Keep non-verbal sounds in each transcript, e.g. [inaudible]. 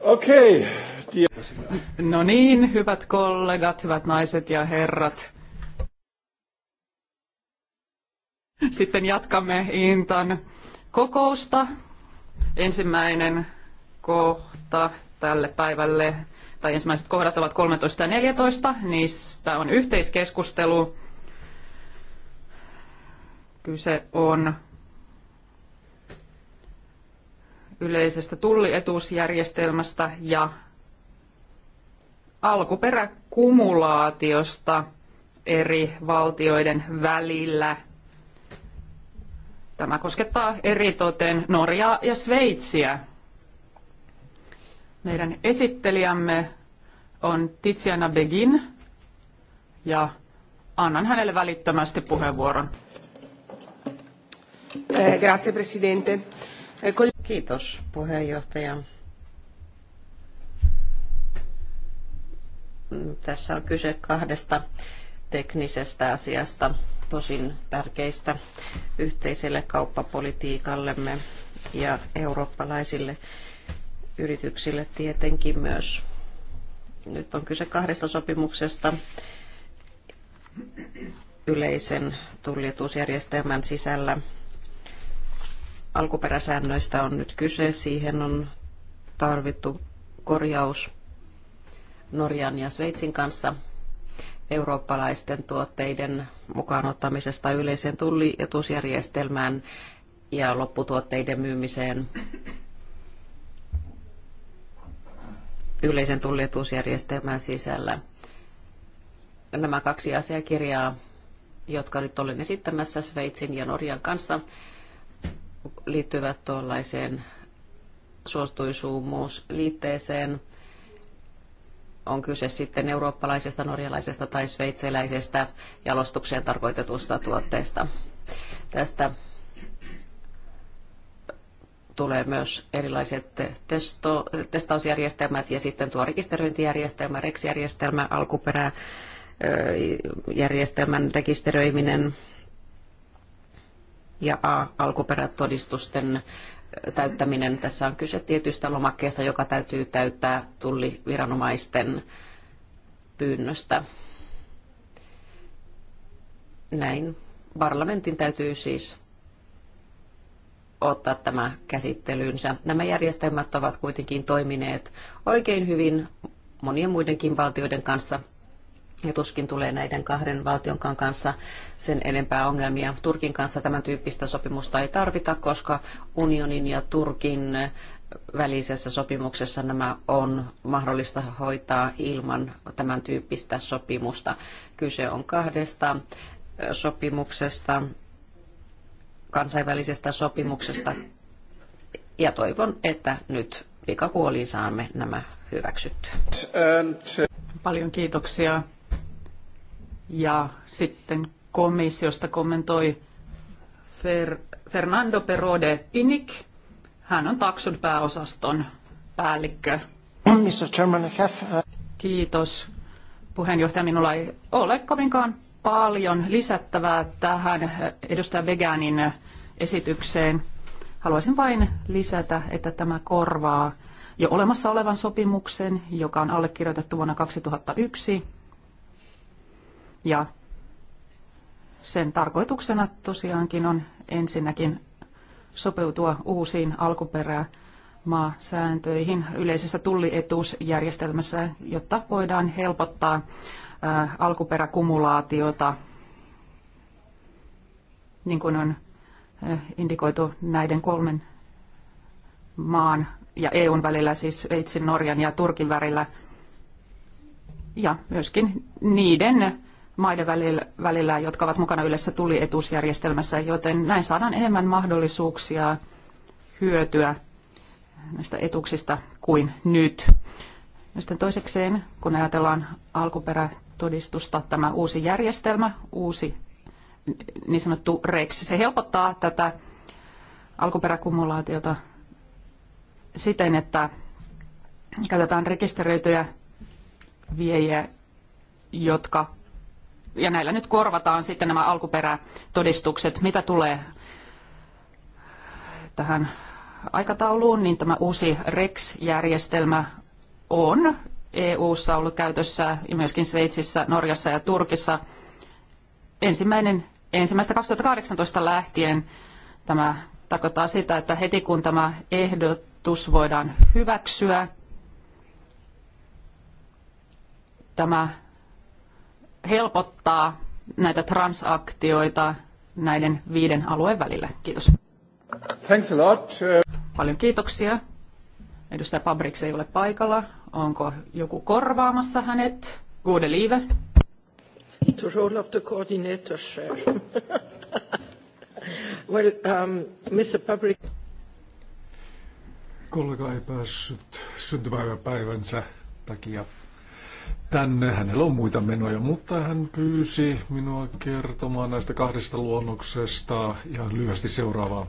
Okei. Okay. No niin, hyvät kollegat, hyvät naiset ja herrat. Sitten jatkamme Intan kokousta. Ensimmäinen kohta tälle päivälle, tai ensimmäiset kohdat ovat 13 ja 14. Niistä on yhteiskeskustelu. Kyse on yleisestä tullietuusjärjestelmästä ja alkuperäkumulaatiosta eri valtioiden välillä. Tämä koskettaa eritoten Norjaa ja Sveitsiä. Meidän esittelijämme on Tiziana Begin ja annan hänelle välittömästi puheenvuoron. Eh, grazie Presidente. Eh, Kiitos puheenjohtaja. Tässä on kyse kahdesta teknisestä asiasta, tosin tärkeistä yhteiselle kauppapolitiikallemme ja eurooppalaisille yrityksille tietenkin myös. Nyt on kyse kahdesta sopimuksesta yleisen tuljetusjärjestelmän sisällä alkuperäsäännöistä on nyt kyse. Siihen on tarvittu korjaus Norjan ja Sveitsin kanssa eurooppalaisten tuotteiden mukaanottamisesta yleiseen tullietusjärjestelmään ja lopputuotteiden myymiseen yleisen tullietusjärjestelmän sisällä. Nämä kaksi asiakirjaa, jotka nyt olen esittämässä Sveitsin ja Norjan kanssa, liittyvät tuollaiseen suostuisuumuusliitteeseen. On kyse sitten eurooppalaisesta, norjalaisesta tai sveitsiläisestä jalostukseen tarkoitetusta tuotteesta. Tästä tulee myös erilaiset testo, testausjärjestelmät ja sitten tuo rekisteröintijärjestelmä, REX-järjestelmä, alkuperäjärjestelmän rekisteröiminen ja A, alkuperätodistusten täyttäminen. Tässä on kyse tietystä lomakkeesta, joka täytyy täyttää tulliviranomaisten pyynnöstä. Näin. Parlamentin täytyy siis ottaa tämä käsittelyynsä. Nämä järjestelmät ovat kuitenkin toimineet oikein hyvin monien muidenkin valtioiden kanssa ja tuskin tulee näiden kahden valtionkaan kanssa sen enempää ongelmia. Turkin kanssa tämän tyyppistä sopimusta ei tarvita, koska unionin ja Turkin välisessä sopimuksessa nämä on mahdollista hoitaa ilman tämän tyyppistä sopimusta. Kyse on kahdesta sopimuksesta, kansainvälisestä sopimuksesta, ja toivon, että nyt pikapuoliin saamme nämä hyväksyttyä. Paljon kiitoksia ja sitten komissiosta kommentoi Fer, Fernando Perode Pinik. Hän on taksun pääosaston päällikkö. Mr. Chairman, have... Uh, Kiitos puheenjohtaja. Minulla ei ole kovinkaan paljon lisättävää tähän edustaja Veganin esitykseen. Haluaisin vain lisätä, että tämä korvaa jo olemassa olevan sopimuksen, joka on allekirjoitettu vuonna 2001 ja sen tarkoituksena tosiaankin on ensinnäkin sopeutua uusiin alkuperämaasääntöihin yleisessä tullietuusjärjestelmässä, jotta voidaan helpottaa alkuperäkumulaatiota, niin kuin on indikoitu näiden kolmen maan ja EUn välillä, siis Sveitsin, Norjan ja Turkin välillä, ja myöskin niiden maiden välillä, jotka ovat mukana yleisessä tulietuusjärjestelmässä, joten näin saadaan enemmän mahdollisuuksia hyötyä näistä etuksista kuin nyt. sitten toisekseen, kun ajatellaan alkuperätodistusta, tämä uusi järjestelmä, uusi niin sanottu REX, se helpottaa tätä alkuperäkumulaatiota siten, että käytetään rekisteröityjä viejiä, jotka ja näillä nyt korvataan sitten nämä alkuperätodistukset, mitä tulee tähän aikatauluun, niin tämä uusi REX-järjestelmä on EU-ssa ollut käytössä ja myöskin Sveitsissä, Norjassa ja Turkissa ensimmäinen, ensimmäistä 2018 lähtien. Tämä tarkoittaa sitä, että heti kun tämä ehdotus voidaan hyväksyä, tämä helpottaa näitä transaktioita näiden viiden alueen välillä. Kiitos. Thanks a lot. Paljon kiitoksia. Edustaja Pabrix ei ole paikalla. Onko joku korvaamassa hänet? Gode liive. The role of the coordinator, sir. [laughs] well, um, Mr. Pabrik. Kollega ei päässyt syntymäpäivänsä takia tänne. Hänellä on muita menoja, mutta hän pyysi minua kertomaan näistä kahdesta luonnoksesta ja lyhyesti seuraavaa.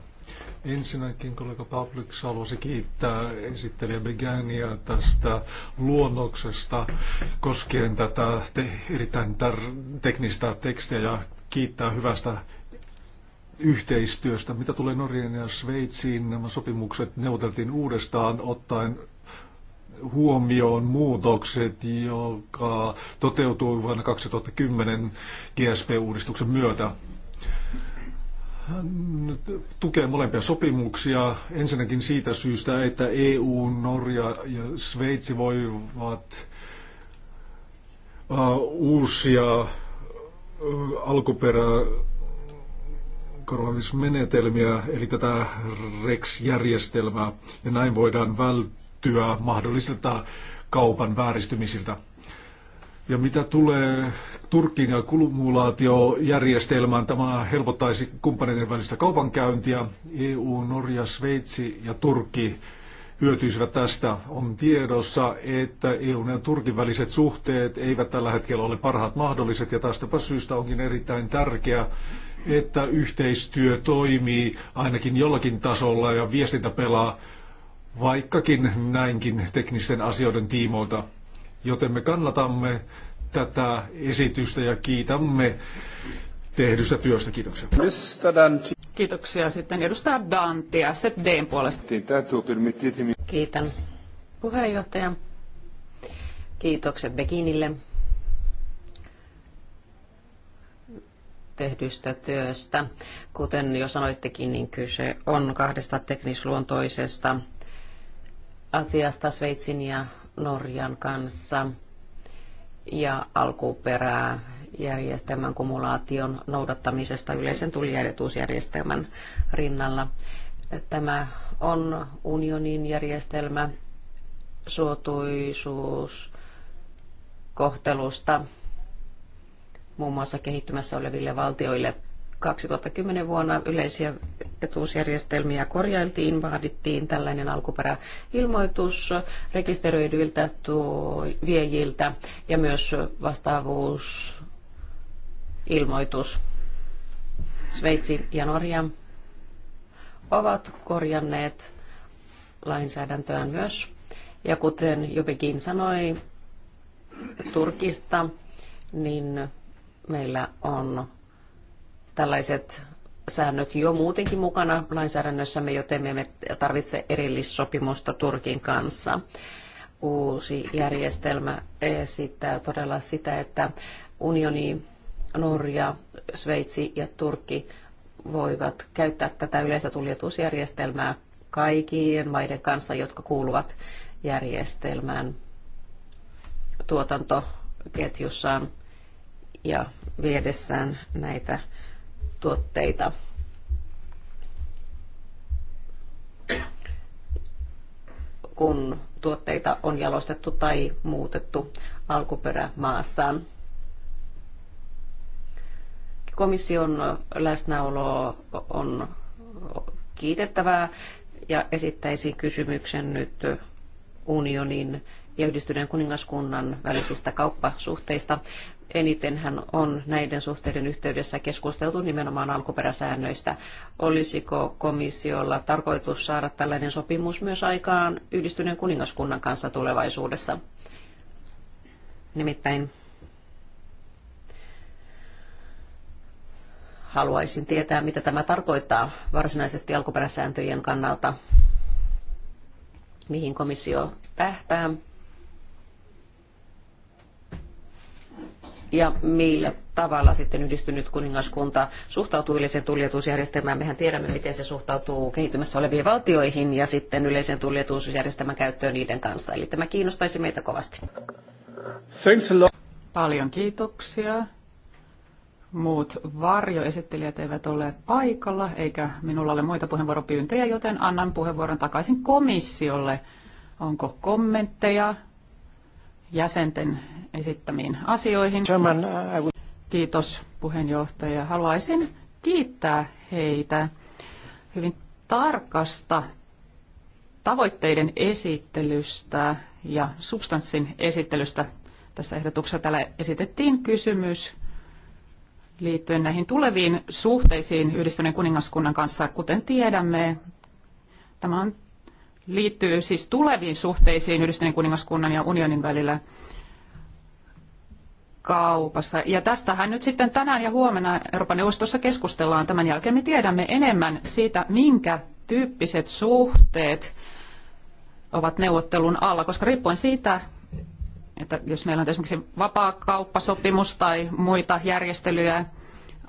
Ensinnäkin kollega Public haluaisi kiittää esittelijä Begania tästä luonnoksesta koskien tätä te- erittäin teknistä tekstiä ja kiittää hyvästä yhteistyöstä. Mitä tulee Norjan ja Sveitsiin, nämä sopimukset neuvoteltiin uudestaan ottaen huomioon muutokset, joka toteutui vuonna 2010 GSP-uudistuksen myötä. Hän tukee molempia sopimuksia. Ensinnäkin siitä syystä, että EU, Norja ja Sveitsi voivat uusia alkuperä korvaamismenetelmiä, eli tätä REX-järjestelmää, ja näin voidaan välttää välttyä mahdollisilta kaupan vääristymisiltä. Ja mitä tulee Turkkiin ja kumulaatiojärjestelmään, tämä helpottaisi kumppaneiden välistä kaupankäyntiä. EU, Norja, Sveitsi ja Turkki hyötyisivät tästä. On tiedossa, että EUn ja Turkin väliset suhteet eivät tällä hetkellä ole parhaat mahdolliset, ja tästäpä syystä onkin erittäin tärkeää, että yhteistyö toimii ainakin jollakin tasolla ja viestintä pelaa vaikkakin näinkin teknisten asioiden tiimoilta. Joten me kannatamme tätä esitystä ja kiitämme tehdystä työstä. Kiitoksia. Kiitoksia sitten edustaja Dantia, SEPDn puolesta. Kiitän puheenjohtaja. Kiitokset Beginille tehdystä työstä. Kuten jo sanoittekin, niin kyse on kahdesta teknisluontoisesta asiasta Sveitsin ja Norjan kanssa ja alkuperää järjestelmän kumulaation noudattamisesta yleisen tulijärjestelmän rinnalla. Tämä on unionin järjestelmä suotuisuus kohtelusta muun muassa kehittymässä oleville valtioille – 2010 vuonna yleisiä etuusjärjestelmiä korjailtiin, vaadittiin tällainen alkuperäilmoitus rekisteröidyiltä viejiltä ja myös vastaavuusilmoitus. Sveitsi ja Norja ovat korjanneet lainsäädäntöään myös. Ja kuten Jubikin sanoi Turkista, niin meillä on tällaiset säännöt jo muutenkin mukana lainsäädännössämme, joten me emme tarvitse erillissopimusta Turkin kanssa. Uusi järjestelmä esittää todella sitä, että unioni, Norja, Sveitsi ja Turkki voivat käyttää tätä yleistä tuljetusjärjestelmää kaikkien maiden kanssa, jotka kuuluvat järjestelmään tuotantoketjussaan ja viedessään näitä tuotteita. kun tuotteita on jalostettu tai muutettu alkuperämaassaan. Komission läsnäolo on kiitettävää ja esittäisin kysymyksen nyt unionin ja yhdistyneen kuningaskunnan välisistä kauppasuhteista enitenhän on näiden suhteiden yhteydessä keskusteltu nimenomaan alkuperäsäännöistä. Olisiko komissiolla tarkoitus saada tällainen sopimus myös aikaan yhdistyneen kuningaskunnan kanssa tulevaisuudessa? Nimittäin haluaisin tietää, mitä tämä tarkoittaa varsinaisesti alkuperäsääntöjen kannalta, mihin komissio tähtää ja millä tavalla sitten yhdistynyt kuningaskunta suhtautuu yleiseen tuljetusjärjestelmään. Mehän tiedämme, miten se suhtautuu kehittymässä oleviin valtioihin ja sitten yleiseen tuljetusjärjestelmän käyttöön niiden kanssa. Eli tämä kiinnostaisi meitä kovasti. Paljon kiitoksia. Muut varjoesittelijät eivät ole paikalla, eikä minulla ole muita puheenvuoropyyntöjä, joten annan puheenvuoron takaisin komissiolle. Onko kommentteja jäsenten esittämiin asioihin. Uh, Kiitos puheenjohtaja. Haluaisin kiittää heitä hyvin tarkasta tavoitteiden esittelystä ja substanssin esittelystä. Tässä ehdotuksessa täällä esitettiin kysymys liittyen näihin tuleviin suhteisiin yhdistyneen kuningaskunnan kanssa. Kuten tiedämme, tämä on liittyy siis tuleviin suhteisiin Yhdistyneen kuningaskunnan ja unionin välillä kaupassa. Ja tästähän nyt sitten tänään ja huomenna Euroopan neuvostossa keskustellaan. Tämän jälkeen me tiedämme enemmän siitä, minkä tyyppiset suhteet ovat neuvottelun alla, koska riippuen siitä, että jos meillä on esimerkiksi vapaakauppasopimus tai muita järjestelyjä,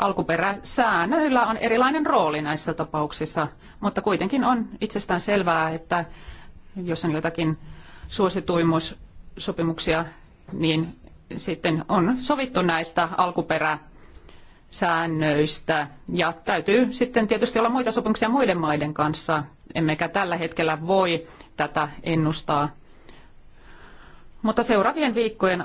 alkuperäsäännöillä on erilainen rooli näissä tapauksissa, mutta kuitenkin on itsestään selvää, että jos on jotakin suosituimuussopimuksia, niin sitten on sovittu näistä alkuperäsäännöistä. Ja täytyy sitten tietysti olla muita sopimuksia muiden maiden kanssa, emmekä tällä hetkellä voi tätä ennustaa mutta seuraavien viikkojen,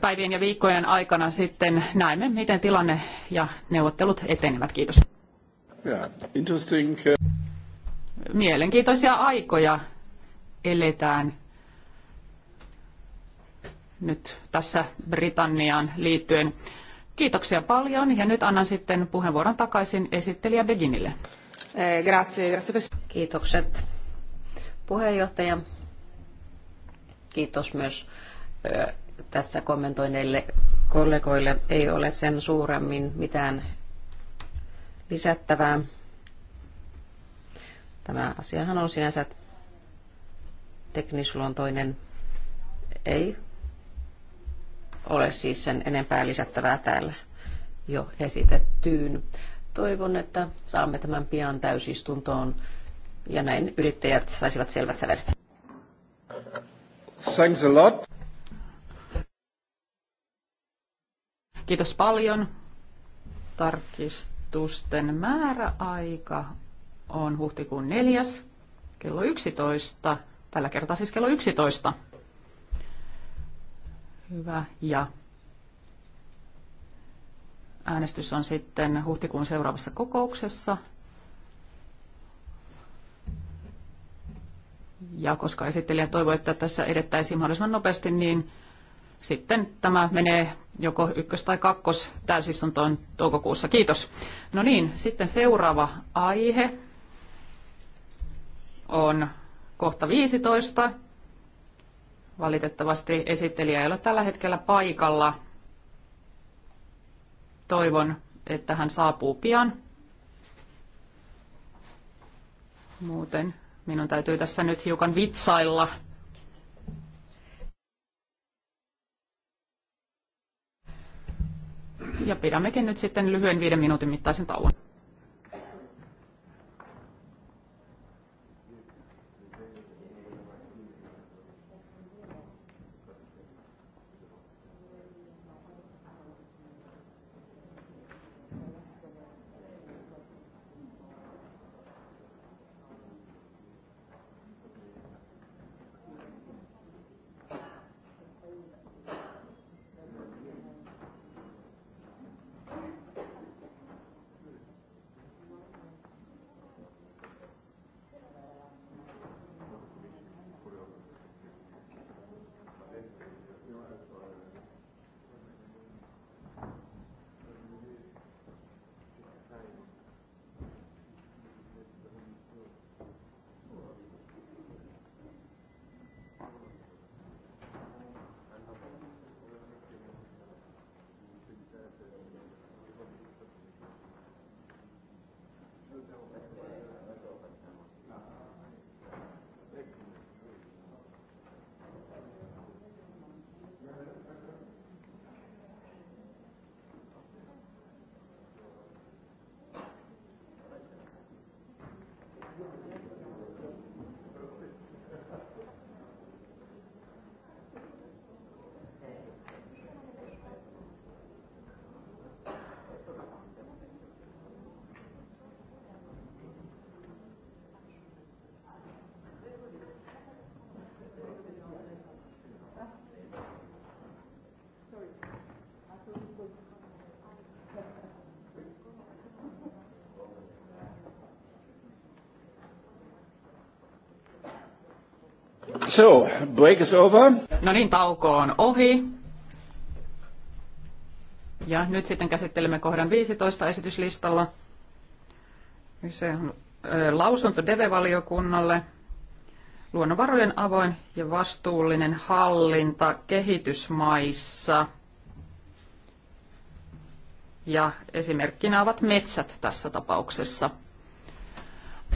päivien ja viikkojen aikana sitten näemme, miten tilanne ja neuvottelut etenevät. Kiitos. Uh, Mielenkiintoisia aikoja eletään nyt tässä Britanniaan liittyen. Kiitoksia paljon ja nyt annan sitten puheenvuoron takaisin esittelijä Beginille. Eh, grazie, grazie. Kiitokset puheenjohtaja. Kiitos myös tässä kommentoineille kollegoille. Ei ole sen suuremmin mitään lisättävää. Tämä asiahan on sinänsä teknisluontoinen. Ei ole siis sen enempää lisättävää täällä jo esitettyyn. Toivon, että saamme tämän pian täysistuntoon ja näin yrittäjät saisivat selvät sävelet. Thanks a lot. Kiitos paljon. Tarkistusten määräaika on huhtikuun neljäs kello 11. Tällä kertaa siis kello 11. Hyvä. Ja äänestys on sitten huhtikuun seuraavassa kokouksessa. Ja koska esittelijä toivoi, että tässä edettäisiin mahdollisimman nopeasti, niin sitten tämä menee joko ykkös- tai kakkos täysistuntoon toukokuussa. Kiitos. No niin, sitten seuraava aihe on kohta 15. Valitettavasti esittelijä ei ole tällä hetkellä paikalla. Toivon, että hän saapuu pian. Muuten Minun täytyy tässä nyt hiukan vitsailla. Ja pidämmekin nyt sitten lyhyen viiden minuutin mittaisen tauon. So, break is over. No niin, tauko on ohi. Ja nyt sitten käsittelemme kohdan 15 esityslistalla. Se on lausunto DEVE-valiokunnalle. Luonnonvarojen avoin ja vastuullinen hallinta kehitysmaissa. Ja esimerkkinä ovat metsät tässä tapauksessa.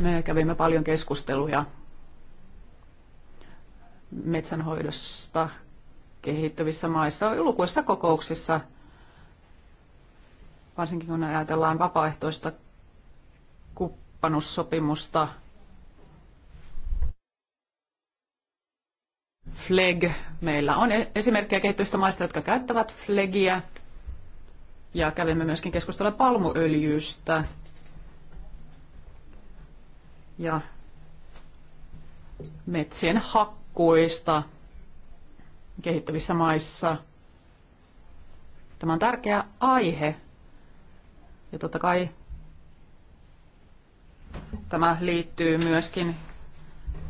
Me kävimme paljon keskusteluja metsänhoidosta kehittyvissä maissa lukuissa kokouksissa, varsinkin kun ajatellaan vapaaehtoista kuppanussopimusta, FLEG. Meillä on esimerkkejä kehittyvistä maista, jotka käyttävät FLEGiä. Ja kävimme myöskin keskustella palmuöljystä. Ja metsien hakkuusta kuista kehittyvissä maissa. Tämä on tärkeä aihe. Ja totta kai tämä liittyy myöskin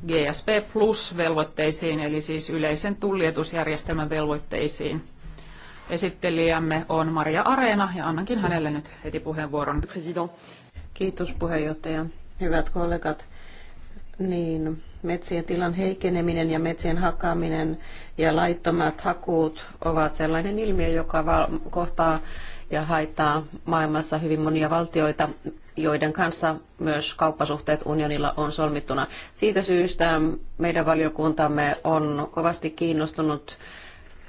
GSP Plus-velvoitteisiin, eli siis yleisen tullietusjärjestelmän velvoitteisiin. Esittelijämme on Maria Areena ja annankin hänelle nyt heti puheenvuoron. Kiitos puheenjohtaja. Hyvät kollegat, niin metsien tilan heikeneminen ja metsien hakaminen ja laittomat hakuut ovat sellainen ilmiö, joka kohtaa ja haittaa maailmassa hyvin monia valtioita, joiden kanssa myös kauppasuhteet unionilla on solmittuna. Siitä syystä meidän valiokuntamme on kovasti kiinnostunut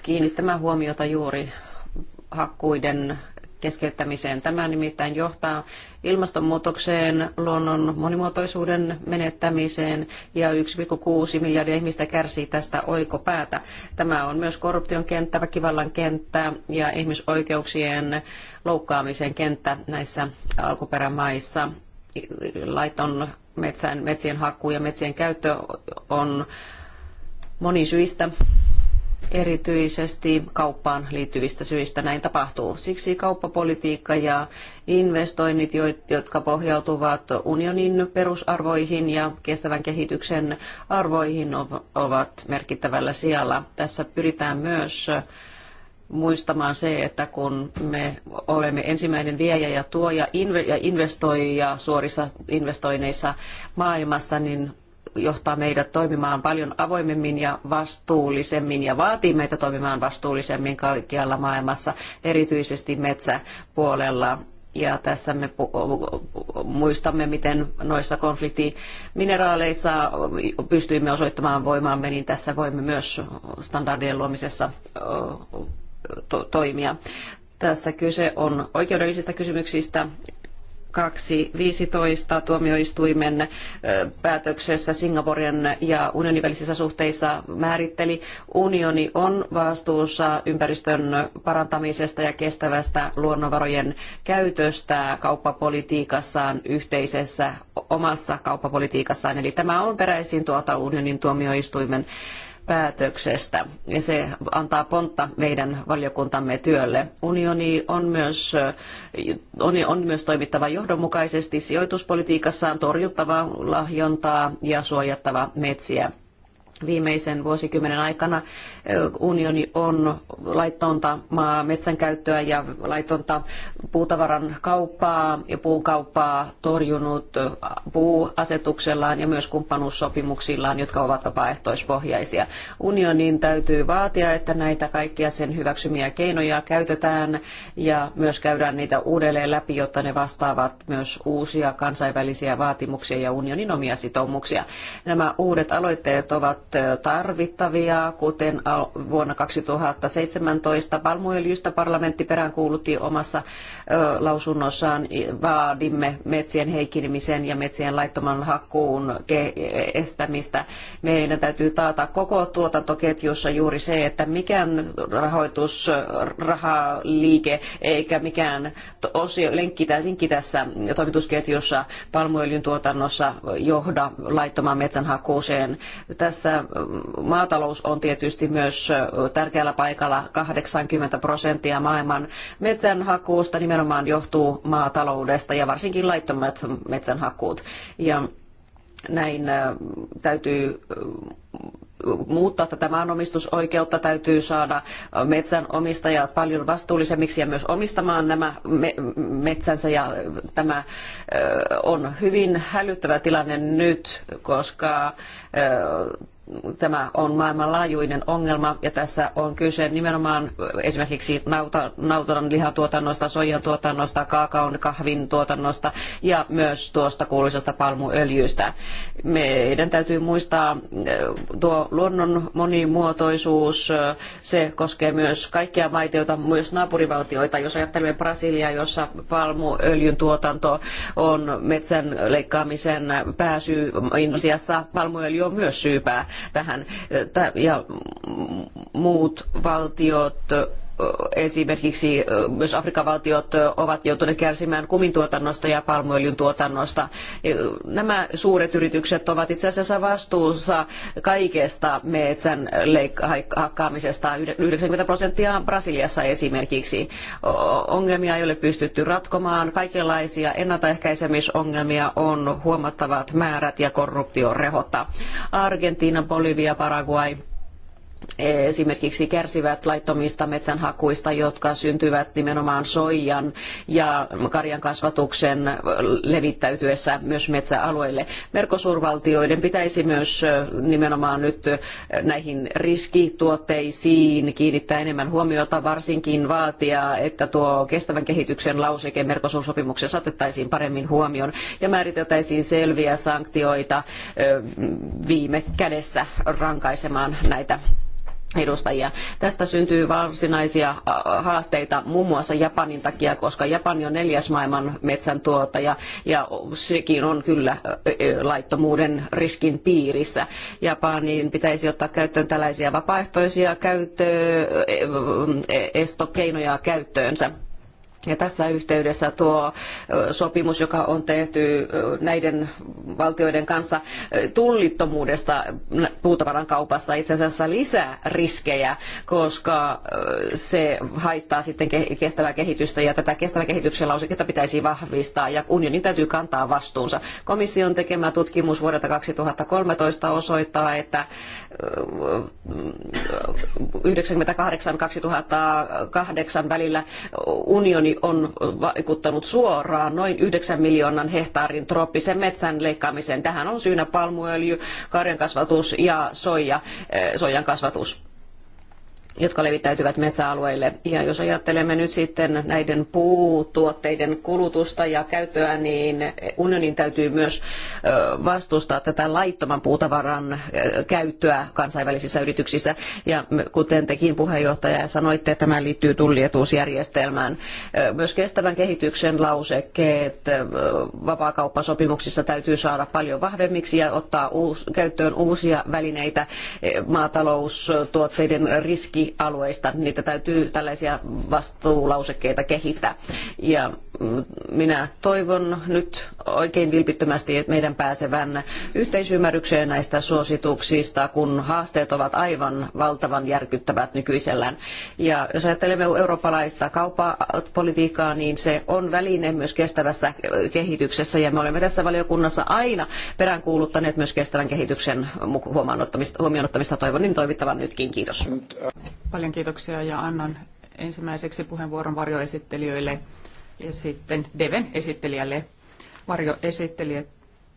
kiinnittämään huomiota juuri hakkuiden keskeyttämiseen. Tämä nimittäin johtaa ilmastonmuutokseen, luonnon monimuotoisuuden menettämiseen ja 1,6 miljardia ihmistä kärsii tästä oikopäätä. Tämä on myös korruption kenttä, väkivallan kenttä ja ihmisoikeuksien loukkaamisen kenttä näissä alkuperämaissa. Laiton metsän, metsien hakkuu ja metsien käyttö on monisyistä erityisesti kauppaan liittyvistä syistä näin tapahtuu. Siksi kauppapolitiikka ja investoinnit, jotka pohjautuvat unionin perusarvoihin ja kestävän kehityksen arvoihin, ovat merkittävällä sijalla. Tässä pyritään myös muistamaan se, että kun me olemme ensimmäinen viejä ja tuoja ja investoija suorissa investoinneissa maailmassa, niin johtaa meidät toimimaan paljon avoimemmin ja vastuullisemmin ja vaatii meitä toimimaan vastuullisemmin kaikkialla maailmassa, erityisesti metsäpuolella. Ja tässä me muistamme, miten noissa konfliktimineraaleissa pystyimme osoittamaan voimaamme, niin tässä voimme myös standardien luomisessa toimia. Tässä kyse on oikeudellisista kysymyksistä, 2.15 tuomioistuimen päätöksessä Singaporen ja unionin välisissä suhteissa määritteli. Unioni on vastuussa ympäristön parantamisesta ja kestävästä luonnonvarojen käytöstä kauppapolitiikassaan yhteisessä omassa kauppapolitiikassaan. Eli tämä on peräisin tuota unionin tuomioistuimen päätöksestä ja se antaa pontta meidän valiokuntamme työlle. Unioni on myös, on myös toimittava johdonmukaisesti sijoituspolitiikassaan torjuttava lahjontaa ja suojattava metsiä viimeisen vuosikymmenen aikana unioni on laitonta maa metsänkäyttöä ja laitonta puutavaran kauppaa ja puukauppaa torjunut puuasetuksellaan ja myös kumppanuussopimuksillaan, jotka ovat vapaaehtoispohjaisia. Unionin täytyy vaatia, että näitä kaikkia sen hyväksymiä keinoja käytetään ja myös käydään niitä uudelleen läpi, jotta ne vastaavat myös uusia kansainvälisiä vaatimuksia ja unionin omia sitoumuksia. Nämä uudet aloitteet ovat tarvittavia, kuten vuonna 2017 palmuöljystä parlamentti peräänkuulutti omassa lausunnossaan. Vaadimme metsien heikkenemisen ja metsien laittoman hakkuun estämistä. Meidän täytyy taata koko tuotantoketjussa juuri se, että mikään rahoitus, rahaliike eikä mikään osio, lenkki, lenkki tässä toimitusketjussa palmuöljyn tuotannossa johda laittomaan metsänhakuuseen. Tässä maatalous on tietysti myös tärkeällä paikalla. 80 prosenttia maailman metsänhakuusta nimenomaan johtuu maataloudesta ja varsinkin laittomat metsänhakuut. Ja näin täytyy muuttaa tätä maanomistusoikeutta, täytyy saada metsänomistajat paljon vastuullisemmiksi ja myös omistamaan nämä metsänsä. Ja tämä on hyvin hälyttävä tilanne nyt, koska tämä on maailmanlaajuinen ongelma ja tässä on kyse nimenomaan esimerkiksi nauta, nautan lihatuotannosta, soijan tuotannosta, kaakaon, kahvin tuotannosta ja myös tuosta kuuluisasta palmuöljystä. Meidän täytyy muistaa eh, tuo luonnon monimuotoisuus, eh, se koskee myös kaikkia maita, myös naapurivaltioita. Jos ajattelemme Brasiliaa, jossa palmuöljyn tuotanto on metsän leikkaamisen pääsyy, palmuöljy on myös syypää tähän. Ja muut valtiot esimerkiksi myös Afrikan valtiot ovat joutuneet kärsimään kumintuotannosta ja palmuöljyn tuotannosta. Nämä suuret yritykset ovat itse asiassa vastuussa kaikesta metsän hakkaamisesta, 90 prosenttia Brasiliassa esimerkiksi. Ongelmia ei ole pystytty ratkomaan, kaikenlaisia ennaltaehkäisemisongelmia on huomattavat määrät ja korruptio rehottaa. Argentiina, Bolivia, Paraguay, esimerkiksi kärsivät laittomista metsänhakuista, jotka syntyvät nimenomaan soijan ja karjan kasvatuksen levittäytyessä myös metsäalueille. Merkosurvaltioiden pitäisi myös nimenomaan nyt näihin riskituotteisiin kiinnittää enemmän huomiota, varsinkin vaatia, että tuo kestävän kehityksen lauseke Mercosur-sopimuksessa otettaisiin paremmin huomioon ja määriteltäisiin selviä sanktioita viime kädessä rankaisemaan näitä edustajia. Tästä syntyy varsinaisia haasteita muun muassa Japanin takia, koska Japani on neljäs maailman metsän tuottaja ja sekin on kyllä laittomuuden riskin piirissä. Japaniin pitäisi ottaa käyttöön tällaisia vapaaehtoisia käyttö, estokeinoja käyttöönsä ja tässä yhteydessä tuo sopimus, joka on tehty näiden valtioiden kanssa tullittomuudesta puutavaran kaupassa itse asiassa lisää riskejä, koska se haittaa sitten kestävää kehitystä ja tätä kestävää kehityksen lauseketta pitäisi vahvistaa ja unionin täytyy kantaa vastuunsa. Komission tekemä tutkimus vuodelta 2013 osoittaa, että 98-2008 välillä unioni on vaikuttanut suoraan noin 9 miljoonan hehtaarin trooppisen metsän leikkaamiseen. Tähän on syynä palmuöljy, karjan kasvatus ja soija, eh, soijan kasvatus jotka levittäytyvät metsäalueille. Ja jos ajattelemme nyt sitten näiden puutuotteiden kulutusta ja käyttöä, niin unionin täytyy myös vastustaa tätä laittoman puutavaran käyttöä kansainvälisissä yrityksissä. Ja kuten tekin puheenjohtaja sanoitte, tämä liittyy tullietuusjärjestelmään. Myös kestävän kehityksen lausekkeet vapaakauppasopimuksissa täytyy saada paljon vahvemmiksi ja ottaa uus, käyttöön uusia välineitä maataloustuotteiden riski Alueista Niitä täytyy tällaisia vastuulausekkeita kehittää. Ja minä toivon nyt oikein vilpittömästi, että meidän pääsevän yhteisymmärrykseen näistä suosituksista, kun haasteet ovat aivan valtavan järkyttävät nykyisellään. Ja jos ajattelemme eurooppalaista kauppapolitiikkaa, niin se on väline myös kestävässä kehityksessä ja me olemme tässä valiokunnassa aina peräänkuuluttaneet myös kestävän kehityksen huomioon ottamista. Toivon niin toimittavan nytkin. Kiitos. Paljon kiitoksia ja annan ensimmäiseksi puheenvuoron varjoesittelijöille ja sitten Deven esittelijälle. Varjoesittelijä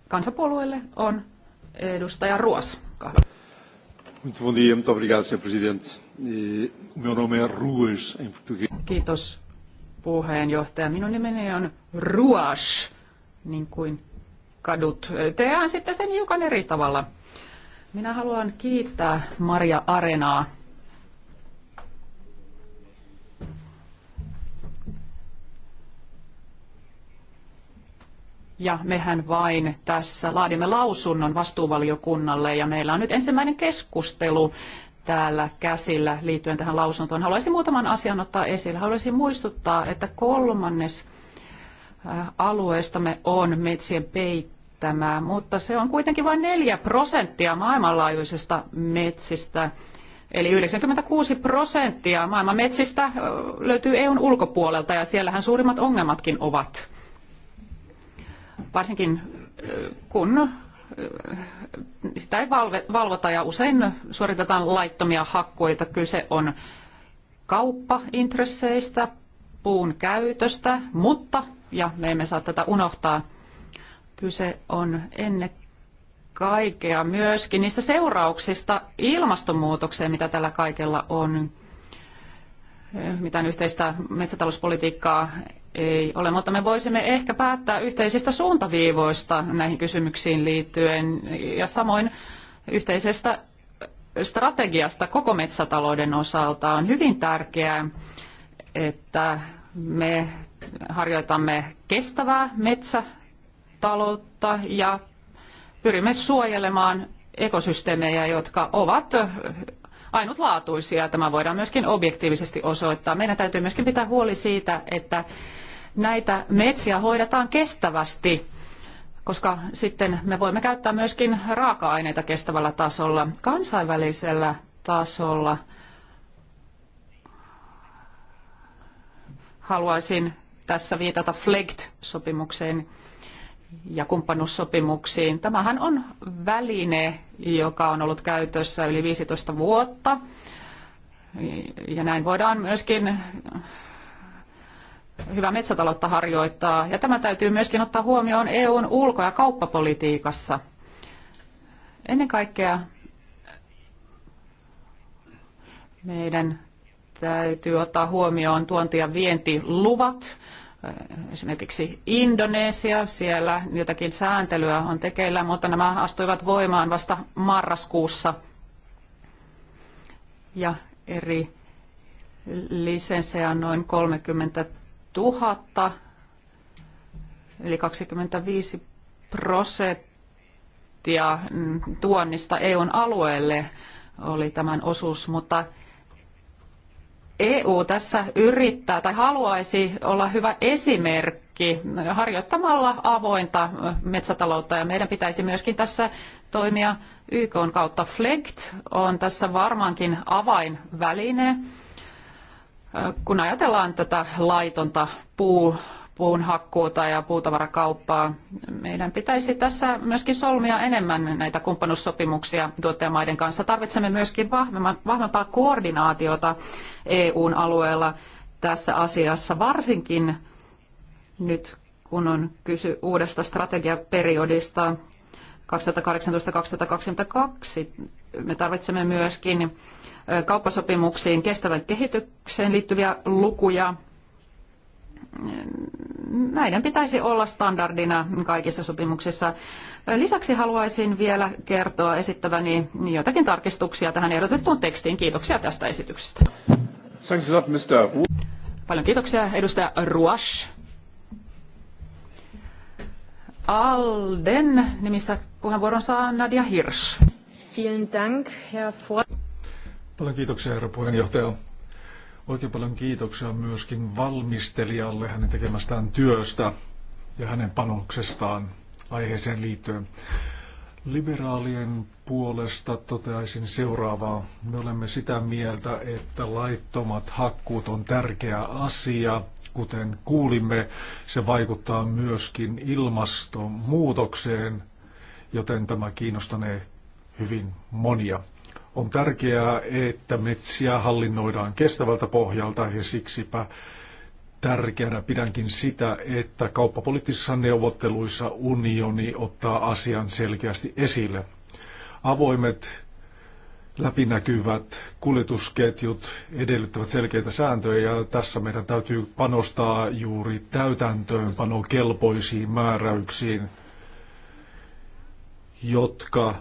kansapuolueelle on edustaja Ruos. Kahla. Muito bom dia, muito obrigado, senhor presidente. E, o meu nome é Ruas em português. Kiitos puheenjohtaja. Minun nimeni on Ruas, niin kuin kadut. Tehän sitten sen hiukan eri tavalla. Minä haluan kiittää Maria Arenaa Ja mehän vain tässä laadimme lausunnon vastuuvaliokunnalle ja meillä on nyt ensimmäinen keskustelu täällä käsillä liittyen tähän lausuntoon. Haluaisin muutaman asian ottaa esille. Haluaisin muistuttaa, että kolmannes äh, alueestamme on metsien peittämää, mutta se on kuitenkin vain 4 prosenttia maailmanlaajuisesta metsistä. Eli 96 prosenttia maailman metsistä äh, löytyy EUn ulkopuolelta ja siellähän suurimmat ongelmatkin ovat varsinkin kun sitä ei valvota ja usein suoritetaan laittomia hakkuita. Kyse on kauppaintresseistä, puun käytöstä, mutta, ja me emme saa tätä unohtaa, kyse on ennen kaikkea myöskin niistä seurauksista ilmastonmuutokseen, mitä tällä kaikella on. Mitään yhteistä metsätalouspolitiikkaa ei ole, mutta me voisimme ehkä päättää yhteisistä suuntaviivoista näihin kysymyksiin liittyen ja samoin yhteisestä strategiasta koko metsätalouden osalta on hyvin tärkeää, että me harjoitamme kestävää metsätaloutta ja pyrimme suojelemaan ekosysteemejä, jotka ovat ainutlaatuisia. Tämä voidaan myöskin objektiivisesti osoittaa. Meidän täytyy myöskin pitää huoli siitä, että näitä metsiä hoidetaan kestävästi, koska sitten me voimme käyttää myöskin raaka-aineita kestävällä tasolla, kansainvälisellä tasolla. Haluaisin tässä viitata FLEGT-sopimukseen ja kumppanuussopimuksiin. Tämähän on väline, joka on ollut käytössä yli 15 vuotta. Ja näin voidaan myöskin hyvä metsätaloutta harjoittaa. Ja tämä täytyy myöskin ottaa huomioon EUn ulko- ja kauppapolitiikassa. Ennen kaikkea meidän täytyy ottaa huomioon tuonti- ja vientiluvat. Esimerkiksi Indonesia, siellä jotakin sääntelyä on tekeillä, mutta nämä astuivat voimaan vasta marraskuussa. Ja eri lisenssejä on noin 30 000, eli 25 prosenttia tuonnista EUn alueelle oli tämän osuus, mutta EU tässä yrittää tai haluaisi olla hyvä esimerkki harjoittamalla avointa metsätaloutta ja meidän pitäisi myöskin tässä toimia YK kautta. FLECT on tässä varmaankin avainväline kun ajatellaan tätä laitonta puu, puun hakkuuta ja puutavarakauppaa, meidän pitäisi tässä myöskin solmia enemmän näitä kumppanuussopimuksia tuottajamaiden kanssa. Tarvitsemme myöskin vahvempaa koordinaatiota EUn alueella tässä asiassa, varsinkin nyt kun on kysy uudesta strategiaperiodista 2018-2022. Me tarvitsemme myöskin kauppasopimuksiin kestävän kehitykseen liittyviä lukuja. Näiden pitäisi olla standardina kaikissa sopimuksissa. Lisäksi haluaisin vielä kertoa esittäväni joitakin tarkistuksia tähän ehdotettuun tekstiin. Kiitoksia tästä esityksestä. Paljon kiitoksia, edustaja Ruash. Alden nimissä puheenvuoron saa Nadia Hirsch. Vielen Dank, Herr Vor- Paljon kiitoksia, herra puheenjohtaja. Oikein paljon kiitoksia myöskin valmistelijalle hänen tekemästään työstä ja hänen panoksestaan aiheeseen liittyen. Liberaalien puolesta toteaisin seuraavaa. Me olemme sitä mieltä, että laittomat hakkuut on tärkeä asia. Kuten kuulimme, se vaikuttaa myöskin ilmastonmuutokseen, joten tämä kiinnostanee hyvin monia. On tärkeää, että metsiä hallinnoidaan kestävältä pohjalta ja siksipä tärkeänä pidänkin sitä, että kauppapoliittisissa neuvotteluissa unioni ottaa asian selkeästi esille. Avoimet läpinäkyvät kuljetusketjut edellyttävät selkeitä sääntöjä ja tässä meidän täytyy panostaa juuri täytäntöönpanokelpoisiin määräyksiin, jotka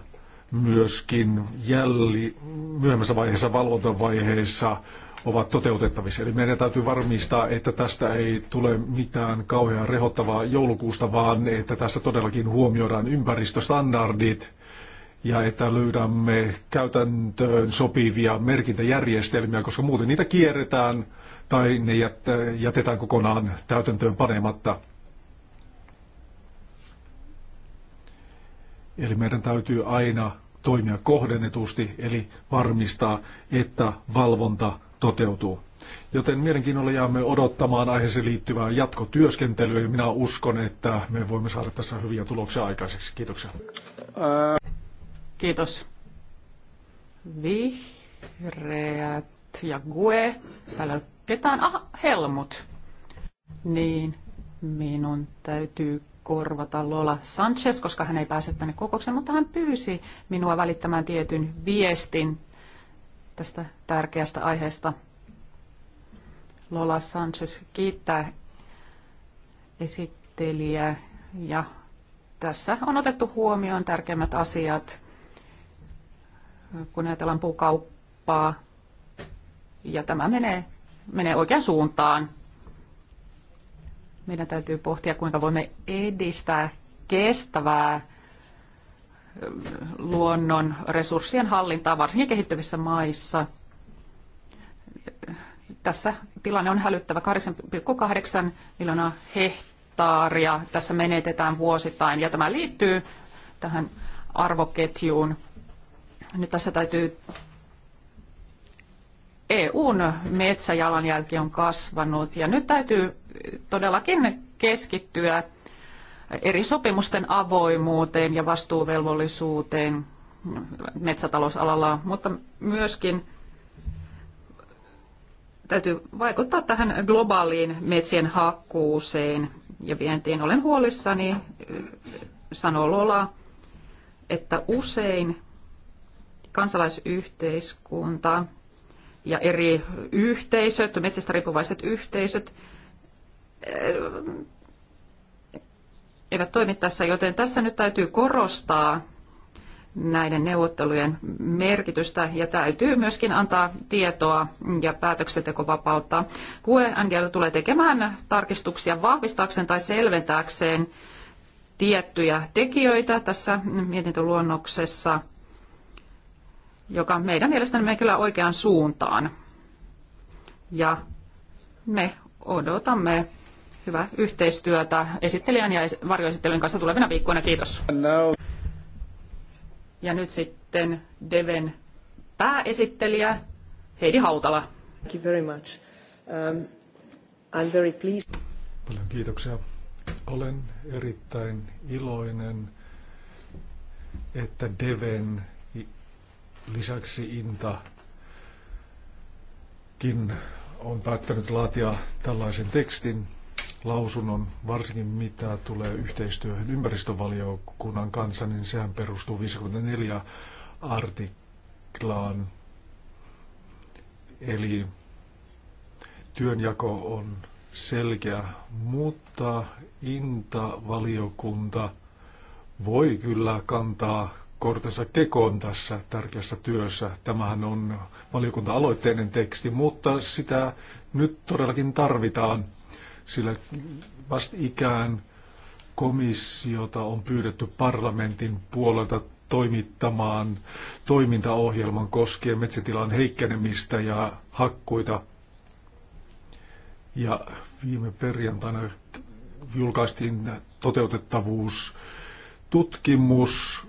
myöskin jälli, myöhemmässä vaiheessa valvontavaiheessa ovat toteutettavissa. Eli meidän täytyy varmistaa, että tästä ei tule mitään kauhean rehottavaa joulukuusta, vaan että tässä todellakin huomioidaan ympäristöstandardit ja että löydämme käytäntöön sopivia merkintäjärjestelmiä, koska muuten niitä kierretään tai ne jätetään kokonaan täytäntöön panematta. Eli meidän täytyy aina toimia kohdennetusti, eli varmistaa, että valvonta toteutuu. Joten mielenkiinnolla jäämme odottamaan aiheeseen liittyvää jatkotyöskentelyä ja minä uskon, että me voimme saada tässä hyviä tuloksia aikaiseksi. Kiitoksia. Kiitos. Vihreät ja Gue. Täällä ketään. Ah, Helmut. Niin, minun täytyy korvata Lola Sanchez, koska hän ei pääse tänne kokoukseen, mutta hän pyysi minua välittämään tietyn viestin tästä tärkeästä aiheesta. Lola Sanchez kiittää esittelijää ja tässä on otettu huomioon tärkeimmät asiat, kun ajatellaan puukauppaa. Ja tämä menee, menee oikeaan suuntaan. Meidän täytyy pohtia, kuinka voimme edistää kestävää luonnon resurssien hallintaa, varsinkin kehittyvissä maissa. Tässä tilanne on hälyttävä 8,8 miljoonaa hehtaaria. Tässä menetetään vuosittain ja tämä liittyy tähän arvoketjuun. Nyt tässä täytyy EUn metsäjalanjälki on kasvanut ja nyt täytyy todellakin keskittyä eri sopimusten avoimuuteen ja vastuuvelvollisuuteen metsätalousalalla, mutta myöskin täytyy vaikuttaa tähän globaaliin metsien hakkuuseen ja vientiin. Olen huolissani, sanoo Lola, että usein kansalaisyhteiskunta ja eri yhteisöt, metsästä riippuvaiset yhteisöt, eh, eivät toimi tässä, joten tässä nyt täytyy korostaa näiden neuvottelujen merkitystä ja täytyy myöskin antaa tietoa ja päätöksentekovapautta. QE Angel tulee tekemään tarkistuksia vahvistaakseen tai selventääkseen tiettyjä tekijöitä tässä mietintöluonnoksessa – joka meidän mielestämme menee kyllä oikeaan suuntaan. Ja me odotamme hyvää yhteistyötä esittelijän ja varjoesittelijän kanssa tulevina viikkoina. Kiitos. Ja nyt sitten Deven pääesittelijä Heidi Hautala. Thank you very much. Um, I'm very pleased. Paljon kiitoksia. Olen erittäin iloinen, että Deven Lisäksi Intakin on päättänyt laatia tällaisen tekstin lausunnon, varsinkin mitä tulee yhteistyöhön ympäristövaliokunnan kanssa, niin sehän perustuu 54 artiklaan. Eli työnjako on selkeä, mutta Inta-valiokunta voi kyllä kantaa kortensa kekoon tässä tärkeässä työssä. Tämähän on valiokunta-aloitteinen teksti, mutta sitä nyt todellakin tarvitaan, sillä vastikään komissiota on pyydetty parlamentin puolelta toimittamaan toimintaohjelman koskien metsätilan heikkenemistä ja hakkuita. Ja viime perjantaina julkaistiin toteutettavuus tutkimus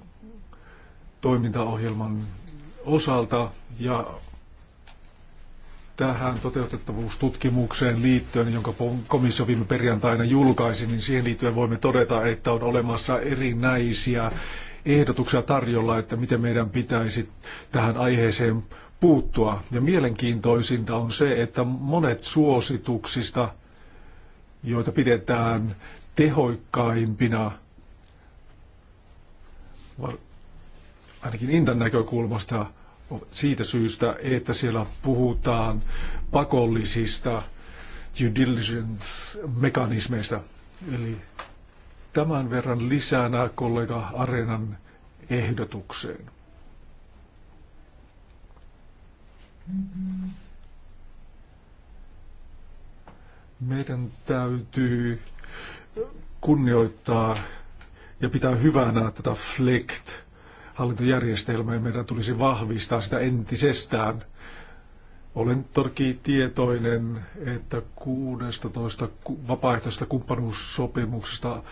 toimintaohjelman osalta ja tähän toteutettavuustutkimukseen liittyen, jonka komissio viime perjantaina julkaisi, niin siihen liittyen voimme todeta, että on olemassa erinäisiä ehdotuksia tarjolla, että miten meidän pitäisi tähän aiheeseen puuttua. Ja mielenkiintoisinta on se, että monet suosituksista, joita pidetään tehoikkaimpina, ainakin Intan näkökulmasta siitä syystä, että siellä puhutaan pakollisista due diligence-mekanismeista. Eli tämän verran lisänä kollega Arenan ehdotukseen. Meidän täytyy kunnioittaa ja pitää hyvänä tätä flekt hallintojärjestelmä ja meidän tulisi vahvistaa sitä entisestään. Olen toki tietoinen, että 16 vapaaehtoista kumppanuussopimuksesta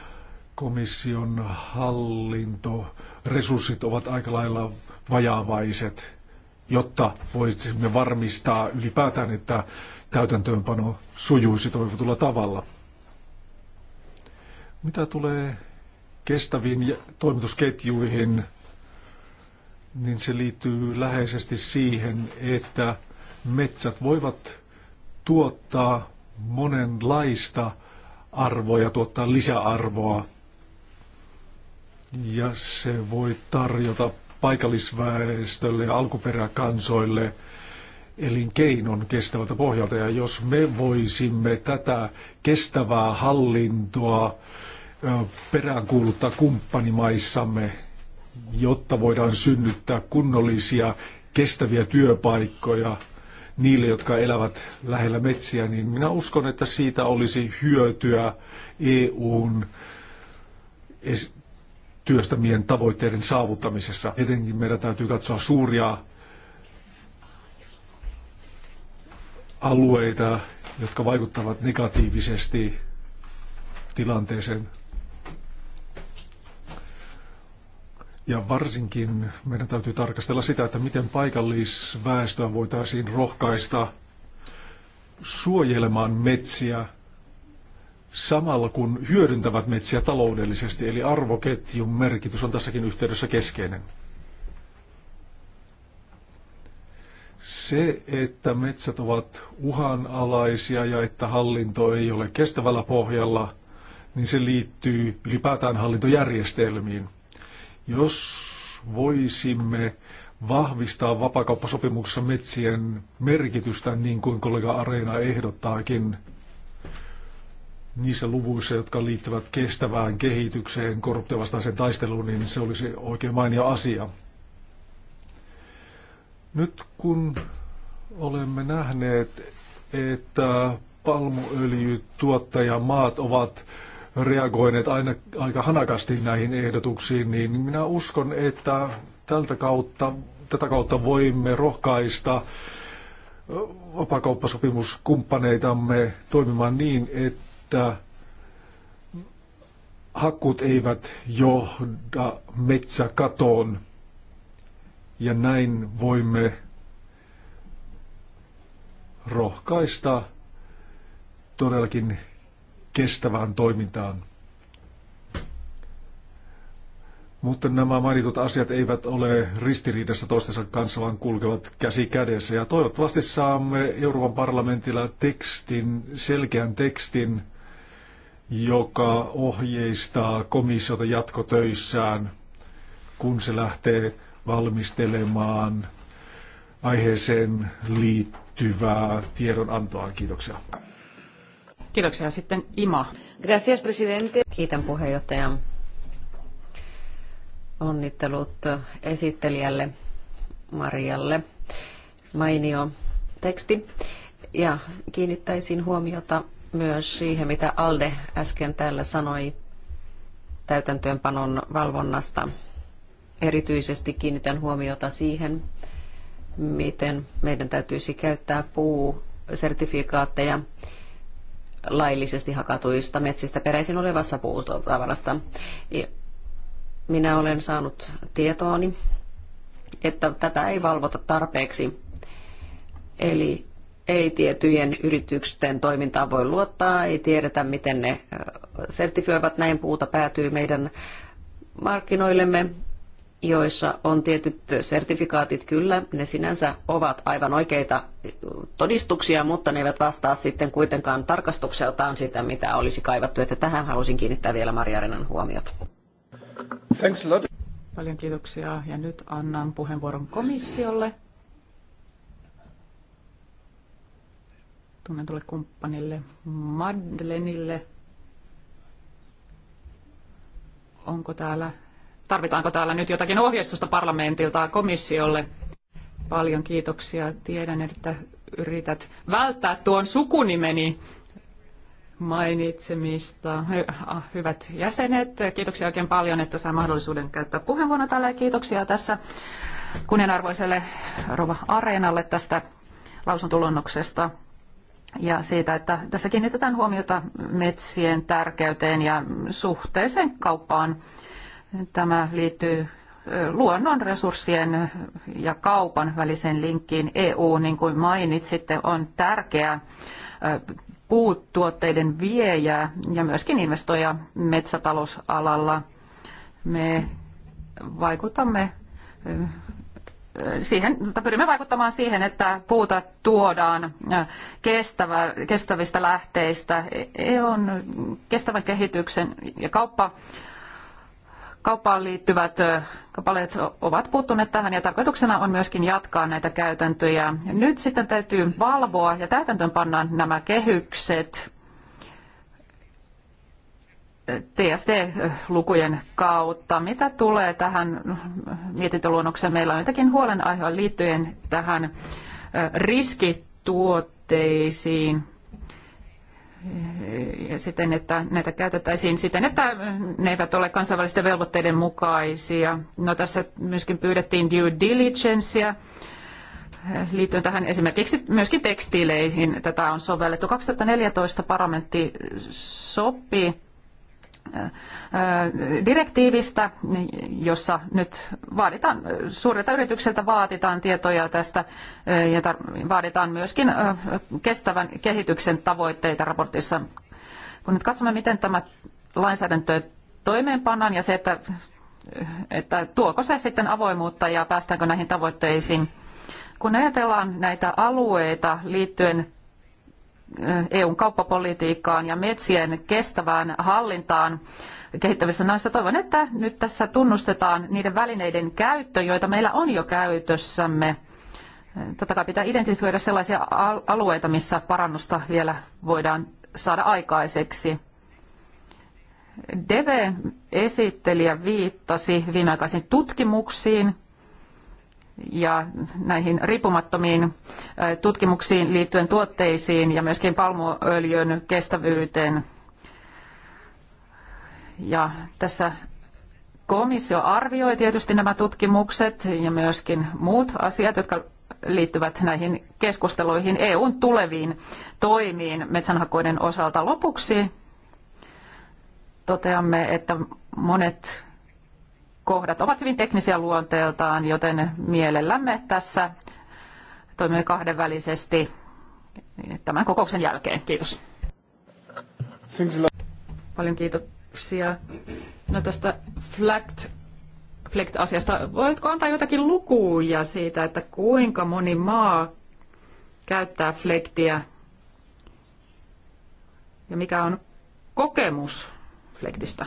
komission hallintoresurssit ovat aika lailla vajaavaiset, jotta voisimme varmistaa ylipäätään, että täytäntöönpano sujuisi toivotulla tavalla. Mitä tulee kestäviin toimitusketjuihin, niin se liittyy läheisesti siihen, että metsät voivat tuottaa monenlaista arvoa ja tuottaa lisäarvoa. Ja se voi tarjota paikallisväestölle ja alkuperäkansoille elinkeinon kestävältä pohjalta. Ja jos me voisimme tätä kestävää hallintoa peräänkuuluttaa kumppanimaissamme, jotta voidaan synnyttää kunnollisia kestäviä työpaikkoja niille, jotka elävät lähellä metsiä, niin minä uskon, että siitä olisi hyötyä EUn työstämien tavoitteiden saavuttamisessa. Etenkin meidän täytyy katsoa suuria alueita, jotka vaikuttavat negatiivisesti tilanteeseen Ja varsinkin meidän täytyy tarkastella sitä, että miten paikallisväestöä voitaisiin rohkaista suojelemaan metsiä samalla kun hyödyntävät metsiä taloudellisesti, eli arvoketjun merkitys on tässäkin yhteydessä keskeinen. Se, että metsät ovat uhanalaisia ja että hallinto ei ole kestävällä pohjalla, niin se liittyy ylipäätään hallintojärjestelmiin – jos voisimme vahvistaa vapakauppasopimuksessa metsien merkitystä, niin kuin kollega Areena ehdottaakin, niissä luvuissa, jotka liittyvät kestävään kehitykseen, korruptiovastaiseen taisteluun, niin se olisi oikein mainio asia. Nyt kun olemme nähneet, että palmuöljytuottajamaat ovat reagoineet aina aika hanakasti näihin ehdotuksiin, niin minä uskon, että tältä kautta, tätä kautta voimme rohkaista vapakauppasopimuskumppaneitamme toimimaan niin, että hakut eivät johda metsäkatoon. Ja näin voimme rohkaista todellakin kestävään toimintaan. Mutta nämä mainitut asiat eivät ole ristiriidassa toistensa kanssa, vaan kulkevat käsi kädessä. Ja toivottavasti saamme Euroopan parlamentilla tekstin, selkeän tekstin, joka ohjeistaa komissiota jatkotöissään, kun se lähtee valmistelemaan aiheeseen liittyvää tiedonantoa. Kiitoksia. Kiitoksia sitten Ima. Gracias, presidente. Kiitän puheenjohtajan onnittelut esittelijälle Marialle. Mainio teksti. Ja kiinnittäisin huomiota myös siihen, mitä Alde äsken täällä sanoi täytäntöönpanon valvonnasta. Erityisesti kiinnitän huomiota siihen, miten meidän täytyisi käyttää puusertifikaatteja sertifikaatteja laillisesti hakatuista metsistä peräisin olevassa puutavarassa. Minä olen saanut tietoani, että tätä ei valvota tarpeeksi. Eli ei tiettyjen yritysten toimintaan voi luottaa, ei tiedetä, miten ne sertifioivat näin puuta päätyy meidän markkinoillemme joissa on tietyt sertifikaatit, kyllä, ne sinänsä ovat aivan oikeita todistuksia, mutta ne eivät vastaa sitten kuitenkaan tarkastukseltaan sitä, mitä olisi kaivattu. Että tähän halusin kiinnittää vielä Maria Renan huomiota. Thanks a lot. Paljon kiitoksia. Ja nyt annan puheenvuoron komissiolle. tunnetulle kumppanille Madlenille. Onko täällä tarvitaanko täällä nyt jotakin ohjeistusta parlamentilta komissiolle? Paljon kiitoksia. Tiedän, että yrität välttää tuon sukunimeni mainitsemista. Ah, hyvät jäsenet, kiitoksia oikein paljon, että sain mahdollisuuden käyttää puheenvuoron täällä. Kiitoksia tässä kunnianarvoiselle Rova Areenalle tästä lausuntolonnoksesta ja siitä, että tässä kiinnitetään huomiota metsien tärkeyteen ja suhteeseen kauppaan. Tämä liittyy luonnon resurssien ja kaupan väliseen linkkiin EU, niin kuin mainitsitte, on tärkeää puutuotteiden viejä ja myöskin investoija metsätalousalalla. Me vaikutamme siihen, pyrimme vaikuttamaan siihen, että puuta tuodaan kestävä, kestävistä lähteistä. E on kestävän kehityksen ja kauppa kauppaan liittyvät kappaleet ovat puuttuneet tähän ja tarkoituksena on myöskin jatkaa näitä käytäntöjä. Nyt sitten täytyy valvoa ja täytäntöön panna nämä kehykset TSD-lukujen kautta. Mitä tulee tähän mietintöluonnokseen? Meillä on jotakin huolenaiheja liittyen tähän riskituotteisiin siten, että näitä käytettäisiin siten, että ne eivät ole kansainvälisten velvoitteiden mukaisia. No, tässä myöskin pyydettiin due diligencea liittyen tähän esimerkiksi myöskin tekstiileihin tätä on sovellettu. 2014 parlamentti sopii direktiivistä, jossa nyt vaaditaan, suurilta yrityksiltä vaaditaan tietoja tästä ja vaaditaan myöskin kestävän kehityksen tavoitteita raportissa. Kun nyt katsomme, miten tämä lainsäädäntö toimeenpannaan ja se, että, että tuoko se sitten avoimuutta ja päästäänkö näihin tavoitteisiin. Kun ajatellaan näitä alueita liittyen Eh, EUn kauppapolitiikkaan ja metsien kestävään hallintaan kehittävissä naissa. Toivon, että nyt tässä tunnustetaan niiden välineiden käyttö, joita meillä on jo käytössämme. Totta kai pitää identifioida sellaisia alueita, missä parannusta vielä voidaan saada aikaiseksi. Deve-esittelijä viittasi viimeaikaisiin tutkimuksiin, ja näihin riippumattomiin tutkimuksiin liittyen tuotteisiin ja myöskin palmuöljyn kestävyyteen. Ja tässä komissio arvioi tietysti nämä tutkimukset ja myöskin muut asiat, jotka liittyvät näihin keskusteluihin EUn tuleviin toimiin metsänhakoiden osalta. Lopuksi toteamme, että monet kohdat ovat hyvin teknisiä luonteeltaan, joten mielellämme tässä toimimme kahdenvälisesti tämän kokouksen jälkeen. Kiitos. Paljon kiitoksia. No tästä flagged asiasta Voitko antaa jotakin lukuja siitä, että kuinka moni maa käyttää Flektiä ja mikä on kokemus Flektistä?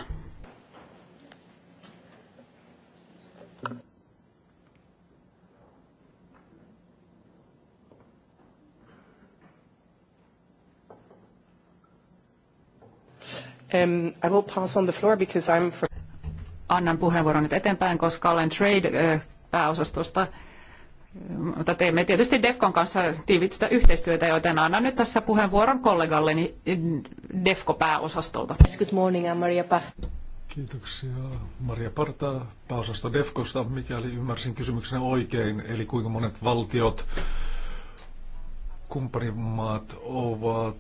Um, I will pass on the floor because I'm from... Annan puheenvuoron nyt eteenpäin, koska olen Trade-pääosastosta, mutta teemme tietysti Defcon kanssa tiivistä yhteistyötä, joten annan nyt tässä puheenvuoron kollegalleni Defco-pääosastolta. Good morning, I'm Maria Paht. Kiitoksia. Maria Parta, pääosasto Defcosta, mikäli ymmärsin kysymyksen oikein, eli kuinka monet valtiot, kumppanimaat ovat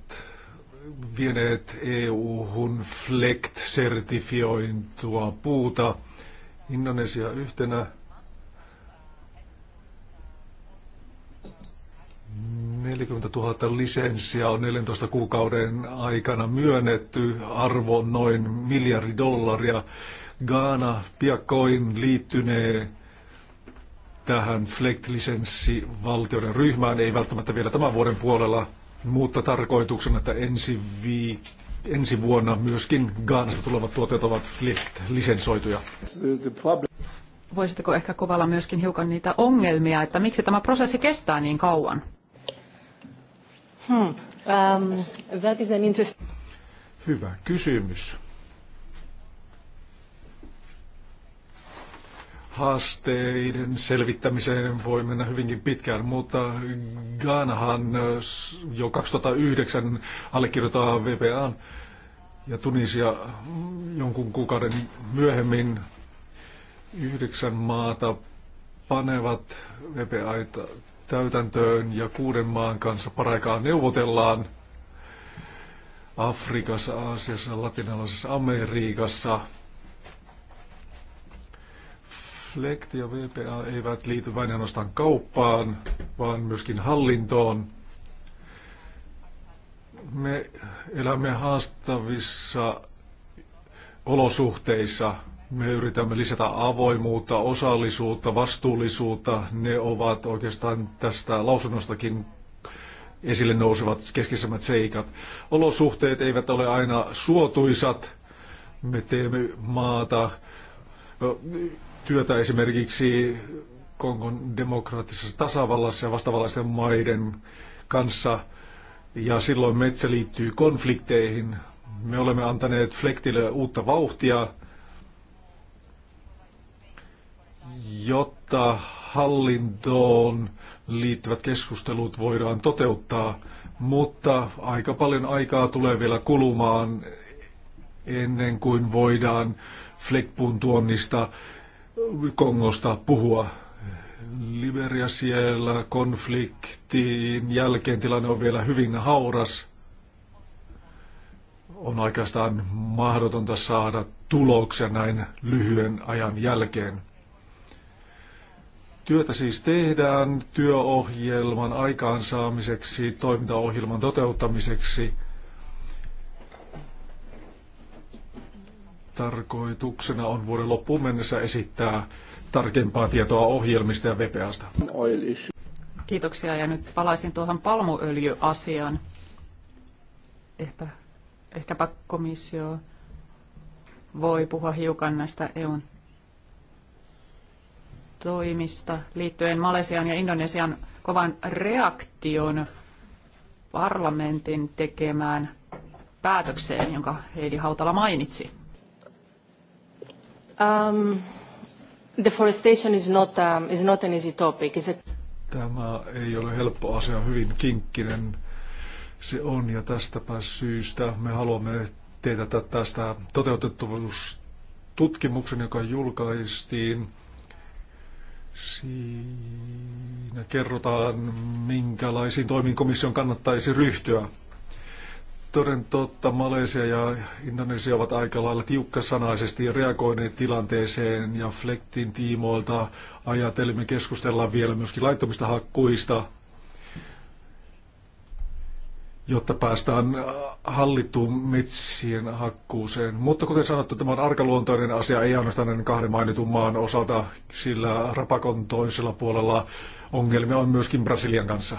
vieneet EU-hun FLECT-sertifiointua puuta. Indonesia yhtenä tuhatta lisenssiä on 14 kuukauden aikana myönnetty, arvo noin miljardi dollaria. Gaana piakkoin liittynee tähän FLECT-lisenssivaltioiden ryhmään, ei välttämättä vielä tämän vuoden puolella, mutta tarkoituksena, että ensi, viik- ensi vuonna myöskin Gaanasta tulevat tuotteet ovat lisensoituja. Voisitteko ehkä kovalla myöskin hiukan niitä ongelmia, että miksi tämä prosessi kestää niin kauan? Hmm. Um, that is an interesting... Hyvä kysymys. haasteiden selvittämiseen voi mennä hyvinkin pitkään, mutta Ghanahan äh, jo 2009 allekirjoittaa VPAn ja Tunisia mm, jonkun kuukauden myöhemmin yhdeksän maata panevat VPAita täytäntöön ja kuuden maan kanssa paraikaa neuvotellaan Afrikassa, Aasiassa, Latinalaisessa Amerikassa – FLECT ja VPA eivät liity vain ainoastaan kauppaan, vaan myöskin hallintoon. Me elämme haastavissa olosuhteissa. Me yritämme lisätä avoimuutta, osallisuutta, vastuullisuutta. Ne ovat oikeastaan tästä lausunnostakin esille nousevat keskeisemmät seikat. Olosuhteet eivät ole aina suotuisat. Me teemme maata työtä esimerkiksi Kongon demokraattisessa tasavallassa ja vastavallaisten maiden kanssa, ja silloin metsä liittyy konflikteihin. Me olemme antaneet Flektille uutta vauhtia, jotta hallintoon liittyvät keskustelut voidaan toteuttaa, mutta aika paljon aikaa tulee vielä kulumaan ennen kuin voidaan Fleckpun tuonnista Kongosta puhua. Liberia siellä konfliktiin jälkeen tilanne on vielä hyvin hauras. On oikeastaan mahdotonta saada tuloksia näin lyhyen ajan jälkeen. Työtä siis tehdään työohjelman aikaansaamiseksi, toimintaohjelman toteuttamiseksi – Tarkoituksena on vuoden loppuun mennessä esittää tarkempaa tietoa ohjelmista ja VPAsta. Kiitoksia ja nyt palaisin tuohon palmuöljyasiaan. Ehkä, ehkäpä komissio voi puhua hiukan näistä EUn toimista liittyen Malesian ja Indonesian kovan reaktion parlamentin tekemään päätökseen, jonka Heidi Hautala mainitsi. Um, deforestation is not, um, is not an easy topic. Is it... Tämä ei ole helppo asia, hyvin kinkkinen se on ja tästäpä syystä me haluamme tehdä tästä toteutettavuustutkimuksen, joka julkaistiin. Siinä kerrotaan, minkälaisiin toimiin komission kannattaisi ryhtyä. Toden totta, Malesia ja Indonesia ovat aika lailla tiukkasanaisesti reagoineet tilanteeseen ja Flektin tiimoilta ajatelimme keskustella vielä myöskin laittomista hakkuista, jotta päästään hallittuun metsien hakkuuseen. Mutta kuten sanottu, tämä on arkaluontoinen asia, ei ainoastaan näiden kahden mainitun maan osalta, sillä Rapakon toisella puolella ongelmia on myöskin Brasilian kanssa.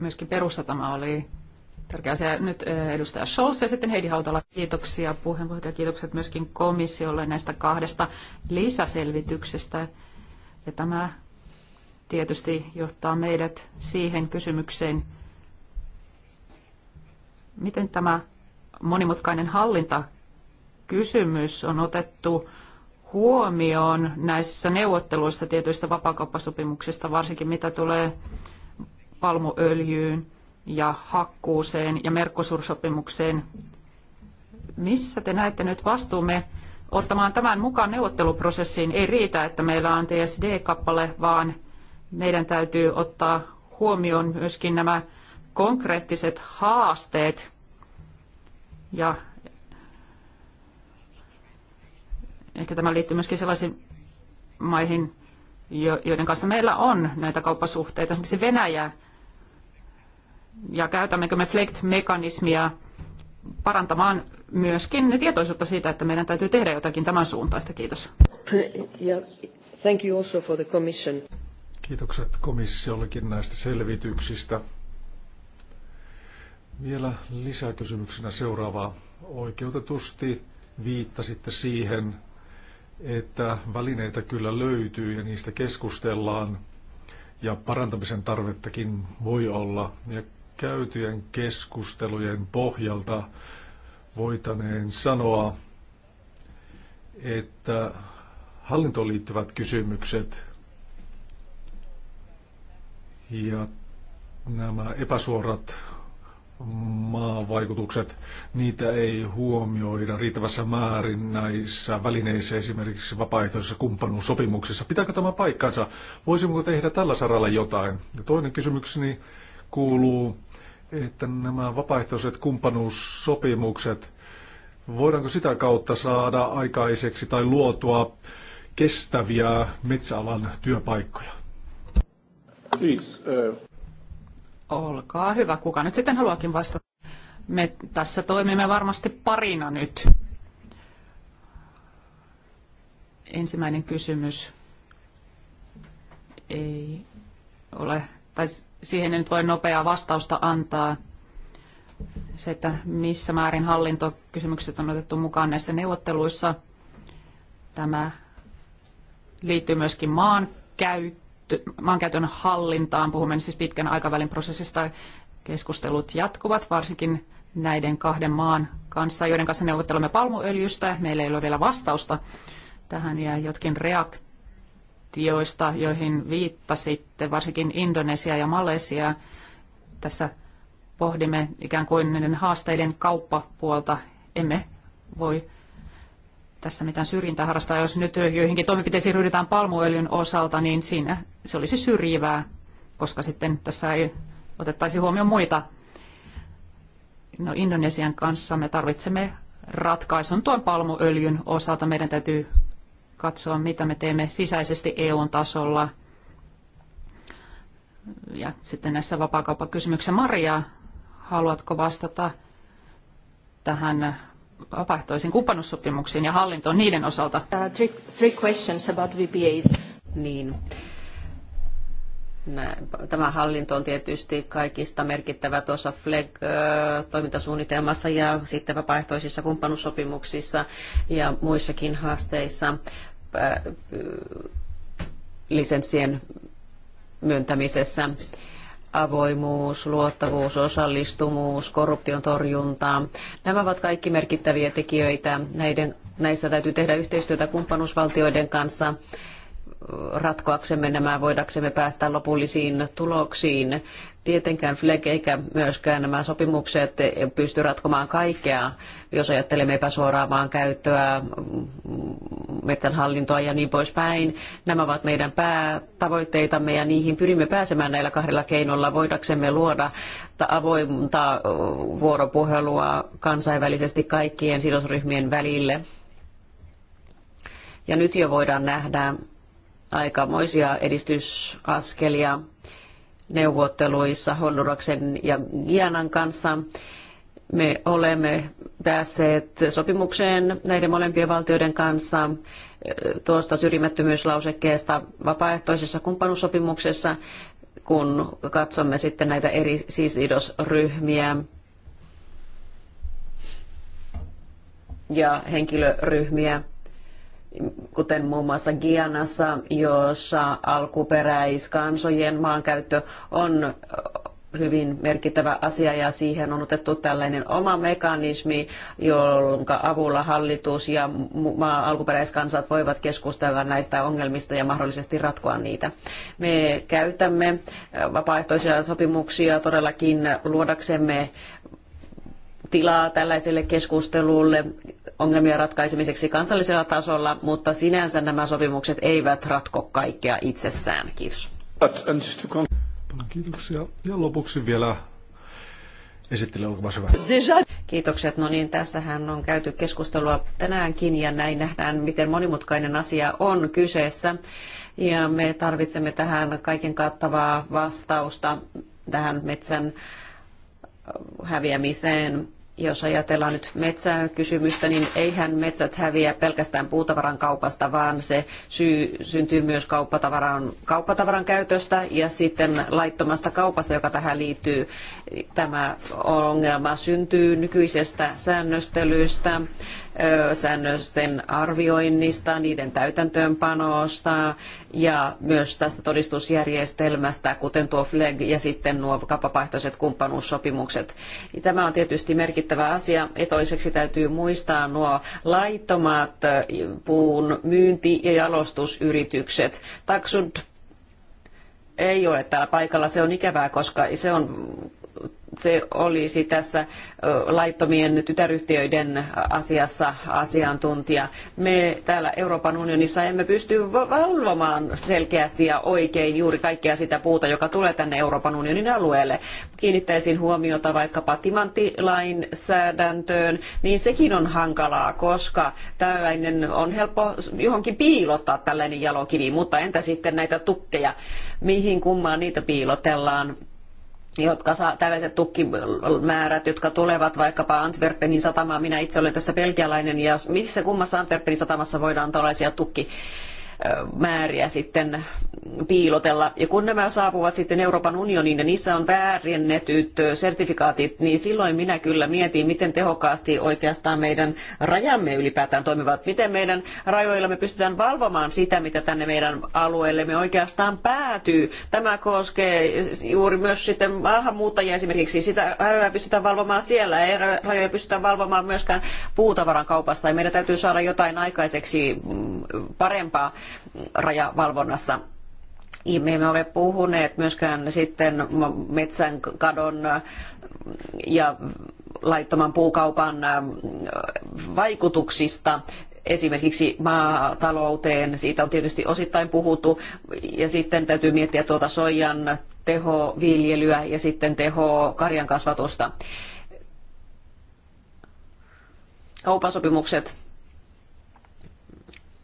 Myöskin perusatama oli tärkeä asia. Nyt edustaja Scholz ja sitten Heidi Hautala. Kiitoksia puheenvuoroja kiitokset myöskin komissiolle näistä kahdesta lisäselvityksestä. Ja tämä tietysti johtaa meidät siihen kysymykseen, miten tämä monimutkainen hallintakysymys on otettu huomioon näissä neuvotteluissa tietyistä vapaakauppasopimuksista, varsinkin mitä tulee palmuöljyyn – ja hakkuuseen ja Mercosur-sopimukseen. Missä te näette nyt vastuumme ottamaan tämän mukaan neuvotteluprosessiin? Ei riitä, että meillä on TSD-kappale, vaan meidän täytyy ottaa huomioon myöskin nämä konkreettiset haasteet ja ehkä tämä liittyy myöskin sellaisiin maihin, joiden kanssa meillä on näitä kauppasuhteita, esimerkiksi Venäjä, ja käytämmekö me FLECT-mekanismia parantamaan myöskin tietoisuutta siitä, että meidän täytyy tehdä jotakin tämän suuntaista. Kiitos. Thank you also for the commission. Kiitokset komissiollekin näistä selvityksistä. Vielä lisäkysymyksenä seuraavaa. Oikeutetusti viittasitte siihen, että välineitä kyllä löytyy ja niistä keskustellaan ja parantamisen tarvettakin voi olla. Ja käytyjen keskustelujen pohjalta voitaneen sanoa, että hallintoon liittyvät kysymykset ja nämä epäsuorat maavaikutukset, niitä ei huomioida riittävässä määrin näissä välineissä, esimerkiksi vapaaehtoisissa kumppanuussopimuksissa. Pitääkö tämä paikkansa? Voisimmeko tehdä tällä saralla jotain? Ja toinen kysymykseni kuuluu, että nämä vapaaehtoiset kumppanuussopimukset, voidaanko sitä kautta saada aikaiseksi tai luotua kestäviä metsäalan työpaikkoja? Please, uh... Olkaa hyvä, kuka nyt sitten haluakin vastata. Me tässä toimimme varmasti parina nyt. Ensimmäinen kysymys ei ole, tai siihen nyt voi nopeaa vastausta antaa. Se, että missä määrin hallintokysymykset on otettu mukaan näissä neuvotteluissa, tämä liittyy myöskin maan maankäytön hallintaan. Puhumme siis pitkän aikavälin prosessista. Keskustelut jatkuvat, varsinkin näiden kahden maan kanssa, joiden kanssa neuvottelemme palmuöljystä. Meillä ei ole vielä vastausta tähän ja jotkin reaktioita valtioista, joihin viittasitte, varsinkin Indonesia ja Malesia. Tässä pohdimme ikään kuin näiden haasteiden kauppapuolta. Emme voi tässä mitään syrjintää harrastaa. Jos nyt joihinkin toimenpiteisiin ryhdytään palmuöljyn osalta, niin siinä se olisi syrjivää, koska sitten tässä ei otettaisi huomioon muita. No, Indonesian kanssa me tarvitsemme ratkaisun tuon palmuöljyn osalta. Meidän täytyy katsoa, mitä me teemme sisäisesti EUn tasolla. Ja sitten näissä vapaakauppakysymyksissä. Maria, haluatko vastata tähän vapaaehtoisiin kumppanussopimuksiin ja hallintoon niiden osalta? Uh, three, three questions about VPAs. Niin. Tämä hallinto on tietysti kaikista merkittävä tuossa FLEG-toimintasuunnitelmassa ja sitten vapaaehtoisissa kumppanussopimuksissa ja muissakin haasteissa. Äh, lisenssien myöntämisessä. Avoimuus, luottavuus, osallistumus, korruption torjunta. Nämä ovat kaikki merkittäviä tekijöitä. Näiden, näissä täytyy tehdä yhteistyötä kumppanuusvaltioiden kanssa ratkoaksemme nämä, voidaksemme päästä lopullisiin tuloksiin. Tietenkään FLEG eikä myöskään nämä sopimukset pysty ratkomaan kaikkea, jos ajattelemme epäsuoraa maan käyttöä, metsänhallintoa ja niin poispäin. Nämä ovat meidän päätavoitteitamme ja niihin pyrimme pääsemään näillä kahdella keinolla voidaksemme luoda avointa vuoropuhelua kansainvälisesti kaikkien sidosryhmien välille. Ja nyt jo voidaan nähdä, aikamoisia edistysaskelia neuvotteluissa Honduraksen ja Gianan kanssa. Me olemme päässeet sopimukseen näiden molempien valtioiden kanssa eh, tuosta syrjimättömyyslausekkeesta vapaaehtoisessa kumppanuussopimuksessa, kun katsomme sitten näitä eri sisidosryhmiä ja henkilöryhmiä kuten muun muassa Gianassa, jossa alkuperäiskansojen maankäyttö on hyvin merkittävä asia ja siihen on otettu tällainen oma mekanismi, jonka avulla hallitus ja maa alkuperäiskansat voivat keskustella näistä ongelmista ja mahdollisesti ratkoa niitä. Me käytämme vapaaehtoisia sopimuksia todellakin luodaksemme tilaa tällaiselle keskustelulle ongelmien ratkaisemiseksi kansallisella tasolla, mutta sinänsä nämä sopimukset eivät ratko kaikkea itsessään. Kiitos. Kiitoksia. Ja lopuksi vielä esittely, olkaa hyvä. Kiitokset. No niin, tässähän on käyty keskustelua tänäänkin ja näin nähdään, miten monimutkainen asia on kyseessä. Ja me tarvitsemme tähän kaiken kattavaa vastausta tähän metsän häviämiseen jos ajatellaan nyt metsäkysymystä, niin eihän metsät häviä pelkästään puutavaran kaupasta, vaan se syy syntyy myös kauppatavaran, kauppatavaran käytöstä ja sitten laittomasta kaupasta, joka tähän liittyy. Tämä ongelma syntyy nykyisestä säännöstelystä säännösten arvioinnista, niiden täytäntöönpanosta ja myös tästä todistusjärjestelmästä, kuten tuo FLEG ja sitten nuo vapaaehtoiset kumppanuussopimukset. Niin tämä on tietysti merkittävä asia ja toiseksi täytyy muistaa nuo laittomat puun myynti- ja jalostusyritykset. Taksud ei ole täällä paikalla. Se on ikävää, koska se on se olisi tässä laittomien tytäryhtiöiden asiassa asiantuntija. Me täällä Euroopan unionissa emme pysty valvomaan selkeästi ja oikein juuri kaikkea sitä puuta, joka tulee tänne Euroopan unionin alueelle. Kiinnittäisin huomiota vaikkapa timanttilainsäädäntöön, niin sekin on hankalaa, koska tällainen on helppo johonkin piilottaa tällainen jalokivi, mutta entä sitten näitä tukkeja, mihin kummaan niitä piilotellaan? jotka saa tällaiset tukkimäärät, jotka tulevat vaikkapa Antwerpenin satamaan. Minä itse olen tässä belgialainen ja missä kummassa Antwerpenin satamassa voidaan tällaisia tukki määriä sitten piilotella. Ja kun nämä saapuvat sitten Euroopan unioniin ja niissä on väärennetyt sertifikaatit, niin silloin minä kyllä mietin, miten tehokkaasti oikeastaan meidän rajamme ylipäätään toimivat. Miten meidän rajoilla me pystytään valvomaan sitä, mitä tänne meidän alueellemme oikeastaan päätyy. Tämä koskee juuri myös sitten maahanmuuttajia esimerkiksi. Sitä rajoja pystytään valvomaan siellä, ei rajoja pystytään valvomaan myöskään puutavaran kaupassa. Ja meidän täytyy saada jotain aikaiseksi mm, parempaa rajavalvonnassa. Me emme ole puhuneet myöskään sitten metsän kadon ja laittoman puukaupan äh, vaikutuksista esimerkiksi maatalouteen, siitä on tietysti osittain puhuttu, ja sitten täytyy miettiä tuota soijan tehoviljelyä ja sitten teho karjan kasvatusta. Kaupasopimukset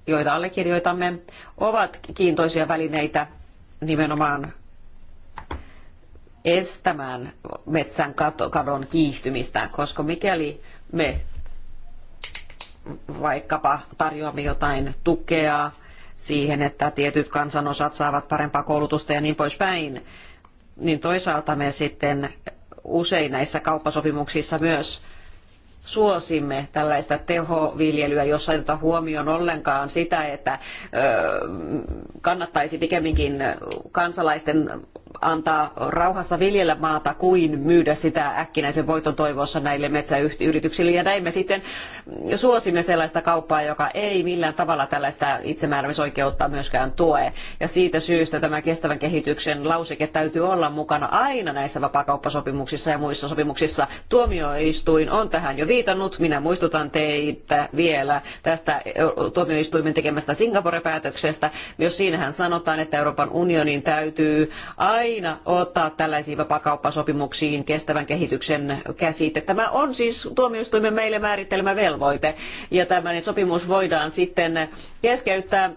joita allekirjoitamme, ovat kiintoisia välineitä nimenomaan estämään metsän kadon kiihtymistä, koska mikäli me vaikkapa tarjoamme jotain tukea siihen, että tietyt kansanosat saavat parempaa koulutusta ja niin poispäin, niin toisaalta me sitten usein näissä kauppasopimuksissa myös suosimme tällaista tehoviljelyä, jossa ei ota huomioon ollenkaan sitä, että kannattaisi pikemminkin kansalaisten antaa rauhassa viljellä maata kuin myydä sitä äkkinäisen voiton toivossa näille metsäyrityksille. Ja näin me sitten suosimme sellaista kauppaa, joka ei millään tavalla tällaista itsemääräämisoikeutta myöskään tue. Ja siitä syystä tämä kestävän kehityksen lauseke täytyy olla mukana aina näissä vapaakauppasopimuksissa ja muissa sopimuksissa. Tuomioistuin on tähän jo viitannut. Minä muistutan teitä vielä tästä tuomioistuimen tekemästä Singapore-päätöksestä, jos siinähän sanotaan, että Euroopan unionin täytyy aina ottaa tällaisiin vapakauppasopimuksiin kestävän kehityksen käsite. Tämä on siis tuomioistuimen meille määrittelemä velvoite ja tämmöinen sopimus voidaan sitten keskeyttää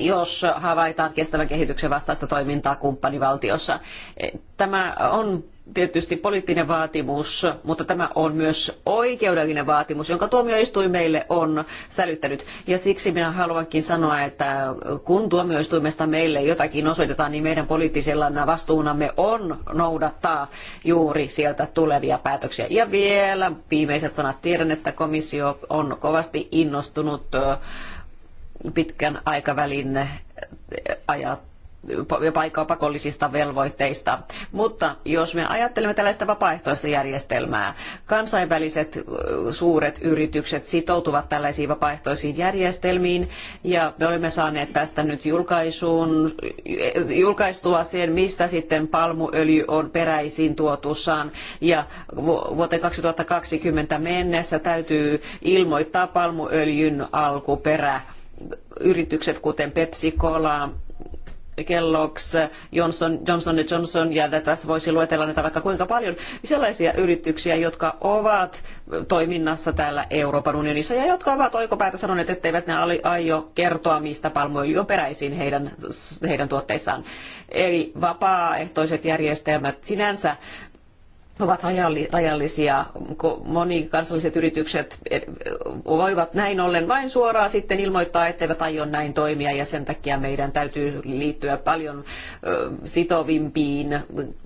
jos havaitaan kestävän kehityksen vastaista toimintaa kumppanivaltiossa. E, tämä on tietysti poliittinen vaatimus, mutta tämä on myös oikeudellinen vaatimus, jonka tuomioistuin meille on sälyttänyt. Ja siksi minä haluankin sanoa, että kun tuomioistuimesta meille jotakin osoitetaan, niin meidän poliittisella vastuunamme on noudattaa juuri sieltä tulevia päätöksiä. Ja vielä viimeiset sanat. Tiedän, että komissio on kovasti innostunut pitkän aikavälin eh, ajat paikkaa pakollisista velvoitteista. Mutta jos me ajattelemme tällaista vapaaehtoista järjestelmää, kansainväliset eh, suuret yritykset sitoutuvat tällaisiin vapaaehtoisiin järjestelmiin ja me olemme saaneet tästä nyt julkaisuun, eh, julkaistua sen, mistä sitten palmuöljy on peräisin tuotussaan ja vuoteen 2020 mennessä täytyy ilmoittaa palmuöljyn alkuperä yritykset, kuten Pepsi, Cola, Kellogg's, Johnson, Johnson Johnson, ja tässä voisi luetella näitä vaikka kuinka paljon, sellaisia yrityksiä, jotka ovat toiminnassa täällä Euroopan unionissa, ja jotka ovat oikopäätä sanoneet, etteivät ne aio kertoa, mistä palmuöljy on peräisin heidän, heidän tuotteissaan. Eli vapaaehtoiset järjestelmät sinänsä ovat rajallisia. Monikansalliset yritykset e, voivat näin ollen vain suoraan sitten ilmoittaa, etteivät aio näin toimia ja sen takia meidän täytyy liittyä paljon sitovimpiin,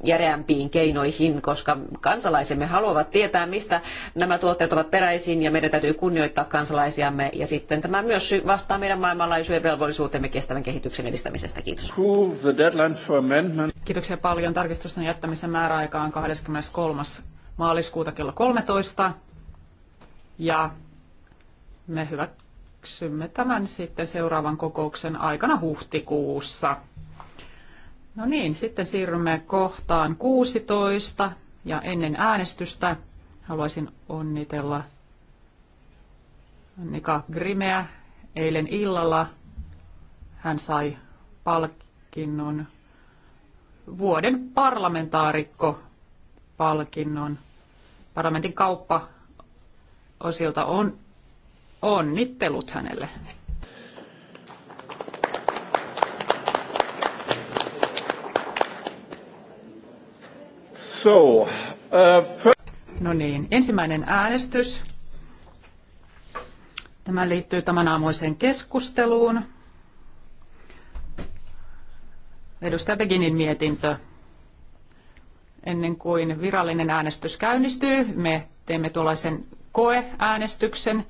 järeämpiin keinoihin, koska kansalaisemme haluavat tietää, mistä nämä tuotteet ovat peräisin ja meidän täytyy kunnioittaa kansalaisiamme ja sitten tämä myös vastaa meidän maailmanlaajuisen velvollisuutemme kestävän kehityksen edistämisestä. Kiitos. Kiitoksia paljon. Tarkistusten jättämisen määräaika on 23. 23. maaliskuuta kello 13. Ja me hyväksymme tämän sitten seuraavan kokouksen aikana huhtikuussa. No niin, sitten siirrymme kohtaan 16 ja ennen äänestystä haluaisin onnitella Nika Grimeä eilen illalla. Hän sai palkinnon vuoden parlamentaarikko palkinnon. Parlamentin kauppa osilta on onnittelut hänelle. So, uh, no niin, ensimmäinen äänestys. Tämä liittyy tämän aamuiseen keskusteluun. Edustaja Beginin mietintö ennen kuin virallinen äänestys käynnistyy. Me teemme tuollaisen koeäänestyksen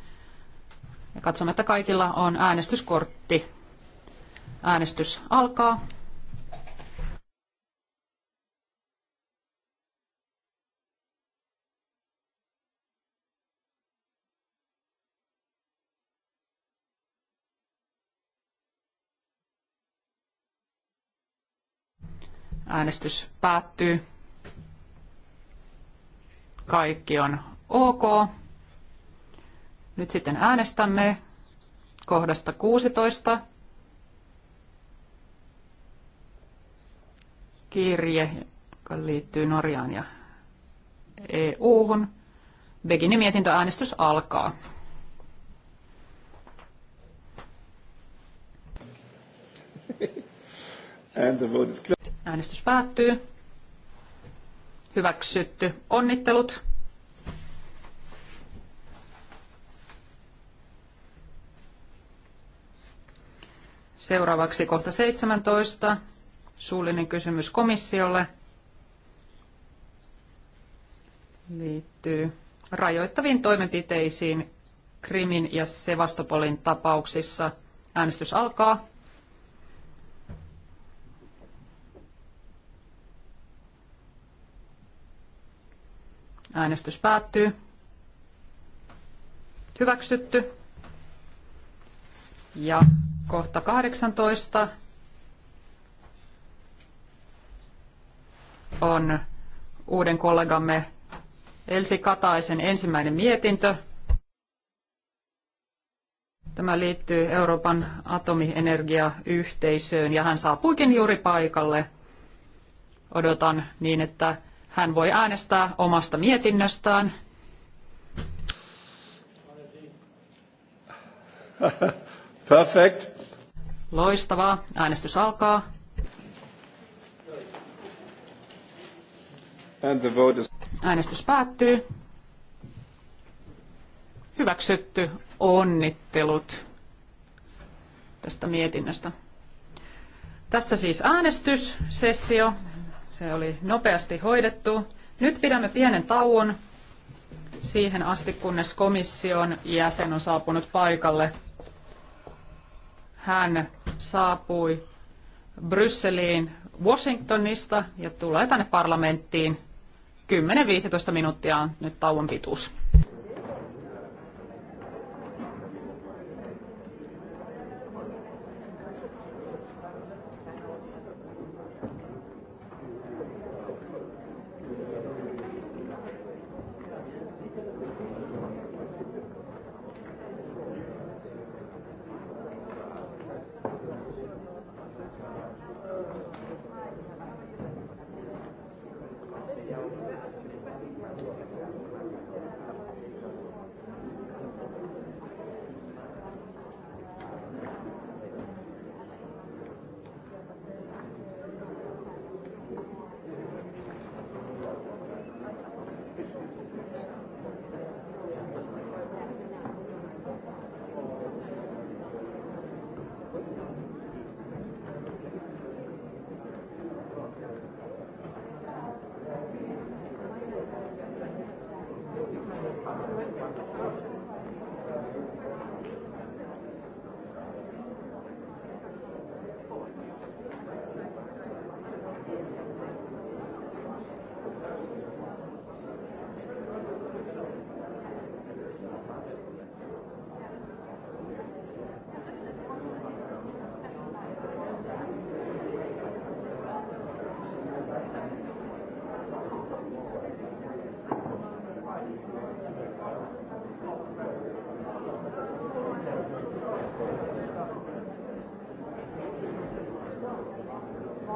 ja katsomme, että kaikilla on äänestyskortti. Äänestys alkaa. Äänestys päättyy. Kaikki on ok. Nyt sitten äänestämme kohdasta 16. Kirje, joka liittyy Norjaan ja EU-hun. Beginin mietintöäänestys alkaa. Äänestys päättyy. Hyväksytty. Onnittelut. Seuraavaksi kohta 17. Suullinen kysymys komissiolle liittyy rajoittaviin toimenpiteisiin Krimin ja Sevastopolin tapauksissa. Äänestys alkaa. Äänestys päättyy. Hyväksytty. Ja kohta 18 on uuden kollegamme Elsi Kataisen ensimmäinen mietintö. Tämä liittyy Euroopan atomienergiayhteisöön ja hän saapuikin juuri paikalle. Odotan niin, että hän voi äänestää omasta mietinnöstään. [laughs] Perfect. Loistavaa. Äänestys alkaa. And the vote is... Äänestys päättyy. Hyväksytty. Onnittelut tästä mietinnöstä. Tässä siis äänestyssessio. Se oli nopeasti hoidettu. Nyt pidämme pienen tauon siihen asti, kunnes komission jäsen on saapunut paikalle. Hän saapui Brysseliin Washingtonista ja tulee tänne parlamenttiin. 10-15 minuuttia on nyt tauon pituus.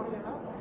الى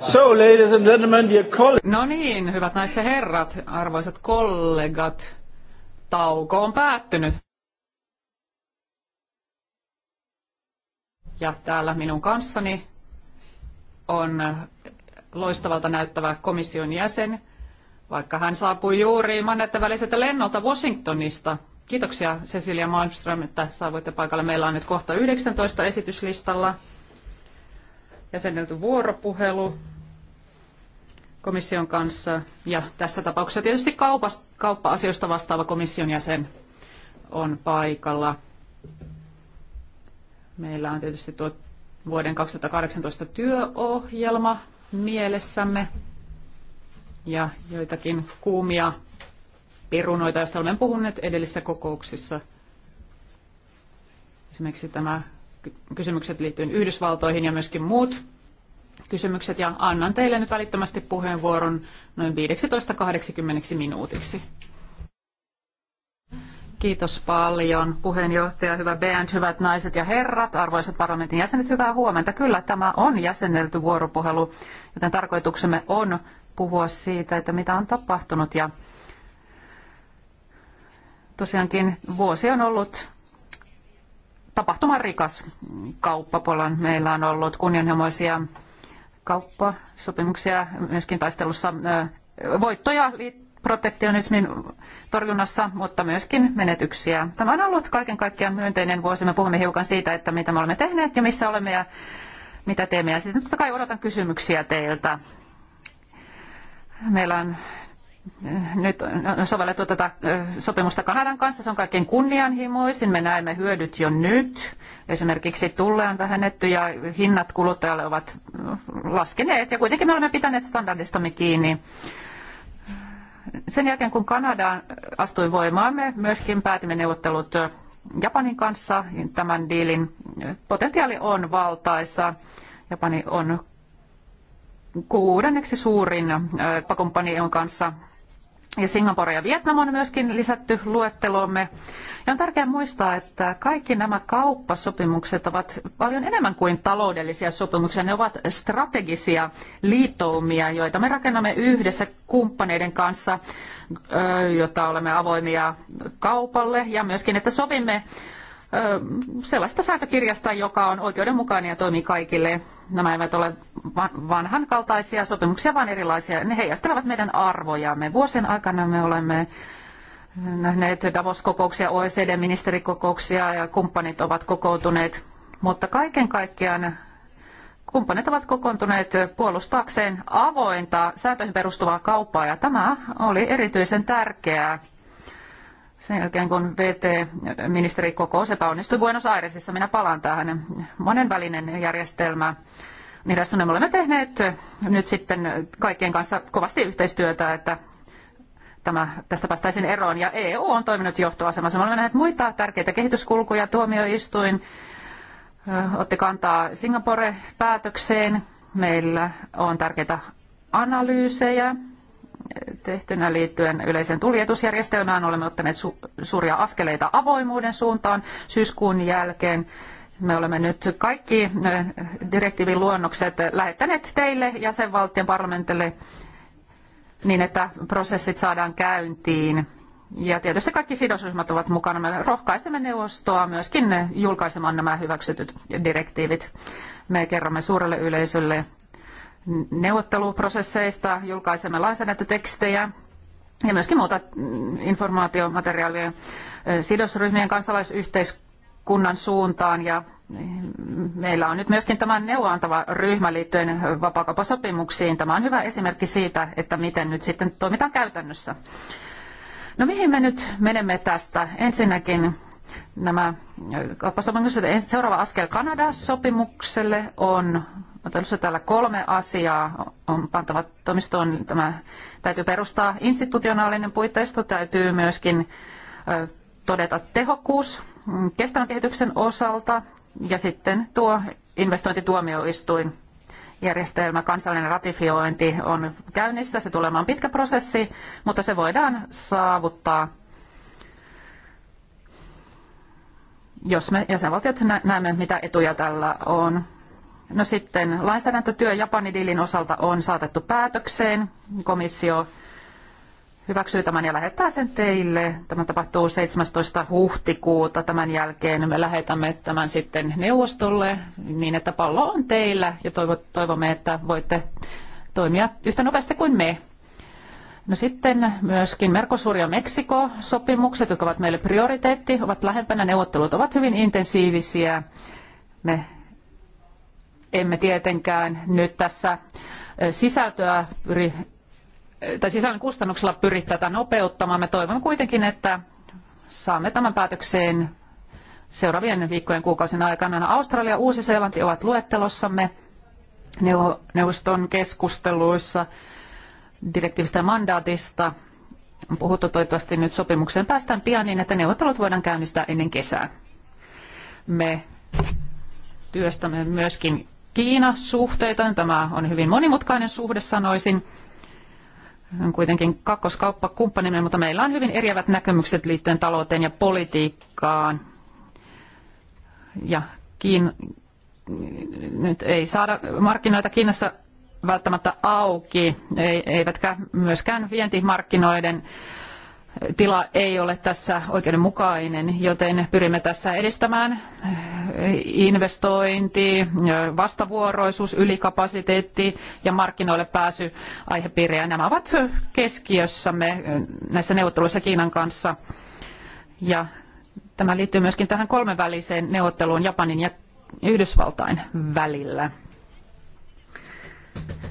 So, ladies and gentlemen, dear colleagues. No niin, hyvät naiset ja herrat, arvoisat kollegat, tauko on päättynyt. Ja täällä minun kanssani on loistavalta näyttävä komission jäsen, vaikka hän saapui juuri mannetten väliseltä lennolta Washingtonista. Kiitoksia Cecilia Malmström, että saavuitte paikalle. Meillä on nyt kohta 19 esityslistalla jäsennelty vuoropuhelu komission kanssa ja tässä tapauksessa tietysti kauppa-asioista vastaava komission jäsen on paikalla. Meillä on tietysti tuo vuoden 2018 työohjelma mielessämme ja joitakin kuumia perunoita, joista olemme puhuneet edellisissä kokouksissa. Esimerkiksi tämä kysymykset liittyen Yhdysvaltoihin ja myöskin muut kysymykset. Ja annan teille nyt välittömästi puheenvuoron noin 15-80 minuutiksi. Kiitos paljon puheenjohtaja, hyvä Bernd, hyvät naiset ja herrat, arvoisat parlamentin jäsenet, hyvää huomenta. Kyllä tämä on jäsennelty vuoropuhelu, joten tarkoituksemme on puhua siitä, että mitä on tapahtunut. Ja tosiaankin vuosi on ollut tapahtumarikas kauppapolan. Meillä on ollut kunnianhimoisia kauppasopimuksia myöskin taistelussa voittoja protektionismin torjunnassa, mutta myöskin menetyksiä. Tämä on ollut kaiken kaikkiaan myönteinen vuosi. Me puhumme hiukan siitä, että mitä me olemme tehneet ja missä olemme ja mitä teemme. Ja sitten totta kai odotan kysymyksiä teiltä. Meillä on nyt on sovellettu tätä sopimusta Kanadan kanssa. Se on kaikkein kunnianhimoisin. Me näemme hyödyt jo nyt. Esimerkiksi tulle on vähennetty ja hinnat kuluttajalle ovat laskeneet. Ja kuitenkin me olemme pitäneet standardistamme kiinni. Sen jälkeen kun Kanada astui voimaan, me myöskin päätimme neuvottelut Japanin kanssa tämän diilin. Potentiaali on valtaisa. Japani on kuudenneksi suurin pakompani EUn kanssa ja Singapore ja Vietnam on myöskin lisätty luetteloomme. Ja on tärkeää muistaa, että kaikki nämä kauppasopimukset ovat paljon enemmän kuin taloudellisia sopimuksia. Ne ovat strategisia liitoumia, joita me rakennamme yhdessä kumppaneiden kanssa, jota olemme avoimia kaupalle ja myöskin, että sovimme sellaista sääntökirjasta, joka on oikeudenmukainen ja toimii kaikille. Nämä eivät ole vanhankaltaisia sopimuksia, vaan erilaisia. Ne heijastelevat meidän arvojamme. Vuosien aikana me olemme nähneet Davos-kokouksia, OECD-ministerikokouksia ja kumppanit ovat kokoutuneet. Mutta kaiken kaikkiaan kumppanit ovat kokoontuneet puolustaakseen avointa sääntöihin perustuvaa kauppaa ja tämä oli erityisen tärkeää sen jälkeen kun VT-ministeri kokous epäonnistui Buenos Airesissa, minä palaan tähän monenvälinen järjestelmä. Nidastuneen niin me olemme tehneet nyt sitten kaikkien kanssa kovasti yhteistyötä, että tämä, tästä päästäisiin eroon. Ja EU on toiminut johtoasemassa. Me olemme nähneet muita tärkeitä kehityskulkuja. Tuomioistuin otti kantaa Singapore-päätökseen. Meillä on tärkeitä analyysejä tehtynä liittyen yleiseen tuljetusjärjestelmään. Olemme ottaneet su- suuria askeleita avoimuuden suuntaan syyskuun jälkeen. Me olemme nyt kaikki direktiivin luonnokset lähettäneet teille jäsenvaltion parlamentille niin, että prosessit saadaan käyntiin. Ja tietysti kaikki sidosryhmät ovat mukana. Me rohkaisemme neuvostoa myöskin julkaisemaan nämä hyväksytyt direktiivit. Me kerromme suurelle yleisölle neuvotteluprosesseista, julkaisemme lainsäädäntötekstejä ja myöskin muuta mm, informaatiomateriaalia sidosryhmien kansalaisyhteiskunnan suuntaan ja mm, Meillä on nyt myöskin tämä neuvoantava ryhmä liittyen vapaakauppasopimuksiin. Tämä on hyvä esimerkki siitä, että miten nyt sitten toimitaan käytännössä. No mihin me nyt menemme tästä? Ensinnäkin nämä kauppasopimukset. Seuraava askel Kanada-sopimukselle on ottelussa täällä kolme asiaa on pantava toimistoon. Tämä täytyy perustaa institutionaalinen puitteisto, täytyy myöskin todeta tehokkuus kestävän kehityksen osalta ja sitten tuo investointituomioistuin järjestelmä, kansallinen ratifiointi on käynnissä. Se tulee olemaan pitkä prosessi, mutta se voidaan saavuttaa, jos me jäsenvaltiot näemme, mitä etuja tällä on. No sitten lainsäädäntötyö Japanin diilin osalta on saatettu päätökseen. Komissio hyväksyy tämän ja lähettää sen teille. Tämä tapahtuu 17. huhtikuuta. Tämän jälkeen me lähetämme tämän sitten neuvostolle niin, että pallo on teillä ja toivomme, että voitte toimia yhtä nopeasti kuin me. No sitten myöskin Mercosur ja Meksiko sopimukset, jotka ovat meille prioriteetti, ovat lähempänä. Neuvottelut ovat hyvin intensiivisiä. Me emme tietenkään nyt tässä sisältöä pyri, tai sisällön kustannuksella pyri tätä nopeuttamaan. Me toivomme kuitenkin, että saamme tämän päätökseen seuraavien viikkojen kuukausien aikana. Australia ja Uusi-Seelanti ovat luettelossamme neuvoston keskusteluissa direktiivistä ja mandaatista. On puhuttu toivottavasti nyt sopimukseen päästään pian niin, että neuvottelut voidaan käynnistää ennen kesää. Me työstämme myöskin Kiina-suhteita. Tämä on hyvin monimutkainen suhde, sanoisin. On kuitenkin kakkoskauppakumppanimme, mutta meillä on hyvin eriävät näkemykset liittyen talouteen ja politiikkaan. Ja Kiin... nyt ei saada markkinoita Kiinassa välttämättä auki, eivätkä myöskään vientimarkkinoiden tila ei ole tässä oikeudenmukainen, joten pyrimme tässä edistämään eh, investointi, eh, vastavuoroisuus, ylikapasiteetti ja markkinoille pääsy aihepiirejä. Nämä ovat keskiössämme eh, näissä neuvotteluissa Kiinan kanssa. Ja tämä liittyy myöskin tähän kolmenväliseen neuvotteluun Japanin ja Yhdysvaltain välillä.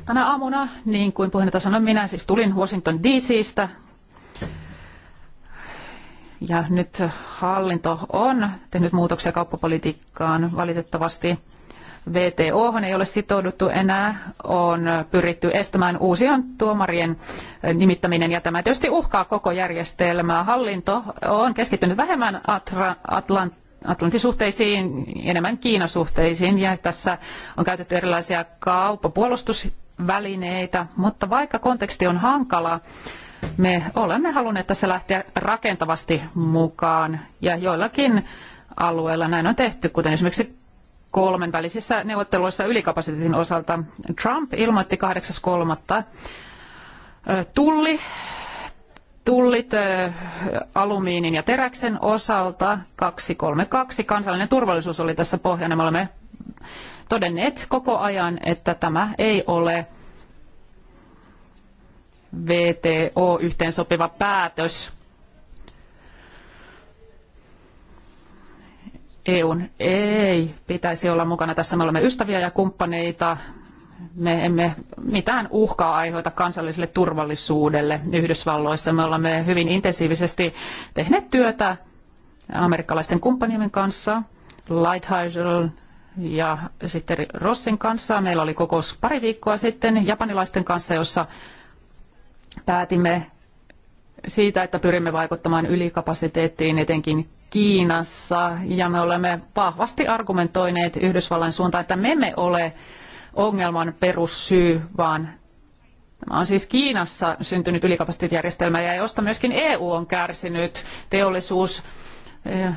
Tänä aamuna, niin kuin puheenjohtaja sanoi, minä siis tulin Washington DCstä ja nyt hallinto on tehnyt muutoksia kauppapolitiikkaan valitettavasti. VTO ei ole sitouduttu enää, on pyritty estämään uusien tuomarien nimittäminen ja tämä tietysti uhkaa koko järjestelmää. Hallinto on keskittynyt vähemmän Atra- Atlant- Atlantin suhteisiin, enemmän Kiinan suhteisiin ja tässä on käytetty erilaisia kauppapuolustusvälineitä, mutta vaikka konteksti on hankala, me olemme halunneet tässä lähteä rakentavasti mukaan ja joillakin alueilla näin on tehty, kuten esimerkiksi kolmen välisissä neuvotteluissa ylikapasiteetin osalta. Trump ilmoitti 8.3. Tulli, tullit alumiinin ja teräksen osalta 232. Kansallinen turvallisuus oli tässä pohjana. Me olemme todenneet koko ajan, että tämä ei ole VTO yhteensopiva päätös EUn ei pitäisi olla mukana tässä. Me olemme ystäviä ja kumppaneita. Me emme mitään uhkaa aiheuta kansalliselle turvallisuudelle Yhdysvalloissa. Me olemme hyvin intensiivisesti tehneet työtä amerikkalaisten kumppaniemme kanssa, Lighthizer ja sitten Rossin kanssa. Meillä oli kokous pari viikkoa sitten japanilaisten kanssa, jossa päätimme siitä, että pyrimme vaikuttamaan ylikapasiteettiin etenkin Kiinassa ja me olemme vahvasti argumentoineet Yhdysvallan suuntaan, että me emme ole ongelman perussyy, vaan Tämä on siis Kiinassa syntynyt ylikapasiteettijärjestelmä ja josta myöskin EU on kärsinyt. Teollisuus, eh, eh,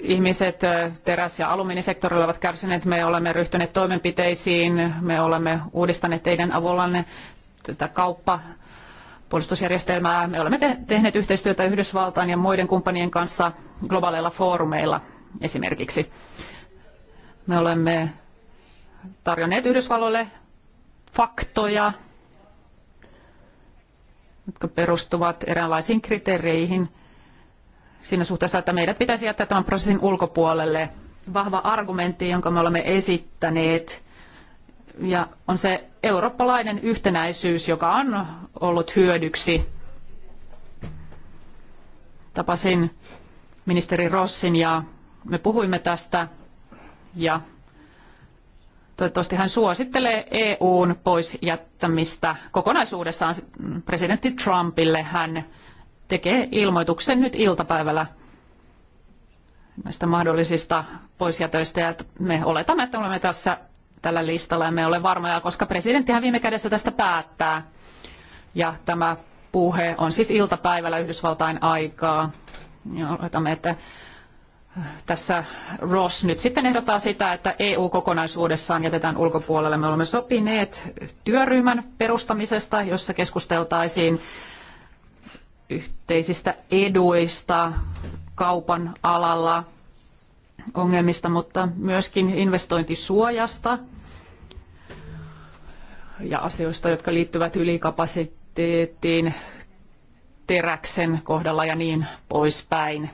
ihmiset eh, teräs- ja alumiinisektorilla ovat kärsineet. Me olemme ryhtyneet toimenpiteisiin, me olemme uudistaneet teidän avullanne tätä kauppa puolustusjärjestelmää. Me olemme te- tehneet yhteistyötä Yhdysvaltain ja muiden kumppanien kanssa globaaleilla foorumeilla esimerkiksi. Me olemme tarjonneet Yhdysvalloille faktoja, jotka perustuvat eräänlaisiin kriteereihin siinä suhteessa, että meidät pitäisi jättää tämän prosessin ulkopuolelle. Vahva argumentti, jonka me olemme esittäneet ja on se eurooppalainen yhtenäisyys, joka on ollut hyödyksi. Tapasin ministeri Rossin ja me puhuimme tästä ja toivottavasti hän suosittelee EUn pois jättämistä kokonaisuudessaan presidentti Trumpille. Hän tekee ilmoituksen nyt iltapäivällä näistä mahdollisista poisjätöistä ja me oletamme, että olemme tässä tällä listalla. Emme ole varmoja, koska presidenttihän viime kädessä tästä päättää. Ja tämä puhe on siis iltapäivällä Yhdysvaltain aikaa. Ja oletamme, että äh, tässä Ross nyt sitten ehdottaa sitä, että EU kokonaisuudessaan jätetään ulkopuolelle. Me olemme sopineet työryhmän perustamisesta, jossa keskusteltaisiin yhteisistä eduista kaupan alalla, ongelmista, mutta myöskin investointisuojasta – ja asioista, jotka liittyvät ylikapasiteettiin, teräksen kohdalla ja niin poispäin.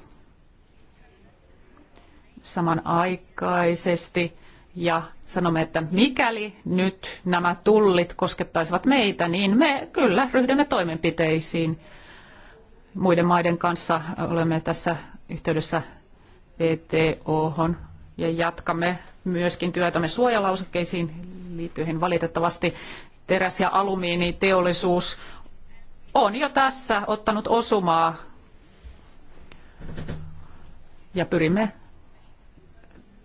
Samanaikaisesti ja sanomme, että mikäli nyt nämä tullit koskettaisivat meitä, niin me kyllä ryhdymme toimenpiteisiin. Muiden maiden kanssa olemme tässä yhteydessä VTOhon e ja jatkamme myöskin työtämme suojalausekkeisiin liittyihin valitettavasti teräs- ja alumiiniteollisuus on jo tässä ottanut osumaa ja pyrimme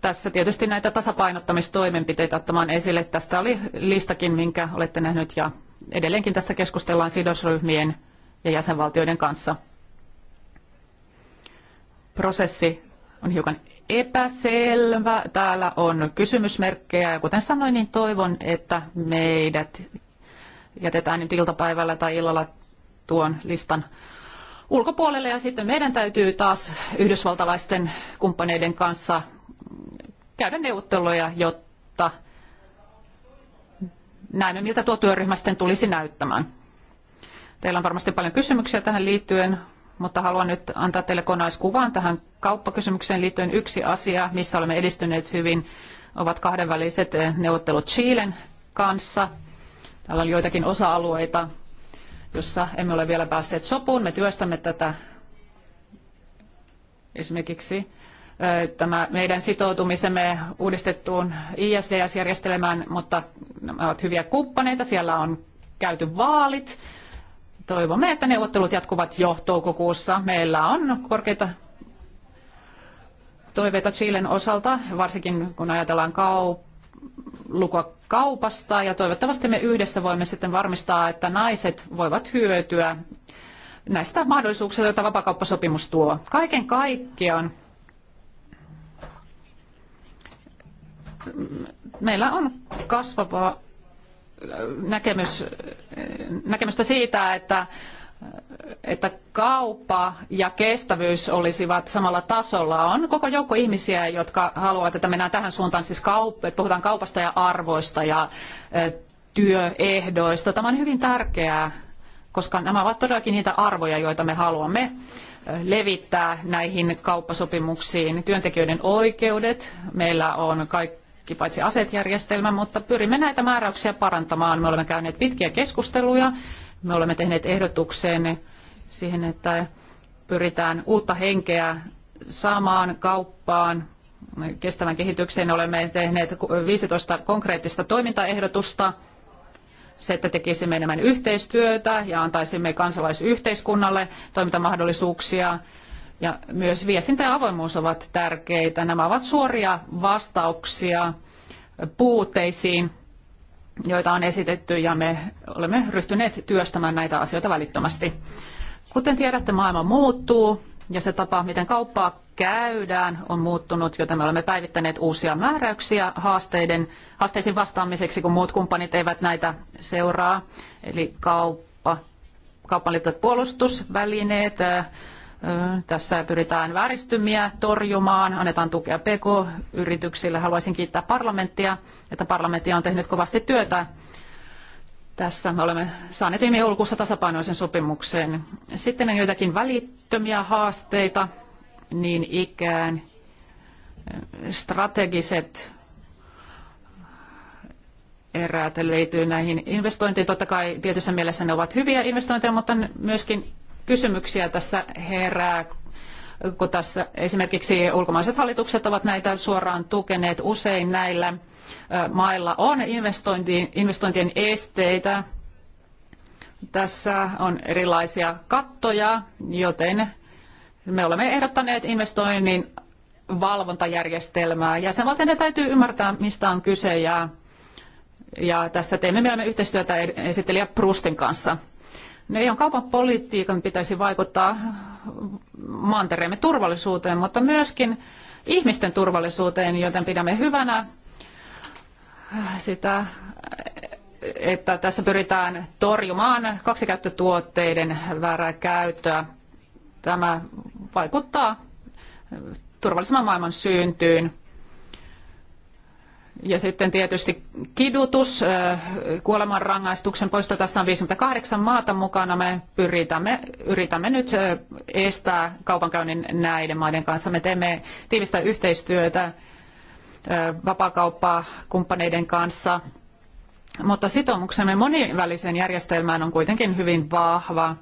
tässä tietysti näitä tasapainottamistoimenpiteitä ottamaan esille. Tästä oli listakin, minkä olette nähnyt ja edelleenkin tästä keskustellaan sidosryhmien ja jäsenvaltioiden kanssa. Prosessi on hiukan epäselvä. Täällä on kysymysmerkkejä ja kuten sanoin, niin toivon, että meidät jätetään nyt iltapäivällä tai illalla tuon listan ulkopuolelle ja sitten meidän täytyy taas yhdysvaltalaisten kumppaneiden kanssa käydä neuvotteluja, jotta näemme, miltä tuo työryhmä sitten tulisi näyttämään. Teillä on varmasti paljon kysymyksiä tähän liittyen mutta haluan nyt antaa teille konaiskuvan tähän kauppakysymykseen liittyen. Yksi asia, missä olemme edistyneet hyvin, ovat kahdenväliset eh, neuvottelut Chilen kanssa. Täällä on joitakin osa-alueita, jossa emme ole vielä päässeet sopuun. Me työstämme tätä esimerkiksi eh, tämä meidän sitoutumisemme uudistettuun ISDS-järjestelmään, mutta nämä ovat hyviä kumppaneita. Siellä on käyty vaalit Toivomme, että neuvottelut jatkuvat jo toukokuussa. Meillä on korkeita toiveita Chilen osalta, varsinkin kun ajatellaan kauppaa lukua kaupasta ja toivottavasti me yhdessä voimme sitten varmistaa, että naiset voivat hyötyä näistä mahdollisuuksista, joita vapakauppasopimus tuo. Kaiken kaikkiaan meillä on kasvava näkemys, näkemystä siitä, että, että kauppa ja kestävyys olisivat samalla tasolla. On koko joukko ihmisiä, jotka haluavat, että mennään tähän suuntaan, siis kaup- että puhutaan kaupasta ja arvoista ja työehdoista. Tämä on hyvin tärkeää, koska nämä ovat todellakin niitä arvoja, joita me haluamme levittää näihin kauppasopimuksiin. Työntekijöiden oikeudet, meillä on kaikki kaikki paitsi asetjärjestelmä, mutta pyrimme näitä määräyksiä parantamaan. Me olemme käyneet pitkiä keskusteluja, me olemme tehneet ehdotukseen siihen, että pyritään uutta henkeä saamaan kauppaan, kestävän kehitykseen olemme tehneet 15 konkreettista toimintaehdotusta. Se, että tekisimme enemmän yhteistyötä ja antaisimme kansalaisyhteiskunnalle toimintamahdollisuuksia, ja myös viestintä ja avoimuus ovat tärkeitä. Nämä ovat suoria vastauksia puutteisiin, joita on esitetty ja me olemme ryhtyneet työstämään näitä asioita välittömästi. Kuten tiedätte, maailma muuttuu ja se tapa, miten kauppaa käydään, on muuttunut, joten me olemme päivittäneet uusia määräyksiä haasteiden, haasteisiin vastaamiseksi, kun muut kumppanit eivät näitä seuraa. Eli kauppa, kauppaan liittyvät puolustusvälineet, tässä pyritään vääristymiä torjumaan, annetaan tukea PK-yrityksille. Haluaisin kiittää parlamenttia, että parlamentti on tehnyt kovasti työtä tässä. Me olemme saaneet viime joulukuussa tasapainoisen sopimuksen. Sitten on joitakin välittömiä haasteita, niin ikään strategiset eräät liittyy näihin investointiin. Totta kai tietyssä mielessä ne ovat hyviä investointeja, mutta myöskin kysymyksiä tässä herää, kun tässä esimerkiksi ulkomaiset hallitukset ovat näitä suoraan tukeneet. Usein näillä mailla on investointien esteitä. Tässä on erilaisia kattoja, joten me olemme ehdottaneet investoinnin valvontajärjestelmää. Jäsenvaltioiden täytyy ymmärtää, mistä on kyse ja, ja tässä teemme mielemme yhteistyötä esittelijä Prustin kanssa. Ne, EUn kaupan politiikan pitäisi vaikuttaa maantereemme turvallisuuteen, mutta myöskin ihmisten turvallisuuteen, joten pidämme hyvänä sitä, että tässä pyritään torjumaan kaksikäyttötuotteiden väärää käyttöä. Tämä vaikuttaa turvallisemman maailman syntyyn. Ja sitten tietysti kidutus, äh, kuolemanrangaistuksen poisto, tässä on 58 maata mukana. Me pyritämme, yritämme nyt äh, estää kaupankäynnin näiden maiden kanssa. Me teemme tiivistä yhteistyötä äh, vapaakauppaa kumppaneiden kanssa, mutta sitoumuksemme monivälisen järjestelmään on kuitenkin hyvin vahva.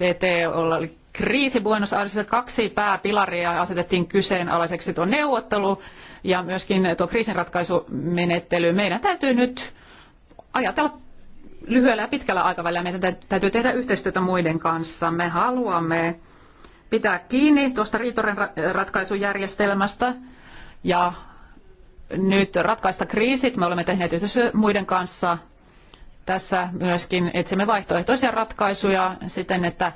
VTOlla oli kriisi Buenos Airesissa. Kaksi pääpilaria asetettiin kyseenalaiseksi tuo neuvottelu ja myöskin tuo kriisinratkaisumenettely. Meidän täytyy nyt ajatella lyhyellä ja pitkällä aikavälillä. Meidän täytyy tehdä yhteistyötä muiden kanssa. Me haluamme pitää kiinni tuosta riitoren ratkaisujärjestelmästä ja nyt ratkaista kriisit. Me olemme tehneet yhteistyötä muiden kanssa tässä myöskin etsimme vaihtoehtoisia ratkaisuja siten, että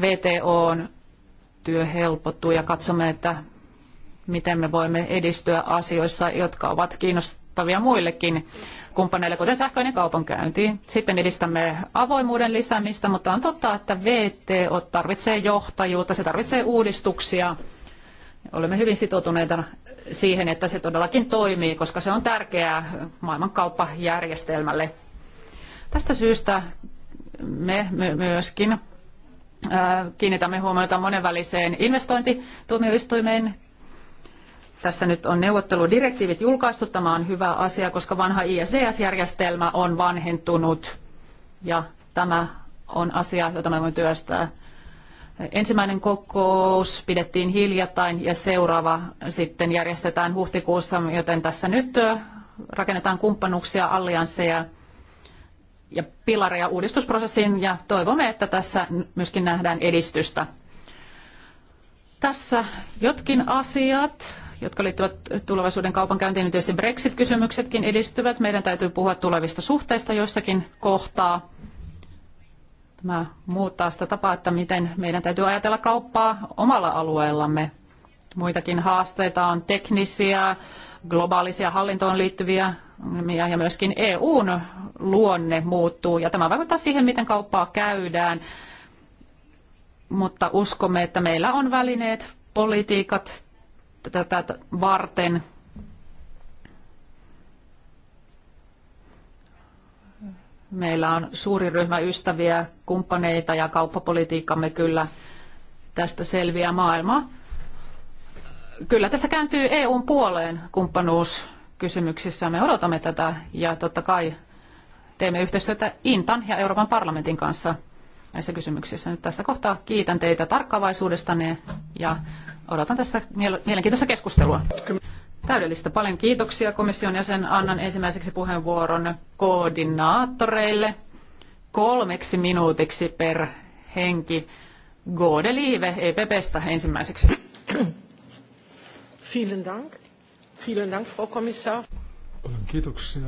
VTOn työ helpottuu ja katsomme, että miten me voimme edistyä asioissa, jotka ovat kiinnostavia muillekin kumppaneille, kuten sähköinen kaupankäynti. Sitten edistämme avoimuuden lisäämistä, mutta on totta, että VTO tarvitsee johtajuutta, se tarvitsee uudistuksia. Olemme hyvin sitoutuneita siihen, että se todellakin toimii, koska se on tärkeää maailmankauppajärjestelmälle. Tästä syystä me myöskin kiinnitämme huomiota monenväliseen investointituomioistuimeen. Tässä nyt on neuvotteludirektiivit julkaistu. Tämä on hyvä asia, koska vanha ISDS-järjestelmä on vanhentunut ja tämä on asia, jota me voimme työstää. Ensimmäinen kokous pidettiin hiljattain ja seuraava sitten järjestetään huhtikuussa, joten tässä nyt rakennetaan kumppanuuksia, alliansseja – ja pilareja uudistusprosessiin ja toivomme, että tässä myöskin nähdään edistystä. Tässä jotkin asiat, jotka liittyvät tulevaisuuden kaupankäyntiin, niin tietysti Brexit-kysymyksetkin edistyvät. Meidän täytyy puhua tulevista suhteista joissakin kohtaa. Tämä muuttaa sitä tapaa, että miten meidän täytyy ajatella kauppaa omalla alueellamme. Muitakin haasteita on teknisiä, globaalisia hallintoon liittyviä ongelmia ja myöskin EUn luonne muuttuu ja tämä vaikuttaa siihen, miten kauppaa käydään. Mutta uskomme, että meillä on välineet, politiikat tätä varten. Meillä on suuri ryhmä ystäviä, kumppaneita ja kauppapolitiikkamme kyllä tästä selviää maailmaa. Kyllä tässä kääntyy EUn puoleen kumppanuus kysymyksissä. Me odotamme tätä ja totta kai teemme yhteistyötä Intan ja Euroopan parlamentin kanssa näissä kysymyksissä. Nyt tässä kohtaa kiitän teitä tarkkaavaisuudestanne ja odotan tässä mielenkiintoista keskustelua. Täydellistä. Paljon kiitoksia komission jäsen. Annan ensimmäiseksi puheenvuoron koordinaattoreille kolmeksi minuutiksi per henki. Gode Liive EPPstä ensimmäiseksi. Vielen dank. Vielen Dank, Frau Kommissar. kiitoksia.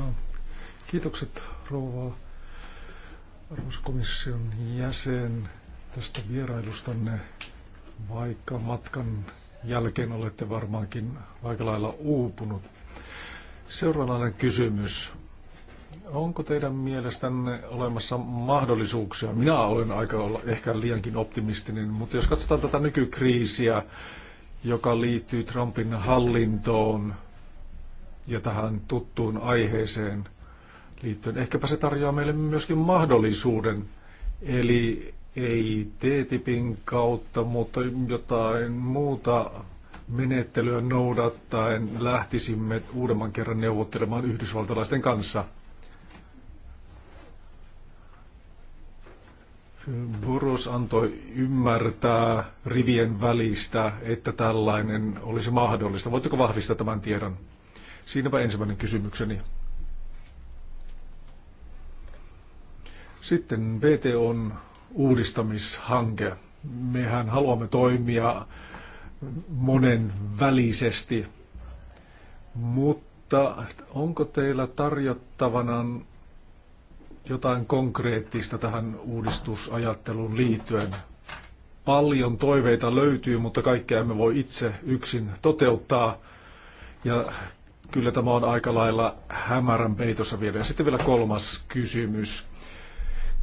Kiitokset rouva arvoskomission jäsen tästä vierailustanne, vaikka matkan jälkeen olette varmaankin aika lailla uupunut. Seuraavainen kysymys. Onko teidän mielestänne olemassa mahdollisuuksia? Minä olen aika olla ehkä liiankin optimistinen, mutta jos katsotaan tätä nykykriisiä, joka liittyy Trumpin hallintoon, ja tähän tuttuun aiheeseen liittyen. Ehkäpä se tarjoaa meille myöskin mahdollisuuden, eli ei TTIPin kautta, mutta jotain muuta menettelyä noudattaen lähtisimme uudemman kerran neuvottelemaan yhdysvaltalaisten kanssa. Boros antoi ymmärtää rivien välistä, että tällainen olisi mahdollista. Voitteko vahvistaa tämän tiedon? Siinäpä ensimmäinen kysymykseni. Sitten VTOn uudistamishanke. Mehän haluamme toimia monen välisesti, mutta onko teillä tarjottavana jotain konkreettista tähän uudistusajatteluun liittyen? Paljon toiveita löytyy, mutta kaikkea emme voi itse yksin toteuttaa. Ja Kyllä tämä on aika lailla hämärän peitossa vielä. Ja sitten vielä kolmas kysymys.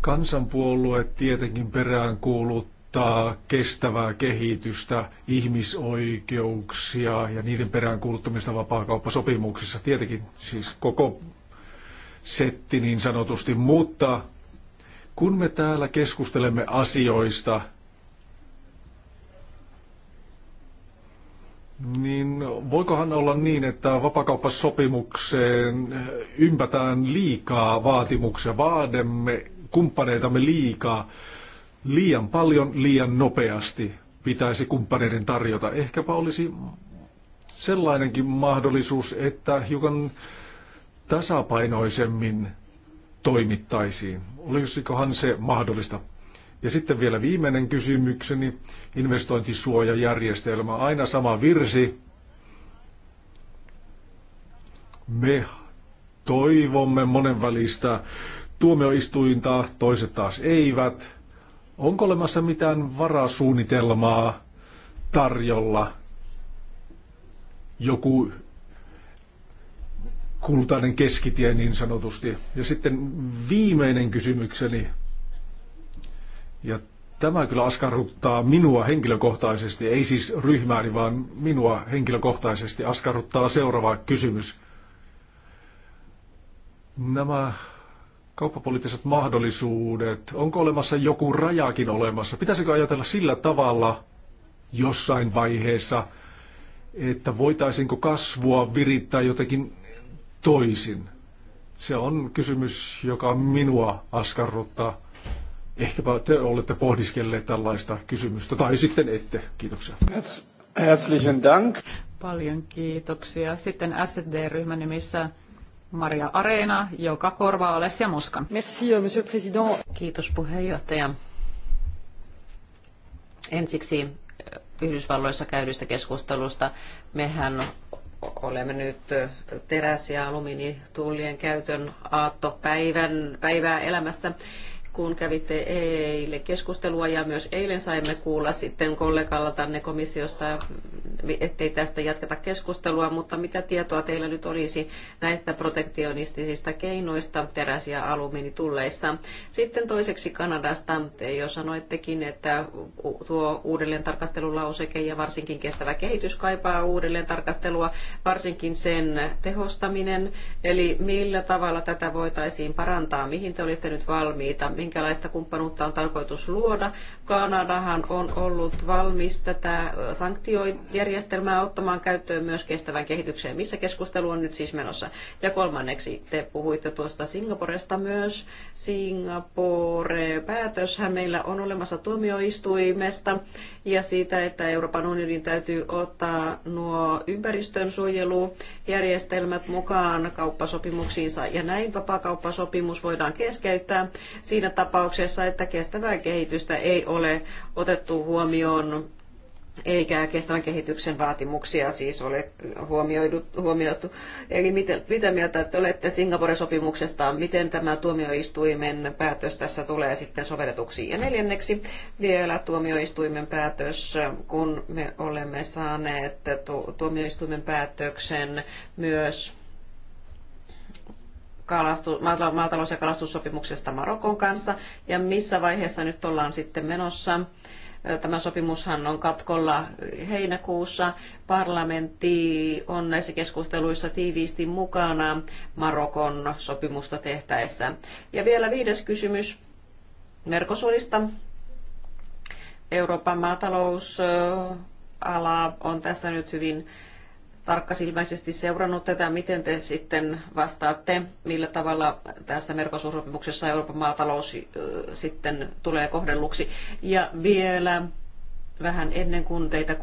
Kansanpuolue tietenkin perään kuuluttaa kestävää kehitystä, ihmisoikeuksia ja niiden perään kuuluttamista vapaakauppasopimuksissa. Tietenkin siis koko setti niin sanotusti, mutta kun me täällä keskustelemme asioista, Niin voikohan olla niin, että vapakauppasopimukseen ympätään liikaa vaatimuksia, vaademme kumppaneitamme liikaa, liian paljon, liian nopeasti pitäisi kumppaneiden tarjota. Ehkäpä olisi sellainenkin mahdollisuus, että hiukan tasapainoisemmin toimittaisiin. Olisikohan se mahdollista? Ja sitten vielä viimeinen kysymykseni, investointisuojajärjestelmä, aina sama virsi. Me toivomme monenvälistä tuomioistuinta, toiset taas eivät. Onko olemassa mitään varasuunnitelmaa tarjolla? Joku kultainen keskitie niin sanotusti. Ja sitten viimeinen kysymykseni ja tämä kyllä askarruttaa minua henkilökohtaisesti, ei siis ryhmääni, vaan minua henkilökohtaisesti askarruttaa seuraava kysymys. Nämä kauppapoliittiset mahdollisuudet, onko olemassa joku rajakin olemassa? Pitäisikö ajatella sillä tavalla jossain vaiheessa, että voitaisinko kasvua virittää jotenkin toisin? Se on kysymys, joka minua askarruttaa. Ehkäpä te olette pohdiskelleet tällaista kysymystä, tai sitten ette. Kiitoksia. Herzlichen Dank. Paljon kiitoksia. Sitten SD-ryhmän nimissä Maria Areena, joka korvaa Alessia Moskan. Merci, euh, monsieur président. Kiitos puheenjohtaja. Ensiksi äh, Yhdysvalloissa käydystä keskustelusta. Mehän olemme nyt äh, teräs- ja alumiinituulien käytön aattopäivän, päivää elämässä kun kävitte eille keskustelua ja myös eilen saimme kuulla sitten kollegalla tänne komissiosta, ettei tästä jatketa keskustelua, mutta mitä tietoa teillä nyt olisi näistä protektionistisista keinoista teräs- ja alumiinitulleissa? Sitten toiseksi Kanadasta, te jo sanoittekin, että tuo uudelleen tarkastelulauseke ja varsinkin kestävä kehitys kaipaa uudelleen tarkastelua, varsinkin sen tehostaminen, eli millä tavalla tätä voitaisiin parantaa, mihin te olitte nyt valmiita, minkälaista kumppanuutta on tarkoitus luoda. Kanadahan on ollut valmis tätä sanktiojärjestelmää ottamaan käyttöön myös kestävän kehitykseen, missä keskustelu on nyt siis menossa. Ja kolmanneksi te puhuitte tuosta Singaporesta myös. Singapore-päätöshän meillä on olemassa tuomioistuimesta ja siitä, että Euroopan unionin täytyy ottaa nuo ympäristön suojelujärjestelmät mukaan kauppasopimuksiinsa ja näin vapaakauppasopimus voidaan keskeyttää. Siinä tapauksessa, että kestävää kehitystä ei ole otettu huomioon eikä kestävän kehityksen vaatimuksia siis ole huomioitu. Eli miten, mitä mieltä te olette Singaporen sopimuksesta, miten tämä tuomioistuimen päätös tässä tulee sitten sovelletuksi? Ja neljänneksi vielä tuomioistuimen päätös, kun me olemme saaneet tuomioistuimen päätöksen myös kalastu, maatalous- ja kalastussopimuksesta Marokon kanssa ja missä vaiheessa nyt ollaan sitten menossa. Tämä sopimushan on katkolla heinäkuussa. Parlamentti on näissä keskusteluissa tiiviisti mukana Marokon sopimusta tehtäessä. Ja vielä viides kysymys Merkosurista. Euroopan maatalousala on tässä nyt hyvin tarkkasilmäisesti seurannut tätä. Miten te sitten vastaatte, millä tavalla tässä Merkosuussopimuksessa Euroopan maatalous sitten tulee kohdelluksi? Ja vielä vähän ennen kuin teitä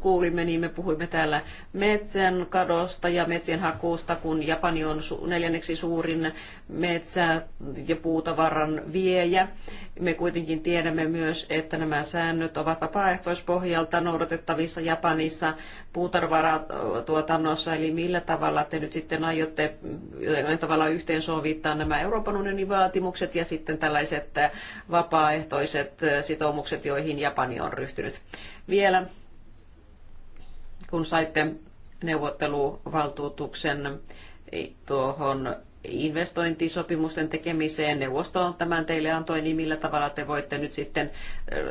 kuulimme, niin me puhuimme täällä metsän kadosta ja metsien hakuusta, kun Japani on neljänneksi suurin metsä- ja puutavaran viejä. Me kuitenkin tiedämme myös, että nämä säännöt ovat vapaaehtoispohjalta noudatettavissa Japanissa puutarvaratuotannossa, eli millä tavalla te nyt sitten aiotte jollain tavalla yhteensovittaa nämä Euroopan unionin vaatimukset ja sitten tällaiset vapaaehtoiset sitoumukset, joihin Japani on ryhtynyt. Vielä kun saitte neuvotteluvaltuutuksen tuohon investointisopimusten tekemiseen. Neuvosto on tämän teille antoi, niin millä tavalla te voitte nyt sitten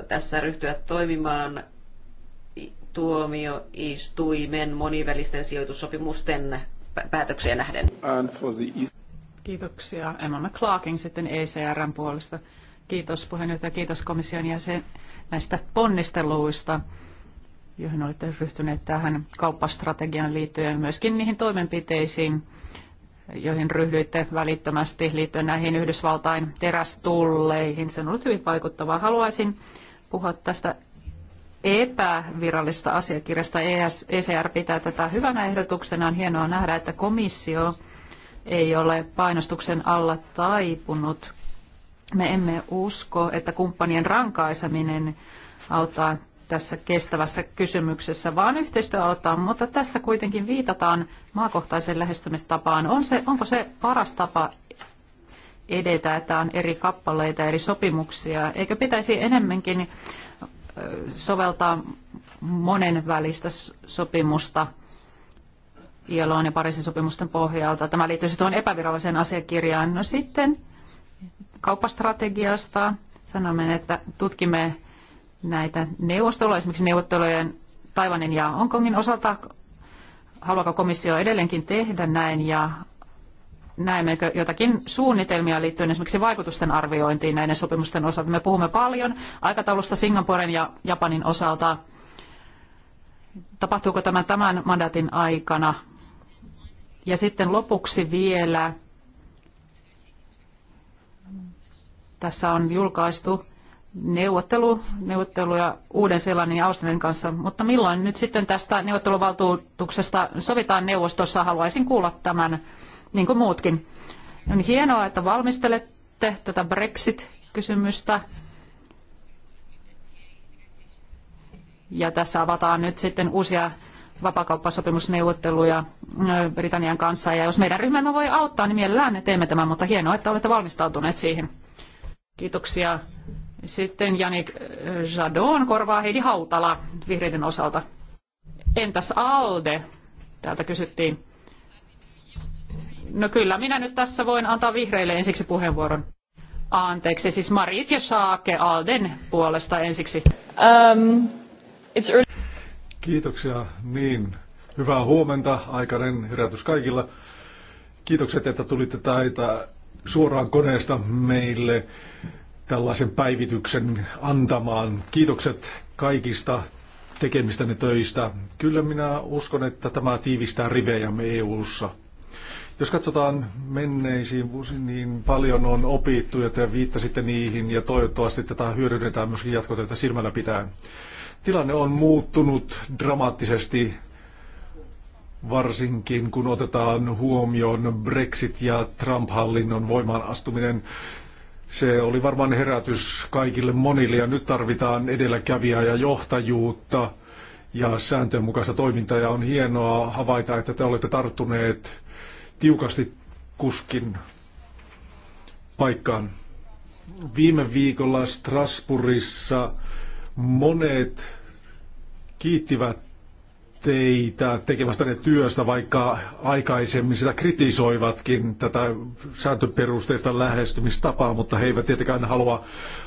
tässä ryhtyä toimimaan tuomioistuimen monivälisten sijoitussopimusten päätökseen nähden? E- Kiitoksia Emma McClarkin sitten ECRn puolesta. Kiitos puheenjohtaja, kiitos komission jäsen näistä ponnisteluista, joihin olette ryhtyneet tähän kauppastrategian liittyen, myöskin niihin toimenpiteisiin, joihin ryhdyitte välittömästi liittyen näihin Yhdysvaltain terästulleihin. Se on ollut hyvin vaikuttavaa. Haluaisin puhua tästä epävirallista asiakirjasta. ECR e pitää tätä hyvänä ehdotuksena. On hienoa nähdä, että komissio ei ole painostuksen alla taipunut. Me emme usko, että kumppanien rankaiseminen auttaa tässä kestävässä kysymyksessä, vaan yhteistyö aloittaa, mutta tässä kuitenkin viitataan maakohtaiseen lähestymistapaan. On se, onko se paras tapa edetä, että on eri kappaleita, eri sopimuksia? Eikö pitäisi enemmänkin soveltaa monen välistä sopimusta ILOn ja Pariisin sopimusten pohjalta? Tämä liittyy tuohon epäviralliseen asiakirjaan. No sitten kauppastrategiasta sanomme, että tutkimme näitä neuvosteluja, esimerkiksi neuvottelujen Taivanen ja Hongkongin osalta. Haluaako komissio edelleenkin tehdä näin ja näemmekö jotakin suunnitelmia liittyen esimerkiksi vaikutusten arviointiin näiden sopimusten osalta? Me puhumme paljon aikataulusta Singaporen ja Japanin osalta. Tapahtuuko tämä tämän mandaatin aikana? Ja sitten lopuksi vielä, tässä on julkaistu neuvottelu, neuvotteluja uuden seelannin ja Australian kanssa, mutta milloin nyt sitten tästä neuvotteluvaltuutuksesta sovitaan neuvostossa? Haluaisin kuulla tämän, niin kuin muutkin. On hienoa, että valmistelette tätä Brexit-kysymystä. Ja tässä avataan nyt sitten uusia vapakauppasopimusneuvotteluja Britannian kanssa. Ja jos meidän ryhmämme voi auttaa, niin mielellään ne teemme tämän, mutta hienoa, että olette valmistautuneet siihen. Kiitoksia sitten Janik äh, Jadon korvaa Heidi Hautala vihreiden osalta. Entäs Alde? Täältä kysyttiin. No kyllä, minä nyt tässä voin antaa vihreille ensiksi puheenvuoron. Anteeksi, siis Marit ja Saake Alden puolesta ensiksi. Um, it's early. Kiitoksia, niin. Hyvää huomenta, aikainen herätys kaikilla. Kiitokset, että tulitte taita suoraan koneesta meille tällaisen päivityksen antamaan. Kiitokset kaikista tekemistäni töistä. Kyllä minä uskon, että tämä tiivistää rivejämme EU-ssa. Jos katsotaan menneisiin vuosiin, niin paljon on opittu ja te viittasitte niihin ja toivottavasti tätä hyödynnetään myöskin jatkotelta silmällä pitäen. Tilanne on muuttunut dramaattisesti, varsinkin kun otetaan huomioon Brexit ja Trump-hallinnon voimaan astuminen. Se oli varmaan herätys kaikille monille ja nyt tarvitaan edelläkävijää ja johtajuutta ja sääntöjen mukaista toimintaa. Ja on hienoa havaita, että te olette tarttuneet tiukasti kuskin paikkaan. Viime viikolla Strasbourgissa monet kiittivät teitä tekemästänne työstä, vaikka aikaisemmin sitä kritisoivatkin tätä sääntöperusteista lähestymistapaa, mutta he eivät tietenkään halua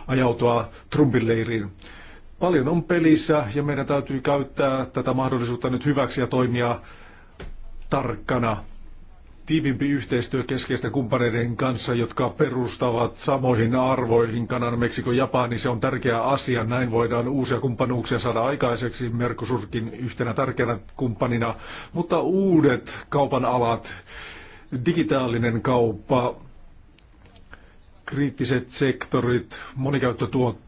ajautua Trumpin leiriin. Paljon on pelissä ja meidän täytyy käyttää tätä mahdollisuutta nyt hyväksi ja toimia tarkkana tiivimpi yhteistyö keskeisten kumppaneiden kanssa, jotka perustavat samoihin arvoihin Kanan, Meksikon, Japani. Se on tärkeä asia. Näin voidaan uusia kumppanuuksia saada aikaiseksi Mercosurkin yhtenä tärkeänä kumppanina. Mutta uudet kaupan alat, digitaalinen kauppa, kriittiset sektorit, monikäyttötuot,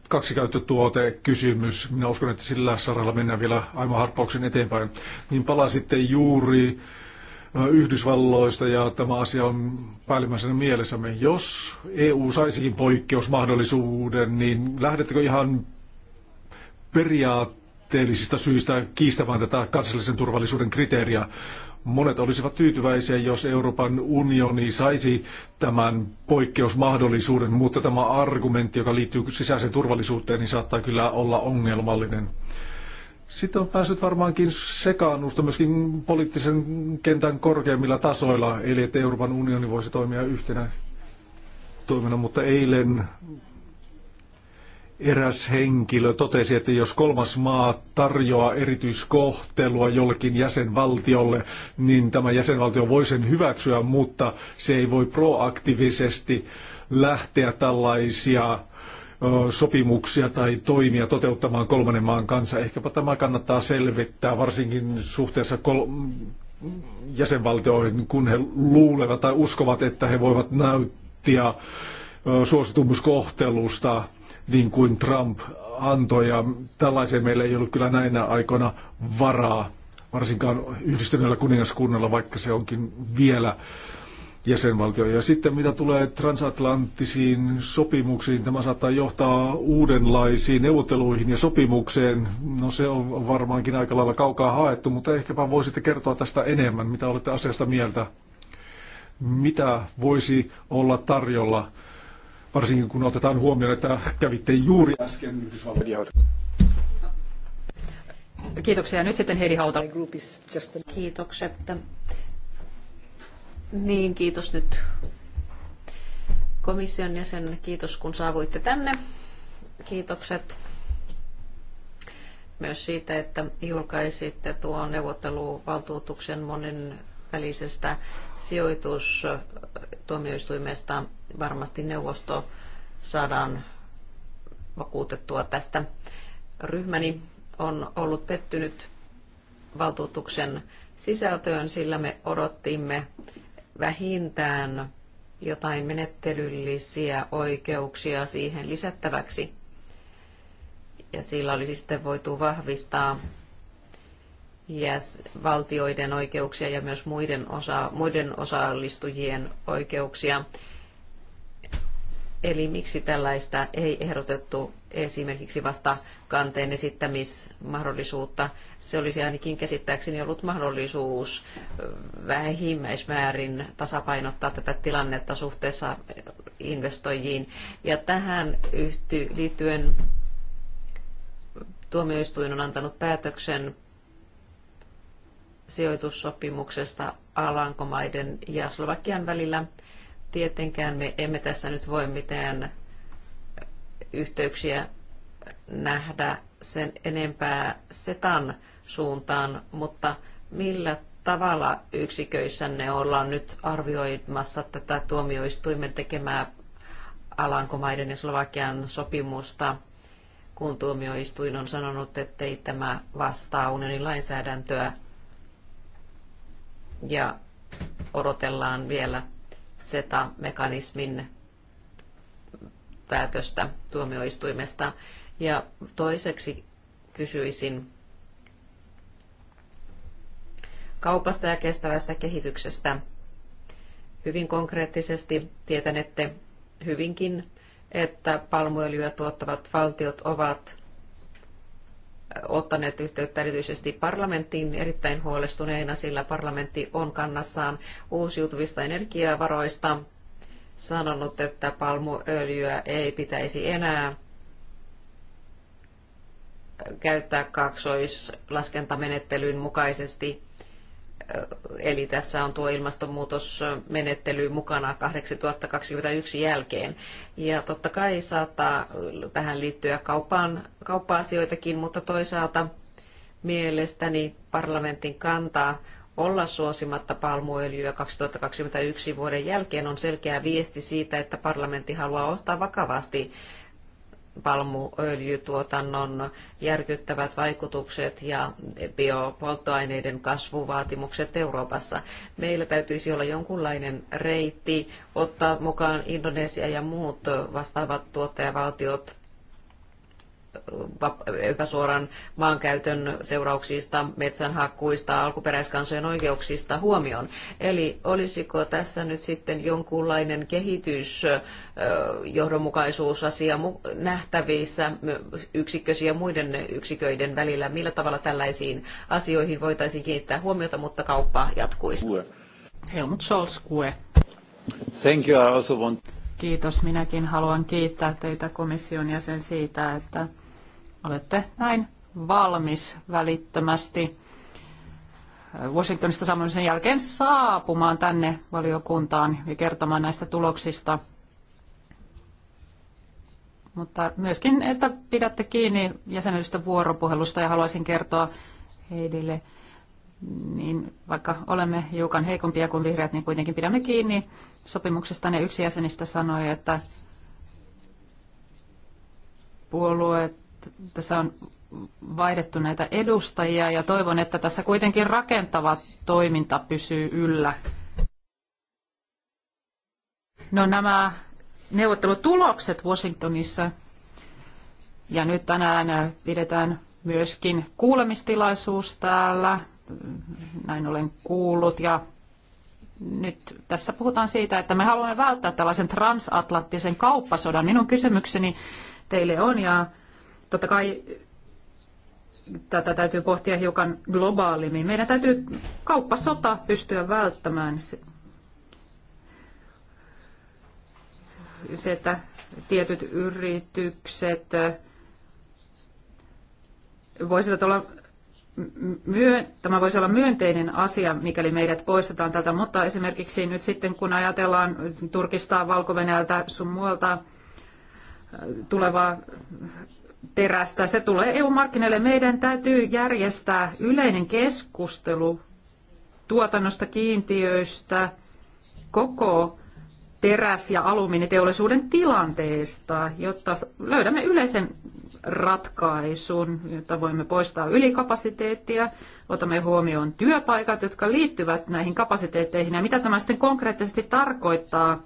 kysymys. Minä uskon, että sillä saralla mennään vielä aivan harppauksen eteenpäin. Niin sitten juuri Yhdysvalloista ja tämä asia on päällimmäisenä mielessämme. Jos EU saisikin poikkeusmahdollisuuden, niin lähdettekö ihan periaatteellisista syistä kiistämään tätä kansallisen turvallisuuden kriteeriä? Monet olisivat tyytyväisiä, jos Euroopan unioni saisi tämän poikkeusmahdollisuuden, mutta tämä argumentti, joka liittyy sisäiseen turvallisuuteen, niin saattaa kyllä olla ongelmallinen. Sitten on päässyt varmaankin sekaannusta myöskin poliittisen kentän korkeimmilla tasoilla, eli että Euroopan unioni voisi toimia yhtenä toimena, mutta eilen eräs henkilö totesi, että jos kolmas maa tarjoaa erityiskohtelua jollekin jäsenvaltiolle, niin tämä jäsenvaltio voi sen hyväksyä, mutta se ei voi proaktiivisesti lähteä tällaisia sopimuksia tai toimia toteuttamaan kolmannen maan kanssa. Ehkäpä tämä kannattaa selvittää varsinkin suhteessa kol- jäsenvaltioihin, kun he luulevat tai uskovat, että he voivat näyttää suositumuskohtelusta niin kuin Trump antoi. Ja tällaiseen meillä ei ollut kyllä näinä aikoina varaa, varsinkaan yhdistyneellä kuningaskunnalla, vaikka se onkin vielä äh, jäsenvaltioon. Ja sitten mitä tulee transatlanttisiin sopimuksiin, tämä saattaa johtaa uudenlaisiin neuvotteluihin ja sopimukseen. No se on varmaankin aika lailla kaukaa haettu, mutta ehkäpä voisitte kertoa tästä enemmän, mitä olette asiasta mieltä. Mitä voisi olla tarjolla, varsinkin kun otetaan huomioon, että kävitte juuri äsken Yhdysvaltojen Kiitoksia. Nyt sitten Heidi Hautala. Kiitokset niin, kiitos nyt komission jäsen. Kiitos kun saavuitte tänne. Kiitokset myös siitä, että julkaisitte tuon neuvotteluvaltuutuksen monen välisestä sijoitustuomioistuimesta. Varmasti neuvosto saadaan vakuutettua tästä. Ryhmäni on ollut pettynyt valtuutuksen sisältöön, sillä me odottimme vähintään jotain menettelyllisiä oikeuksia siihen lisättäväksi. Ja sillä olisi sitten voitu vahvistaa valtioiden oikeuksia ja myös muiden, osa, muiden osallistujien oikeuksia. Eli miksi tällaista ei ehdotettu esimerkiksi vasta kanteen esittämismahdollisuutta. Se olisi ainakin käsittääkseni ollut mahdollisuus vähimmäismäärin tasapainottaa tätä tilannetta suhteessa investoijiin. Ja tähän yhty, liittyen tuomioistuin on antanut päätöksen sijoitussopimuksesta Alankomaiden ja Slovakian välillä. Tietenkään me emme tässä nyt voi mitään yhteyksiä nähdä sen enempää setan suuntaan, mutta millä tavalla yksiköissänne ollaan nyt arvioimassa tätä tuomioistuimen tekemää Alankomaiden ja Slovakian sopimusta, kun tuomioistuin on sanonut, ettei tämä vastaa unionin lainsäädäntöä ja odotellaan vielä SETA-mekanismin päätöstä tuomioistuimesta. Ja toiseksi kysyisin kaupasta ja kestävästä kehityksestä. Hyvin konkreettisesti tietänette hyvinkin, että palmuöljyä tuottavat valtiot ovat ottaneet yhteyttä erityisesti parlamenttiin erittäin huolestuneina, sillä parlamentti on kannassaan uusiutuvista energiavaroista sanonut, että palmuöljyä ei pitäisi enää käyttää kaksoislaskentamenettelyn mukaisesti. Eli tässä on tuo ilmastonmuutosmenettely mukana 2021 jälkeen. Ja totta kai saattaa tähän liittyä kauppaan, kauppa-asioitakin, mutta toisaalta mielestäni parlamentin kantaa olla suosimatta palmuöljyä 2021 vuoden jälkeen on selkeä viesti siitä, että parlamentti haluaa ottaa vakavasti palmuöljytuotannon järkyttävät vaikutukset ja biopolttoaineiden kasvuvaatimukset Euroopassa. Meillä täytyisi olla jonkunlainen reitti ottaa mukaan Indonesia ja muut vastaavat tuottajavaltiot epäsuoran maankäytön seurauksista, metsänhakkuista, alkuperäiskansojen oikeuksista huomioon. Eli olisiko tässä nyt sitten jonkunlainen kehitysjohdonmukaisuusasia nähtävissä yksikkösiä ja muiden yksiköiden välillä? Millä tavalla tällaisiin asioihin voitaisiin kiinnittää huomiota, mutta kauppa jatkuisi? Helmut Scholz, QE. Thank you, Kiitos. Minäkin haluan kiittää teitä komission jäsen siitä, että Olette näin valmis välittömästi äh, Washingtonista samoin sen jälkeen saapumaan tänne valiokuntaan ja kertomaan näistä tuloksista. Mutta myöskin, että pidätte kiinni jäsenellistä vuoropuhelusta ja haluaisin kertoa Heidille, niin vaikka olemme hiukan heikompia kuin vihreät, niin kuitenkin pidämme kiinni sopimuksesta. Ja yksi jäsenistä sanoi, että puolueet tässä on vaihdettu näitä edustajia ja toivon, että tässä kuitenkin rakentava toiminta pysyy yllä. No nämä neuvottelutulokset Washingtonissa ja nyt tänään pidetään myöskin kuulemistilaisuus täällä, näin olen kuullut ja nyt tässä puhutaan siitä, että me haluamme välttää tällaisen transatlanttisen kauppasodan. Minun kysymykseni teille on ja Totta kai tätä täytyy pohtia hiukan globaalimmin. Meidän täytyy kauppasota pystyä välttämään se, että tietyt yritykset voisivat olla tämä voisi olla myönteinen asia, mikäli meidät poistetaan tältä, mutta esimerkiksi nyt sitten kun ajatellaan Turkista, valko sun muualta tulevaa terästä. Se tulee EU-markkinoille. Meidän täytyy järjestää yleinen keskustelu tuotannosta, kiintiöistä, koko teräs- ja alumiiniteollisuuden tilanteesta, jotta löydämme yleisen ratkaisun, jotta voimme poistaa ylikapasiteettia, otamme huomioon työpaikat, jotka liittyvät näihin kapasiteetteihin ja mitä tämä sitten konkreettisesti tarkoittaa –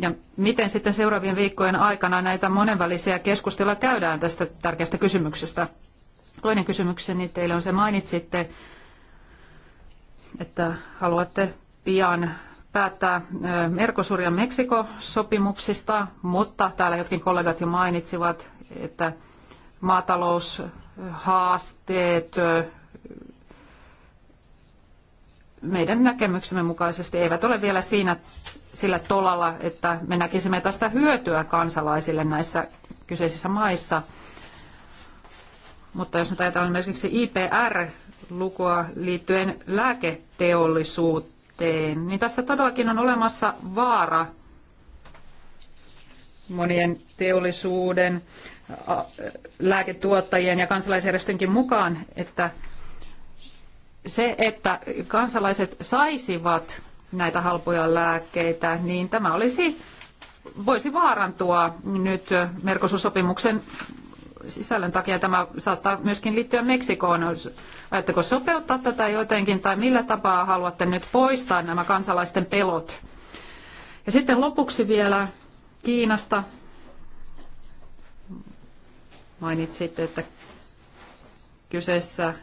ja miten sitten seuraavien viikkojen aikana näitä monenvälisiä keskusteluja käydään tästä tärkeästä kysymyksestä? Toinen kysymykseni teille on se, mainitsitte, että haluatte pian päättää Mercosur- ja Meksiko-sopimuksista, mutta täällä jotkin kollegat jo mainitsivat, että maataloushaasteet meidän näkemyksemme mukaisesti eivät ole vielä siinä sillä tolalla, että me näkisimme tästä hyötyä kansalaisille näissä kyseisissä maissa. Mutta jos nyt ajatellaan esimerkiksi IPR-lukua liittyen lääketeollisuuteen, niin tässä todellakin on olemassa vaara monien teollisuuden, lääketuottajien ja kansalaisjärjestönkin mukaan, että se, että kansalaiset saisivat näitä halpoja lääkkeitä, niin tämä olisi, voisi vaarantua nyt merkoso-sopimuksen sisällön takia. Tämä saattaa myöskin liittyä Meksikoon. Ajatteko sopeuttaa tätä jotenkin tai millä tapaa haluatte nyt poistaa nämä kansalaisten pelot? Ja sitten lopuksi vielä Kiinasta. Mainitsitte, että kyseessä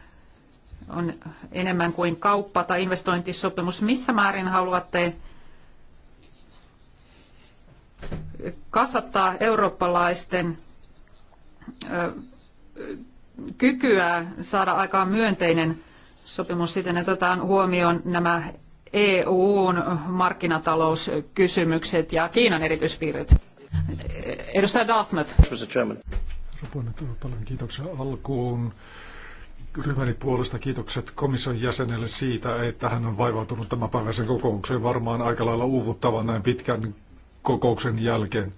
on enemmän kuin kauppa tai investointisopimus. Missä määrin haluatte kasvattaa eurooppalaisten kykyä saada aikaan myönteinen sopimus siten, että otetaan huomioon nämä EUn markkinatalouskysymykset ja Kiinan erityispiirret. Edustaja Dartmouth. kiitoksia alkuun ryhmäni puolesta kiitokset komission jäsenelle siitä, että hän on vaivautunut tämän päiväisen kokoukseen varmaan aika lailla uuvuttavan näin pitkän kokouksen jälkeen.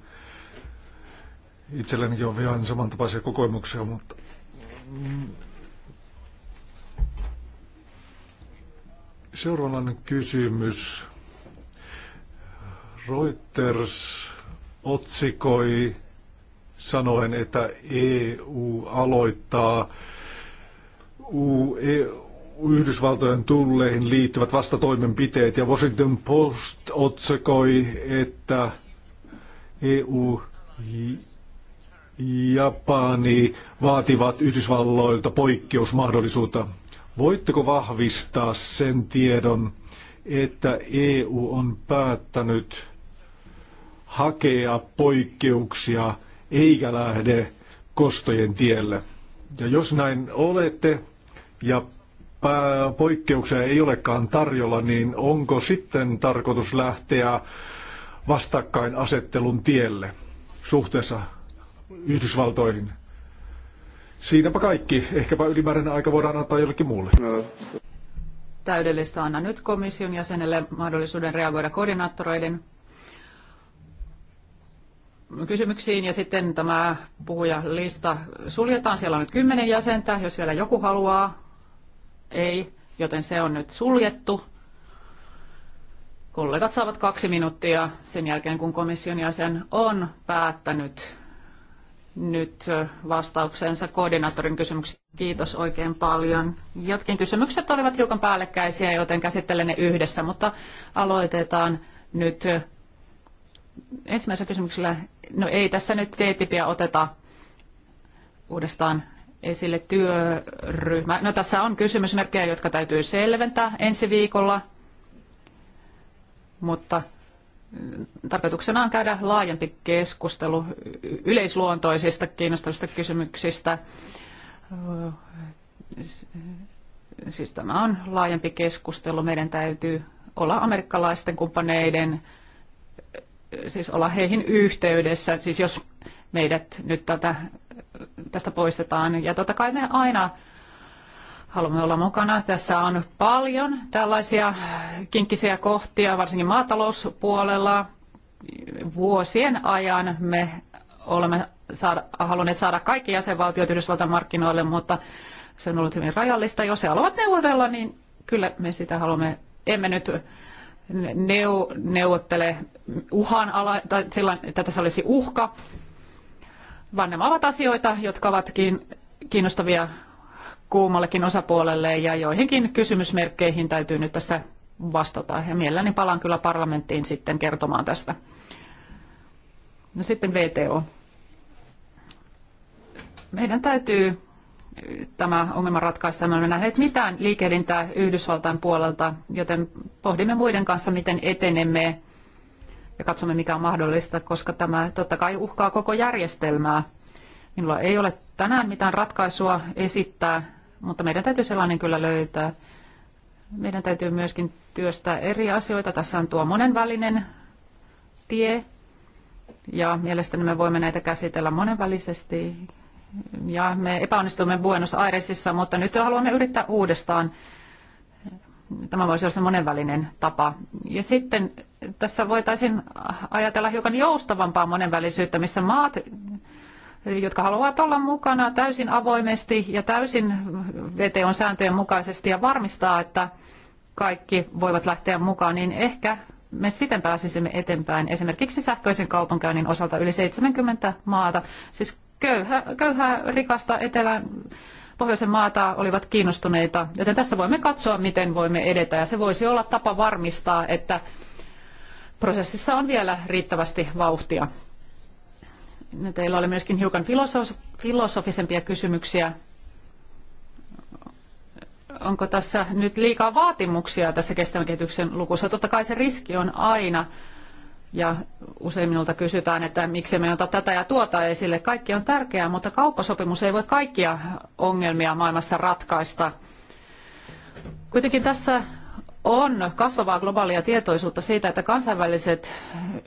Itsellenikin on vielä samantapaisia kokemuksia, mutta seuraavainen kysymys. Reuters otsikoi sanoen, että EU aloittaa E- Yhdysvaltojen tulleihin liittyvät vastatoimenpiteet ja Washington Post otsikoi, että EU Japani vaativat Yhdysvalloilta poikkeusmahdollisuutta. Voitteko vahvistaa sen tiedon, että EU on päättänyt hakea poikkeuksia eikä lähde kostojen tielle? Ja jos näin olette, ja poikkeuksia ei olekaan tarjolla, niin onko sitten tarkoitus lähteä vastakkainasettelun tielle suhteessa Yhdysvaltoihin? Siinäpä kaikki. Ehkäpä ylimääräinen aika voidaan antaa jollekin muulle. Täydellistä anna nyt komission jäsenelle mahdollisuuden reagoida koordinaattoreiden kysymyksiin ja sitten tämä puhujalista suljetaan. Siellä on nyt kymmenen jäsentä, jos vielä joku haluaa ei, joten se on nyt suljettu. Kollegat saavat kaksi minuuttia sen jälkeen, kun komission jäsen on päättänyt nyt vastauksensa koordinaattorin kysymyksiin. Kiitos oikein paljon. Jotkin kysymykset olivat hiukan päällekkäisiä, joten käsittelen ne yhdessä, mutta aloitetaan nyt ensimmäisellä kysymyksellä. No ei tässä nyt teetipiä oteta uudestaan esille työryhmä. No tässä on kysymysmerkkejä, jotka täytyy selventää ensi viikolla, mutta mm, tarkoituksena on käydä laajempi keskustelu yleisluontoisista kiinnostavista kysymyksistä. Siis tämä on laajempi keskustelu. Meidän täytyy olla amerikkalaisten kumppaneiden, siis olla heihin yhteydessä. Siis jos meidät nyt tätä tästä poistetaan. Ja totta kai me aina haluamme olla mukana. Tässä on paljon tällaisia kinkkisiä kohtia, varsinkin maatalouspuolella. Vuosien ajan me olemme saada, halunneet saada kaikki jäsenvaltiot Yhdysvaltain markkinoille, mutta se on ollut hyvin rajallista. Jos he haluavat neuvotella, niin kyllä me sitä haluamme. Emme nyt neu, neuvottele uhan ala, tai sillä, että tässä olisi uhka, vaan nämä ovat asioita, jotka ovat kiinnostavia kuumallekin osapuolelle ja joihinkin kysymysmerkkeihin täytyy nyt tässä vastata. Ja mielelläni palaan kyllä parlamenttiin sitten kertomaan tästä. No sitten VTO. Meidän täytyy tämä ongelma ratkaista. Me emme nähneet mitään liikehdintää Yhdysvaltain puolelta, joten pohdimme muiden kanssa, miten etenemme ja katsomme mikä on mahdollista, koska tämä totta kai uhkaa koko järjestelmää. Minulla ei ole tänään mitään ratkaisua esittää, mutta meidän täytyy sellainen kyllä löytää. Meidän täytyy myöskin työstää eri asioita. Tässä on tuo monenvälinen tie, ja mielestäni me voimme näitä käsitellä monenvälisesti. Ja me epäonnistuimme Buenos Airesissa, mutta nyt haluamme yrittää uudestaan. Tämä voisi olla monenvälinen tapa. Ja sitten tässä voitaisiin ajatella hiukan joustavampaa monenvälisyyttä, missä maat, jotka haluavat olla mukana täysin avoimesti ja täysin VTOn sääntöjen mukaisesti ja varmistaa, että kaikki voivat lähteä mukaan, niin ehkä me sitten pääsisimme eteenpäin esimerkiksi sähköisen kaupankäynnin osalta yli 70 maata, siis köyhä, köyhää rikasta etelän pohjoisen maata olivat kiinnostuneita. Joten tässä voimme katsoa, miten voimme edetä. Ja se voisi olla tapa varmistaa, että prosessissa on vielä riittävästi vauhtia. Teillä oli myöskin hiukan filosofisempia kysymyksiä. Onko tässä nyt liikaa vaatimuksia tässä kestävän kehityksen lukussa? Totta kai se riski on aina, ja usein minulta kysytään, että miksi me ota tätä ja tuota esille. Kaikki on tärkeää, mutta kauppasopimus ei voi kaikkia ongelmia maailmassa ratkaista. Kuitenkin tässä on kasvavaa globaalia tietoisuutta siitä, että kansainväliset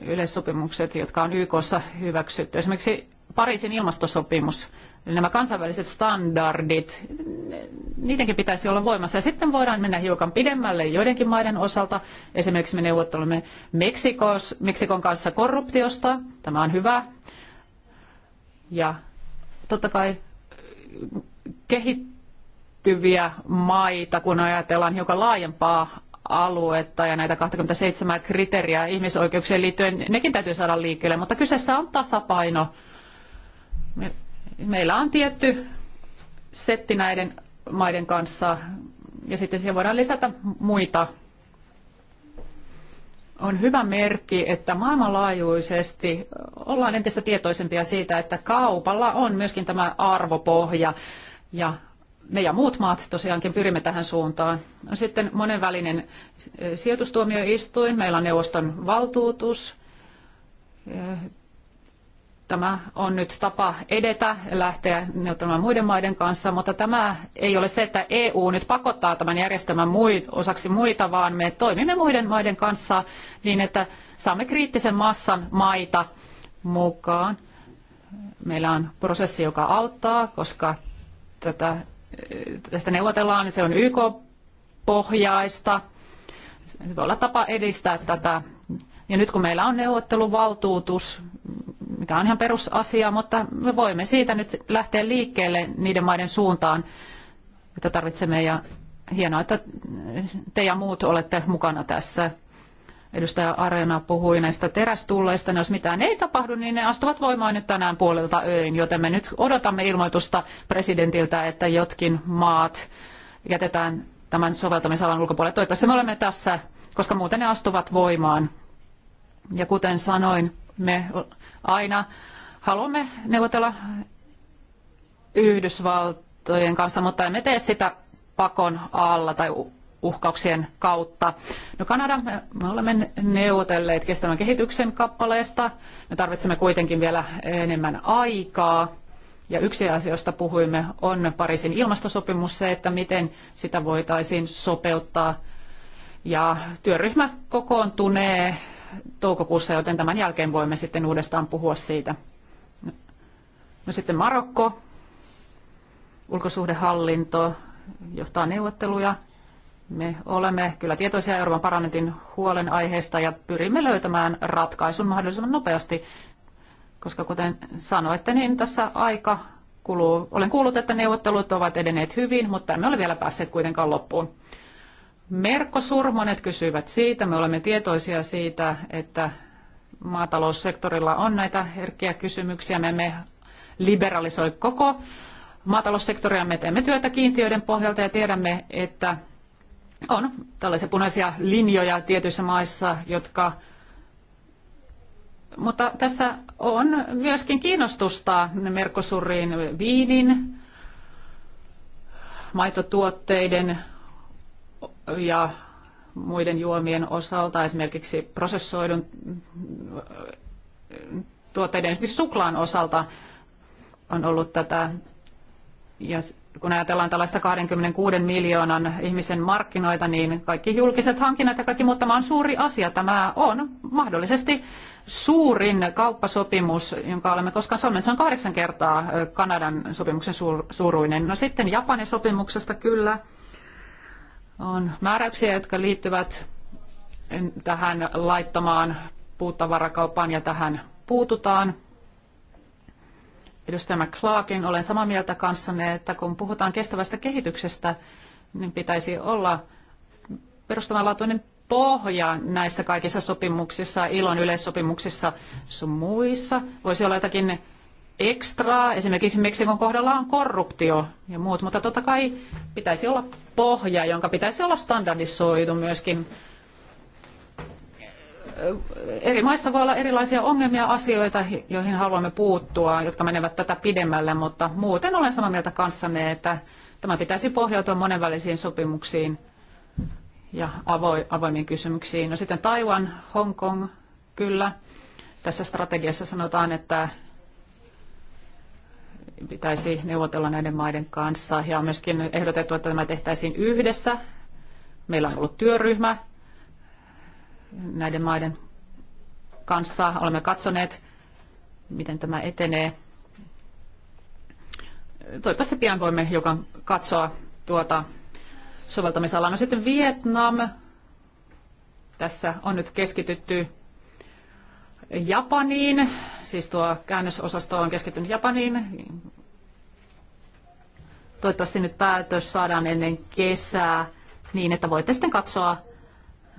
yleissopimukset, jotka on YKssa hyväksytty, esimerkiksi Pariisin ilmastosopimus – nämä kansainväliset standardit, niidenkin pitäisi olla voimassa. Ja sitten voidaan mennä hiukan pidemmälle joidenkin maiden osalta. Esimerkiksi me neuvottelemme Meksikos, Meksikon kanssa korruptiosta. Tämä on hyvä. Ja totta kai kehittyviä maita, kun ajatellaan hiukan laajempaa aluetta ja näitä 27 kriteeriä ihmisoikeuksien liittyen, nekin täytyy saada liikkeelle, mutta kyseessä on tasapaino meillä on tietty setti näiden maiden kanssa ja sitten siihen voidaan lisätä muita. On hyvä merkki, että maailmanlaajuisesti ollaan entistä tietoisempia siitä, että kaupalla on myöskin tämä arvopohja ja me ja muut maat tosiaankin pyrimme tähän suuntaan. No sitten monenvälinen sijoitustuomioistuin, meillä on neuvoston valtuutus, Tämä on nyt tapa edetä, lähteä neuvottelemaan muiden maiden kanssa, mutta tämä ei ole se, että EU nyt pakottaa tämän järjestelmän osaksi muita, vaan me toimimme muiden maiden kanssa niin, että saamme kriittisen massan maita mukaan. Meillä on prosessi, joka auttaa, koska tätä, tästä neuvotellaan, niin se on YK-pohjaista. Se voi olla tapa edistää tätä ja nyt kun meillä on neuvotteluvaltuutus, mikä on ihan perusasia, mutta me voimme siitä nyt lähteä liikkeelle niiden maiden suuntaan, joita tarvitsemme. Ja hienoa, että te ja muut olette mukana tässä. Edustaja Arena puhui näistä terästulleista. No, jos mitään ei tapahdu, niin ne astuvat voimaan nyt tänään puolelta öin, joten me nyt odotamme ilmoitusta presidentiltä, että jotkin maat jätetään tämän soveltamisalan ulkopuolelle. Toivottavasti me olemme tässä, koska muuten ne astuvat voimaan ja kuten sanoin, me aina haluamme neuvotella Yhdysvaltojen kanssa, mutta emme tee sitä pakon alla tai uhkauksien kautta. No Kanada, me, me olemme neuvotelleet kestävän kehityksen kappaleesta. Me tarvitsemme kuitenkin vielä enemmän aikaa. Ja yksi asia, josta puhuimme, on Pariisin ilmastosopimus, se, että miten sitä voitaisiin sopeuttaa. Ja työryhmä kokoontunee toukokuussa, joten tämän jälkeen voimme sitten uudestaan puhua siitä. No sitten Marokko, ulkosuhdehallinto johtaa neuvotteluja. Me olemme kyllä tietoisia Euroopan parlamentin huolenaiheesta ja pyrimme löytämään ratkaisun mahdollisimman nopeasti, koska kuten sanoitte, niin tässä aika kuluu. Olen kuullut, että neuvottelut ovat edenneet hyvin, mutta emme ole vielä päässeet kuitenkaan loppuun. Merkosur, monet kysyivät siitä. Me olemme tietoisia siitä, että maataloussektorilla on näitä herkkiä kysymyksiä. Me emme liberalisoi koko maataloussektoria. Me teemme työtä kiintiöiden pohjalta ja tiedämme, että on tällaisia punaisia linjoja tietyissä maissa, jotka mutta tässä on myöskin kiinnostusta Merkosurin viinin, maitotuotteiden ja muiden juomien osalta, esimerkiksi prosessoidun äh, tuotteiden, esimerkiksi suklaan osalta on ollut tätä, ja kun ajatellaan tällaista 26 miljoonan ihmisen markkinoita, niin kaikki julkiset hankinnat ja kaikki muut, tämä on suuri asia. Tämä on mahdollisesti suurin kauppasopimus, jonka olemme koskaan solmineet. Se on kahdeksan kertaa äh, Kanadan sopimuksen suuruinen. No sitten Japanin sopimuksesta kyllä on määräyksiä, jotka liittyvät tähän laittomaan puutavarakauppaan ja tähän puututaan. Edustaja McClarkin, olen samaa mieltä kanssanne, että kun puhutaan kestävästä kehityksestä, niin pitäisi olla perustavanlaatuinen pohja näissä kaikissa sopimuksissa, ilon yleissopimuksissa sun muissa. Voisi olla jotakin ekstraa. Esimerkiksi Meksikon kohdalla on korruptio ja muut, mutta totta kai pitäisi olla pohja, jonka pitäisi olla standardisoitu myöskin. Eri maissa voi olla erilaisia ongelmia asioita, joihin haluamme puuttua, jotka menevät tätä pidemmälle, mutta muuten olen samaa mieltä kanssanne, että tämä pitäisi pohjautua monenvälisiin sopimuksiin ja avoimiin kysymyksiin. No sitten Taiwan, Hongkong, kyllä. Tässä strategiassa sanotaan, että pitäisi neuvotella näiden maiden kanssa. Ja on myöskin ehdotettu, että tämä tehtäisiin yhdessä. Meillä on ollut työryhmä näiden maiden kanssa. Olemme katsoneet, miten tämä etenee. Toivottavasti pian voimme hiukan katsoa tuota soveltamisalaa. No sitten Vietnam. Tässä on nyt keskitytty Japaniin siis tuo käännösosasto on keskittynyt Japaniin. Niin toivottavasti nyt päätös saadaan ennen kesää niin, että voitte sitten katsoa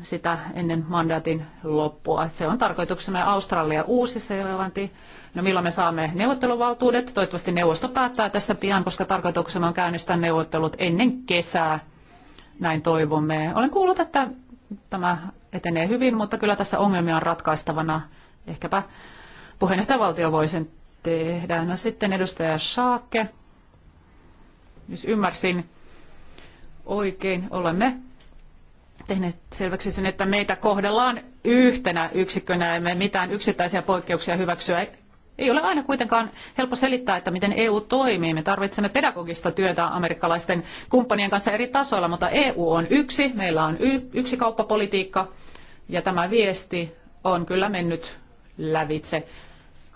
sitä ennen mandaatin loppua. Se on tarkoituksena Australia Uusi-Seelanti. No milloin me saamme neuvotteluvaltuudet? Toivottavasti neuvosto päättää tästä pian, koska tarkoituksena on käynnistää neuvottelut ennen kesää. Näin toivomme. Olen kuullut, että tämä etenee hyvin, mutta kyllä tässä ongelmia on ratkaistavana. Ehkäpä puheenjohtajavaltio voi sen tehdä. No sitten edustaja Saake, jos ymmärsin oikein, olemme tehneet selväksi sen, että meitä kohdellaan yhtenä yksikkönä, emme mitään yksittäisiä poikkeuksia hyväksyä. Ei ole aina kuitenkaan helppo selittää, että miten EU toimii. Me tarvitsemme pedagogista työtä amerikkalaisten kumppanien kanssa eri tasoilla, mutta EU on yksi, meillä on yksi kauppapolitiikka ja tämä viesti on kyllä mennyt lävitse.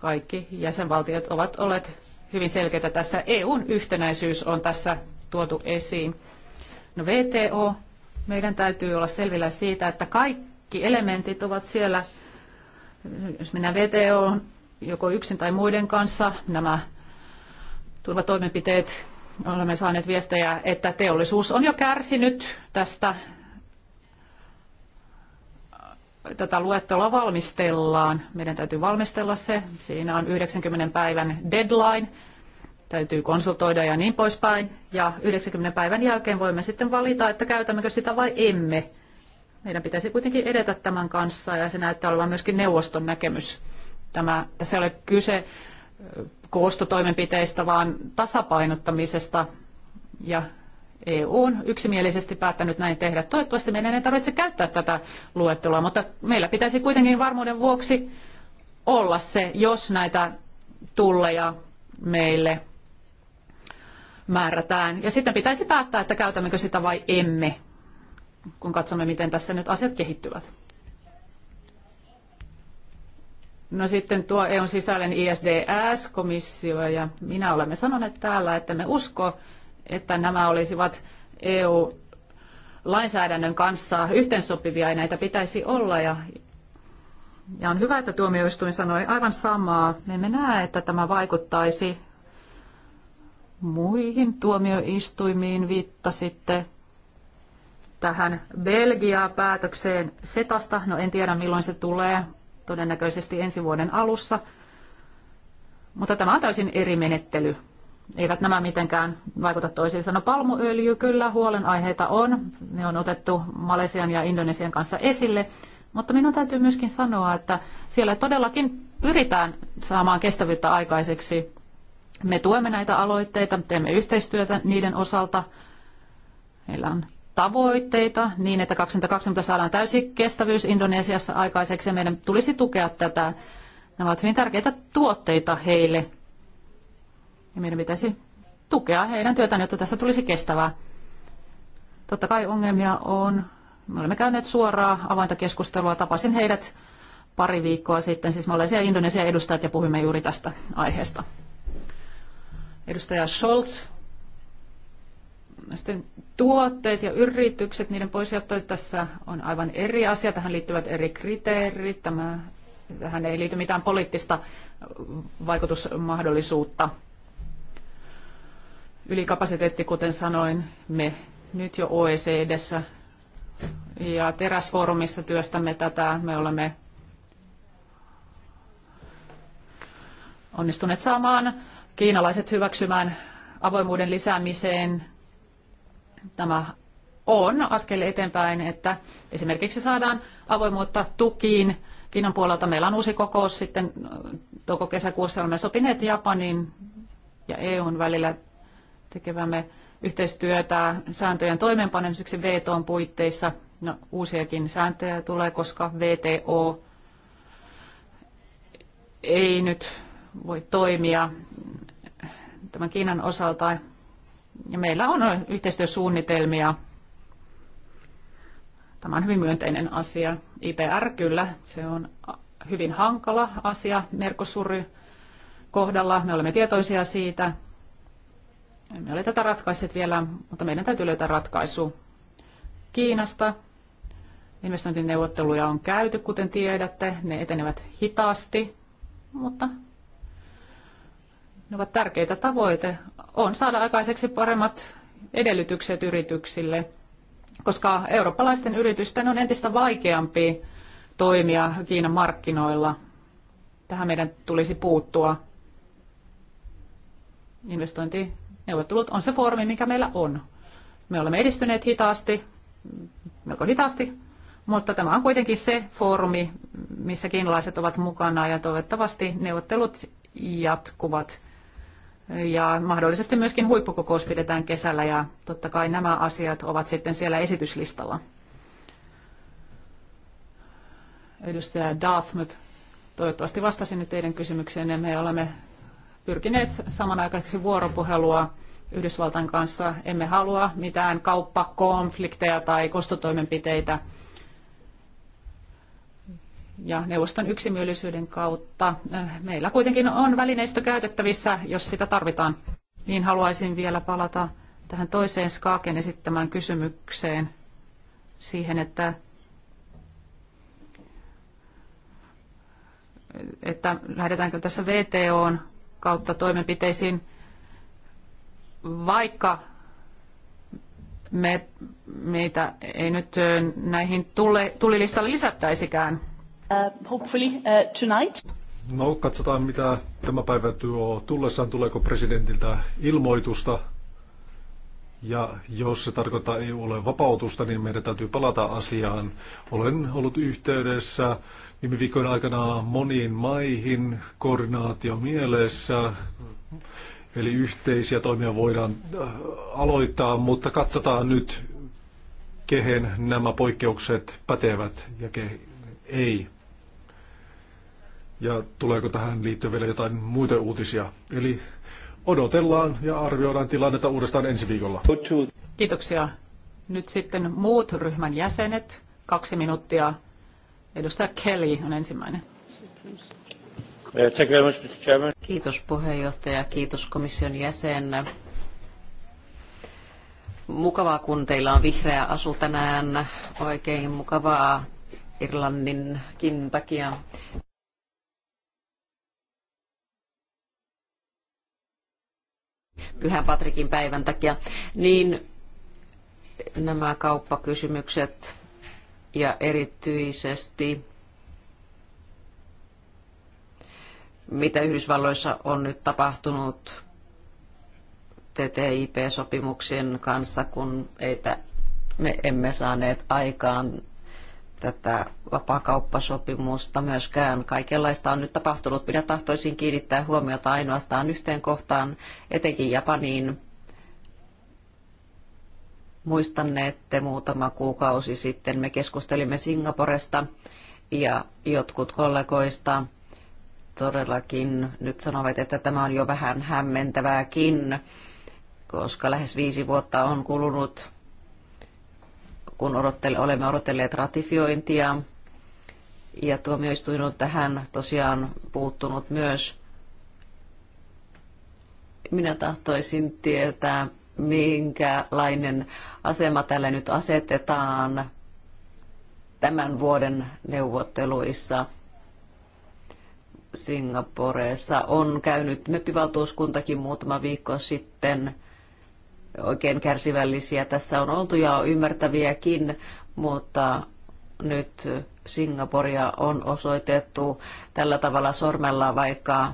Kaikki jäsenvaltiot ovat olleet hyvin selkeitä tässä. EUn yhtenäisyys on tässä tuotu esiin. No VTO, meidän täytyy olla selvillä siitä, että kaikki elementit ovat siellä, jos mennään VTO joko yksin tai muiden kanssa, nämä turvatoimenpiteet, olemme saaneet viestejä, että teollisuus on jo kärsinyt tästä tätä luetteloa valmistellaan. Meidän täytyy valmistella se. Siinä on 90 päivän deadline. Täytyy konsultoida ja niin poispäin. Ja 90 päivän jälkeen voimme sitten valita, että käytämmekö sitä vai emme. Meidän pitäisi kuitenkin edetä tämän kanssa ja se näyttää olevan myöskin neuvoston näkemys. Tämä, tässä ei ole kyse koostotoimenpiteistä, vaan tasapainottamisesta ja EU on yksimielisesti päättänyt näin tehdä. Toivottavasti meidän ei tarvitse käyttää tätä luettelua, mutta meillä pitäisi kuitenkin varmuuden vuoksi olla se, jos näitä tulleja meille määrätään. Ja sitten pitäisi päättää, että käytämmekö sitä vai emme, kun katsomme, miten tässä nyt asiat kehittyvät. No sitten tuo EUn sisäinen ISDS-komissio ja minä olemme sanoneet täällä, että me usko, että nämä olisivat EU-lainsäädännön kanssa yhteensopivia ja näitä pitäisi olla. Ja, ja on hyvä, että tuomioistuin sanoi aivan samaa. Me emme näe, että tämä vaikuttaisi muihin tuomioistuimiin. Viittasitte tähän Belgiaa päätökseen setasta. No en tiedä milloin se tulee, todennäköisesti ensi vuoden alussa. Mutta tämä on täysin eri menettely eivät nämä mitenkään vaikuta toisiinsa. No palmuöljy kyllä, huolenaiheita on. Ne on otettu Malesian ja Indonesian kanssa esille. Mutta minun täytyy myöskin sanoa, että siellä todellakin pyritään saamaan kestävyyttä aikaiseksi. Me tuemme näitä aloitteita, teemme yhteistyötä niiden osalta. Meillä on tavoitteita niin, että 2020 saadaan täysi kestävyys Indonesiassa aikaiseksi ja meidän tulisi tukea tätä. Nämä ovat hyvin tärkeitä tuotteita heille ja meidän pitäisi tukea heidän työtään, jotta tässä tulisi kestävää. Totta kai ongelmia on. Me olemme käyneet suoraa avointa keskustelua. Tapasin heidät pari viikkoa sitten, siis Malesia ja Indonesian edustajat, ja puhuimme juuri tästä aiheesta. Edustaja Scholz, sitten tuotteet ja yritykset, niiden poisjättö tässä on aivan eri asia. Tähän liittyvät eri kriteerit. Tämä, tähän ei liity mitään poliittista vaikutusmahdollisuutta ylikapasiteetti, kuten sanoin, me nyt jo OECDssä ja teräsfoorumissa työstämme tätä. Me olemme onnistuneet saamaan kiinalaiset hyväksymään avoimuuden lisäämiseen. Tämä on askel eteenpäin, että esimerkiksi saadaan avoimuutta tukiin. Kiinan puolelta meillä on uusi kokous sitten toko kesäkuussa Olemme sopineet Japanin ja EUn välillä tekevämme yhteistyötä sääntöjen toimeenpanemiseksi VTOn puitteissa. No, uusiakin sääntöjä tulee, koska VTO ei nyt voi toimia tämän Kiinan osalta. Ja meillä on yhteistyösuunnitelmia. Tämä on hyvin myönteinen asia. IPR kyllä, se on hyvin hankala asia Mercosurin kohdalla. Me olemme tietoisia siitä, emme ole tätä ratkaisseet vielä, mutta meidän täytyy löytää ratkaisu. Kiinasta investointineuvotteluja on käyty, kuten tiedätte. Ne etenevät hitaasti, mutta ne ovat tärkeitä tavoite. On saada aikaiseksi paremmat edellytykset yrityksille, koska eurooppalaisten yritysten on entistä vaikeampi toimia Kiinan markkinoilla. Tähän meidän tulisi puuttua investointi Neuvottelut on se foorumi, mikä meillä on. Me olemme edistyneet hitaasti, melko hitaasti, mutta tämä on kuitenkin se foorumi, missä kiinalaiset ovat mukana ja toivottavasti neuvottelut jatkuvat. Ja mahdollisesti myöskin huippukokous pidetään kesällä ja totta kai nämä asiat ovat sitten siellä esityslistalla. Edustaja Dartmouth, toivottavasti vastasin nyt teidän ja Me olemme pyrkineet samanaikaisesti vuoropuhelua Yhdysvaltain kanssa. Emme halua mitään kauppakonflikteja tai kostotoimenpiteitä. Ja neuvoston yksimielisyyden kautta eh, meillä kuitenkin on välineistö käytettävissä, jos sitä tarvitaan. Niin haluaisin vielä palata tähän toiseen Skaaken esittämään kysymykseen siihen, että että lähdetäänkö tässä VTOn kautta toimenpiteisiin, vaikka me, meitä ei nyt näihin tule, tulilistalle lisättäisikään. Uh, hopefully uh, tonight. No, katsotaan mitä tämä päivä tuo tullessaan. Tuleeko presidentiltä ilmoitusta? Ja jos se tarkoittaa eu vapautusta, niin meidän täytyy palata asiaan. Olen ollut yhteydessä viime viikon aikana moniin maihin koordinaatio mielessä. Eli yhteisiä toimia voidaan äh, aloittaa, mutta katsotaan nyt, kehen nämä poikkeukset pätevät ja kehen ei. Ja tuleeko tähän liittyen vielä jotain muita uutisia? Eli odotellaan ja arvioidaan tilannetta uudestaan ensi viikolla. Kiitoksia. Nyt sitten muut ryhmän jäsenet. Kaksi minuuttia Edustaja Kelly on ensimmäinen. Uh, kiitos puheenjohtaja, kiitos komission jäsen. Mukavaa, kun teillä on vihreä asu tänään. Oikein mukavaa Irlanninkin takia. Pyhän Patrikin päivän takia, niin nämä kauppakysymykset ja erityisesti mitä Yhdysvalloissa on nyt tapahtunut TTIP-sopimuksien kanssa, kun eitä, me emme saaneet aikaan tätä vapakauppasopimusta myöskään. Kaikenlaista on nyt tapahtunut. Minä tahtoisin kiinnittää huomiota ainoastaan yhteen kohtaan, etenkin Japaniin Muistanneette muutama kuukausi sitten me keskustelimme Singaporesta ja jotkut kollegoista todellakin nyt sanovat, että tämä on jo vähän hämmentävääkin, koska lähes viisi vuotta on kulunut, kun odottele, olemme odotelleet ratifiointia. Ja tuomioistuin on tähän tosiaan puuttunut myös. Minä tahtoisin tietää, minkälainen asema tälle nyt asetetaan tämän vuoden neuvotteluissa. Singaporeessa on käynyt MEPI-valtuuskuntakin muutama viikko sitten oikein kärsivällisiä. Tässä on oltu ja ymmärtäviäkin, mutta nyt Singaporea on osoitettu tällä tavalla sormella, vaikka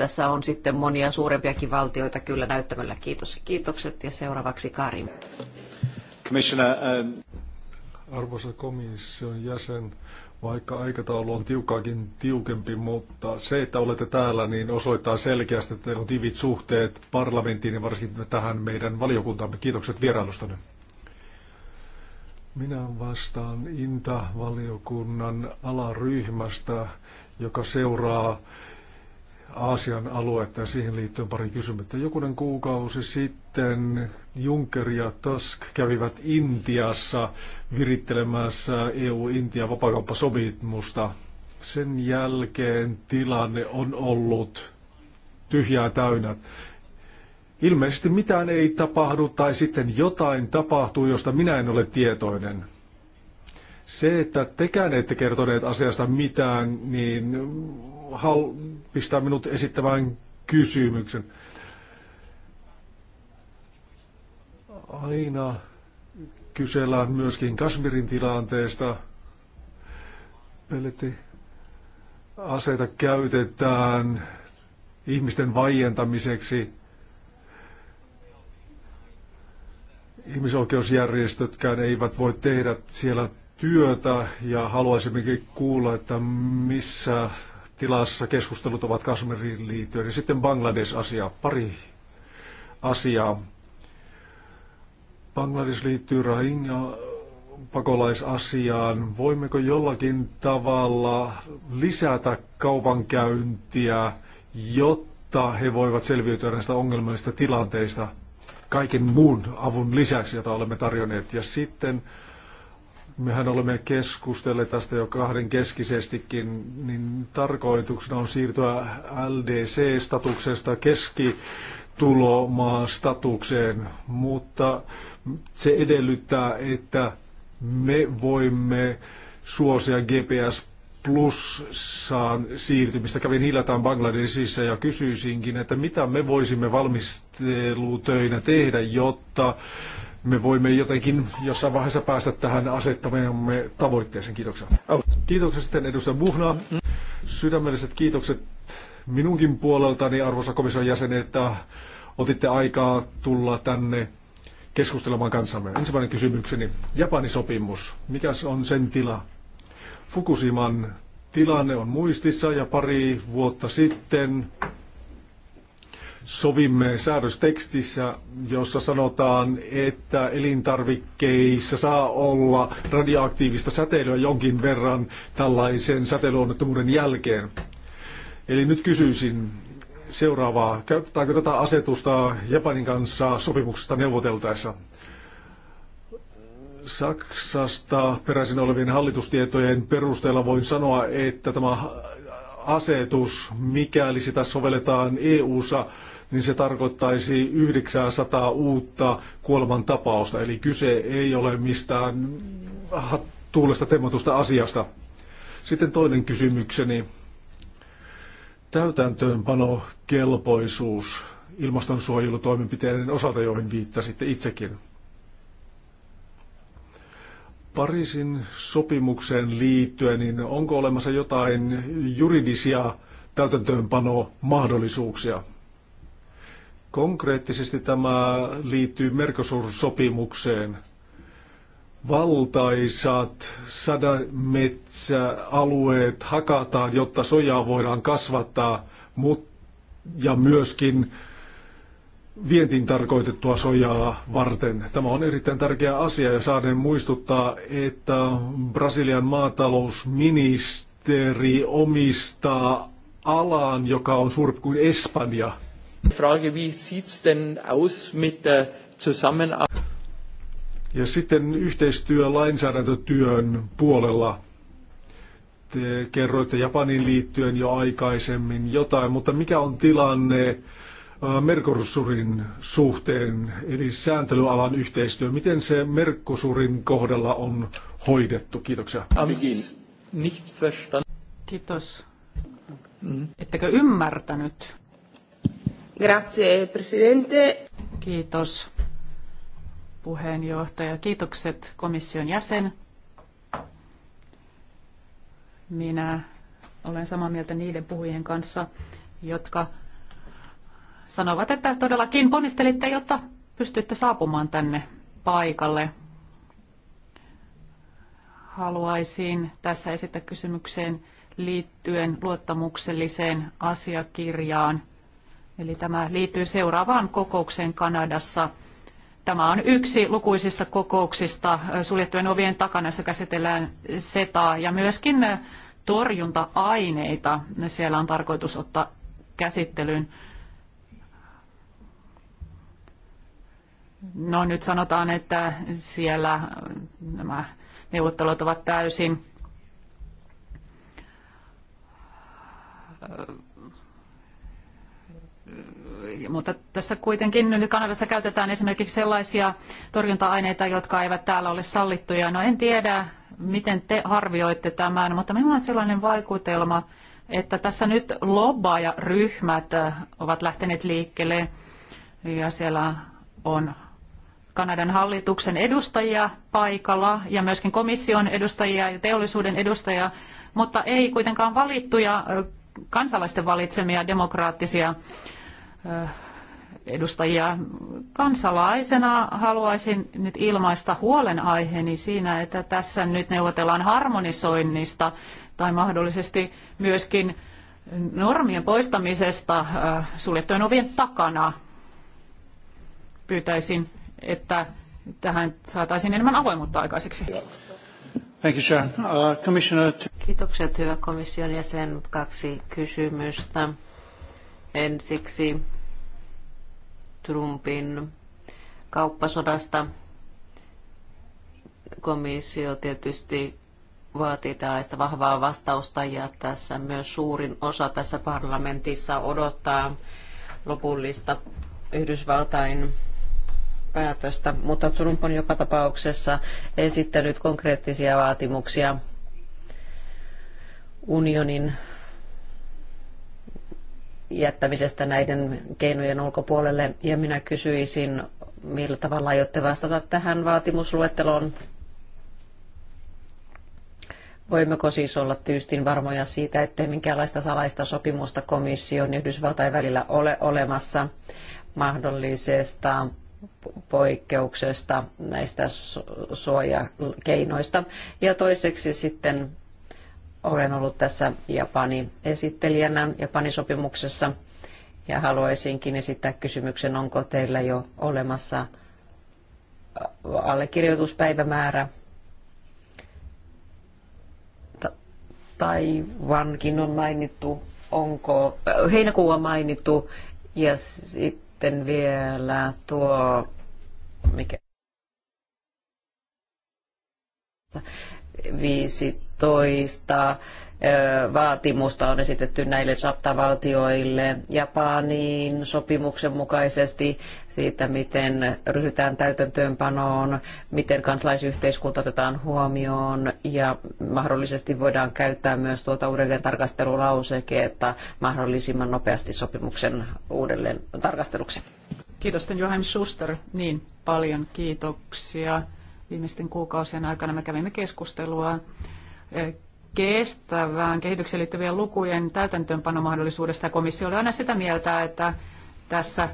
tässä on sitten monia suurempiakin valtioita kyllä näyttämällä. Kiitos. Kiitokset ja seuraavaksi Karim. Um, Arvoisa komission jäsen, vaikka aikataulu on tiukkaakin tiukempi, mutta se, että olette täällä, niin osoittaa selkeästi, että teillä on tiivit suhteet parlamenttiin ja varsinkin tähän meidän valiokuntaamme. Kiitokset vierailustanne. Minä vastaan Inta-valiokunnan alaryhmästä, joka seuraa Aasian aluetta ja siihen liittyen pari kysymystä. Jokunen kuukausi sitten Juncker ja Tusk kävivät Intiassa virittelemässä EU-Intia vapaakauppasopimusta. Sen jälkeen tilanne on ollut tyhjää täynnä. Ilmeisesti mitään ei tapahdu tai sitten jotain tapahtuu, josta minä en ole tietoinen. Se, että tekään ette kertoneet asiasta mitään, niin hal- pistää minut esittämään kysymyksen. Aina kysellään myöskin Kasmirin tilanteesta. Pelletti aseita käytetään ihmisten vaientamiseksi. Ihmisoikeusjärjestötkään eivät voi tehdä siellä työtä ja haluaisimmekin kuulla, että missä tilassa keskustelut ovat Kashmiriin liittyen. Ja sitten Bangladesh-asia, pari asiaa. Bangladesh liittyy Rahingya pakolaisasiaan. Voimmeko jollakin tavalla lisätä kaupankäyntiä, jotta he voivat selviytyä näistä ongelmallisista tilanteista kaiken muun avun lisäksi, jota olemme tarjonneet. Ja sitten Mehän olemme keskustelleet tästä jo kahden keskisestikin, niin tarkoituksena on siirtyä LDC-statuksesta keskitulomaan statukseen, mutta se edellyttää, että me voimme suosia GPS plussaan siirtymistä. Kävin hiljattain Bangladesissa ja kysyisinkin, että mitä me voisimme valmistelutöinä tehdä, jotta me voimme jotenkin jossain vaiheessa päästä tähän asettamamme tavoitteeseen. Kiitoksia. Kiitoksia sitten edustaja Buhna. Sydämelliset kiitokset minunkin puoleltani, arvoisa komission jäsen, että otitte aikaa tulla tänne keskustelemaan kanssamme. Ensimmäinen kysymykseni, Japanin sopimus. Mikäs on sen tila? Fukushiman tilanne on muistissa ja pari vuotta sitten sovimme säädöstekstissä, jossa sanotaan, että elintarvikkeissa saa olla radioaktiivista säteilyä jonkin verran tällaisen säteilyonnettomuuden jälkeen. Eli nyt kysyisin seuraavaa. Käytetäänkö tätä asetusta Japanin kanssa sopimuksesta neuvoteltaessa? Saksasta peräisin olevien hallitustietojen perusteella voin sanoa, että tämä asetus, mikäli sitä sovelletaan EU-ssa, niin se tarkoittaisi 900 uutta kuolemantapausta. Eli kyse ei ole mistään tuulesta temmatusta asiasta. Sitten toinen kysymykseni. Täytäntöönpano kelpoisuus ilmastonsuojelutoimenpiteiden osalta, joihin viittasitte itsekin. Pariisin sopimukseen liittyen, niin onko olemassa jotain juridisia täytäntöönpano-mahdollisuuksia? Konkreettisesti tämä liittyy Mercosur-sopimukseen. Valtaisat sadametsäalueet hakataan, jotta sojaa voidaan kasvattaa, mutta ja myöskin vientiin tarkoitettua sojaa varten. Tämä on erittäin tärkeä asia ja saaden muistuttaa, että Brasilian maatalousministeri omistaa alan, joka on suurempi kuin Espanja. Frage, wie sieht's denn aus mit der Ja sitten yhteistyö lainsäädäntötyön puolella. Te kerroitte Japanin liittyen jo aikaisemmin jotain, mutta mikä on tilanne Äh, Merkosurin suhteen, eli sääntelyalan yhteistyö. Miten se Merkosurin kohdalla on hoidettu? Kiitoksia. Kiitos. Mm. Ettekö ymmärtänyt? Grazie, presidente. Kiitos, puheenjohtaja. Kiitokset komission jäsen. Minä olen samaa mieltä niiden puhujien kanssa, jotka sanovat, että todellakin ponnistelitte, jotta pystytte saapumaan tänne paikalle. Haluaisin tässä esittää kysymykseen liittyen luottamukselliseen asiakirjaan. Eli tämä liittyy seuraavaan kokoukseen Kanadassa. Tämä on yksi lukuisista kokouksista suljettujen ovien takana, jossa käsitellään SETAa ja myöskin torjunta-aineita. Siellä on tarkoitus ottaa käsittelyyn. No nyt sanotaan, että siellä äh, nämä neuvottelut ovat täysin äh, mutta tässä kuitenkin nyt Kanadassa käytetään esimerkiksi sellaisia torjunta-aineita, jotka eivät täällä ole sallittuja. No en tiedä, miten te arvioitte tämän, mutta minulla on sellainen vaikutelma, että tässä nyt lobbaajaryhmät äh, ovat lähteneet liikkeelle ja siellä on Kanadan hallituksen edustajia paikalla ja myöskin komission edustajia ja teollisuuden edustajia, mutta ei kuitenkaan valittuja kansalaisten valitsemia demokraattisia edustajia. Kansalaisena haluaisin nyt ilmaista huolenaiheeni siinä, että tässä nyt neuvotellaan harmonisoinnista tai mahdollisesti myöskin normien poistamisesta suljettujen ovien takana. Pyytäisin että tähän saataisiin enemmän avoimuutta aikaiseksi. Thank you, Sharon. Uh, Commissioner... Kiitokset, hyvä komission jäsen. Kaksi kysymystä. Ensiksi Trumpin kauppasodasta. Komissio tietysti vaatii tällaista vahvaa vastausta ja tässä myös suurin osa tässä parlamentissa odottaa lopullista Yhdysvaltain päätöstä, mutta Trump on joka tapauksessa esittänyt konkreettisia vaatimuksia unionin jättämisestä näiden keinojen ulkopuolelle. Ja minä kysyisin, millä tavalla aiotte vastata tähän vaatimusluetteloon? Voimmeko siis olla tyystin varmoja siitä, ettei minkäänlaista salaista sopimusta komission ja Yhdysvaltain välillä ole olemassa mahdollisesta poikkeuksesta näistä suojakeinoista. Ja toiseksi sitten olen ollut tässä Japanin esittelijänä Japanin sopimuksessa ja haluaisinkin esittää kysymyksen, onko teillä jo olemassa äh, allekirjoituspäivämäärä tai vankin on mainittu, onko äh, heinäkuu on mainittu ja sitten sitten vielä tuo, mikä 15 vaatimusta on esitetty näille chapta-valtioille Japaniin sopimuksen mukaisesti siitä, miten ryhdytään täytäntöönpanoon, miten kansalaisyhteiskunta otetaan huomioon ja mahdollisesti voidaan käyttää myös tuota uudelleen että mahdollisimman nopeasti sopimuksen uudelleen tarkasteluksi. Kiitos, Johan Schuster. Niin, paljon kiitoksia. Viimeisten kuukausien aikana me kävimme keskustelua kestävään kehitykseen liittyvien lukujen täytäntöönpanomahdollisuudesta. Komissio oli aina sitä mieltä, että tässä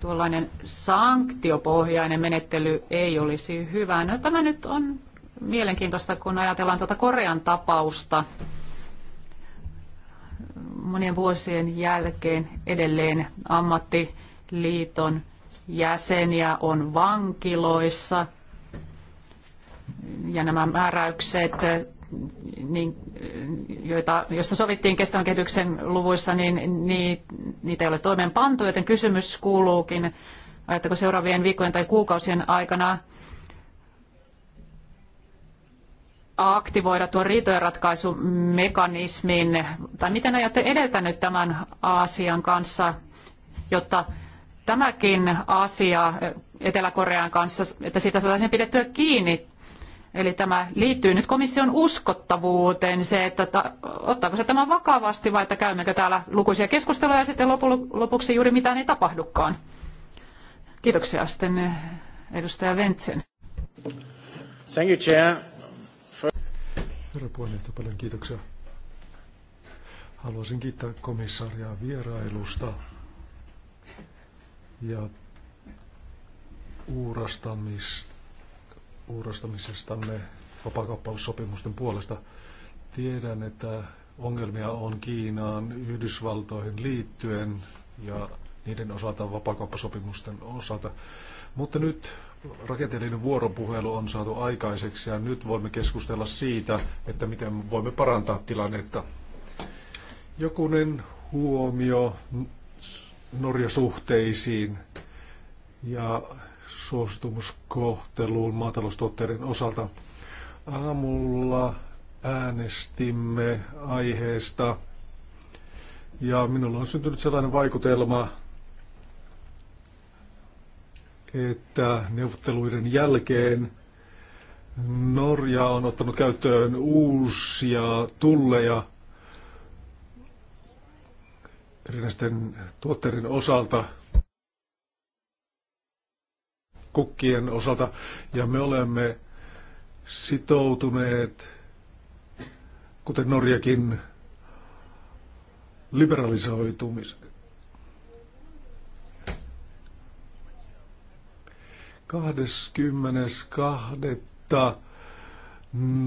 tuollainen sanktiopohjainen menettely ei olisi hyvä. No, tämä nyt on mielenkiintoista, kun ajatellaan tuota Korean tapausta monien vuosien jälkeen edelleen ammattiliiton jäseniä on vankiloissa ja nämä määräykset niin, joita, josta sovittiin kestävän kehityksen luvuissa, niin niitä ei ole toimeenpantu, joten kysymys kuuluukin, ajatteko seuraavien viikkojen tai kuukausien aikana aktivoida tuon riitojenratkaisumekanismin, tai miten ajatte edeltänyt nyt tämän asian kanssa, jotta tämäkin asia Etelä-Korean kanssa, että siitä saataisiin pidettyä kiinni Eli tämä liittyy nyt komission uskottavuuteen, se, että ta, ottaako se tämä vakavasti vai että käymmekö täällä lukuisia keskusteluja ja sitten lopu, lopuksi juuri mitään ei tapahdukaan. Kiitoksia sitten eh, edustaja Ventsen. Thank you, Chair. For... Herra puheenjohtaja, paljon kiitoksia. Haluaisin kiittää komissaaria vierailusta ja uurastamista uurastamisestanne vapakauppaussopimusten puolesta. Tiedän, että ongelmia on Kiinaan, Yhdysvaltoihin liittyen ja niiden osalta vapakauppasopimusten osalta. Mutta nyt rakenteellinen vuoropuhelu on saatu aikaiseksi ja nyt voimme keskustella siitä, että miten voimme parantaa tilannetta. Jokunen huomio Norjasuhteisiin ja suostumuskohteluun maataloustuotteiden osalta. Aamulla äänestimme aiheesta ja minulla on syntynyt sellainen vaikutelma, että neuvotteluiden jälkeen Norja on ottanut käyttöön uusia tulleja erinäisten tuotteiden osalta – kukkien osalta, ja me olemme sitoutuneet, kuten Norjakin, liberalisoitumiseen. 22.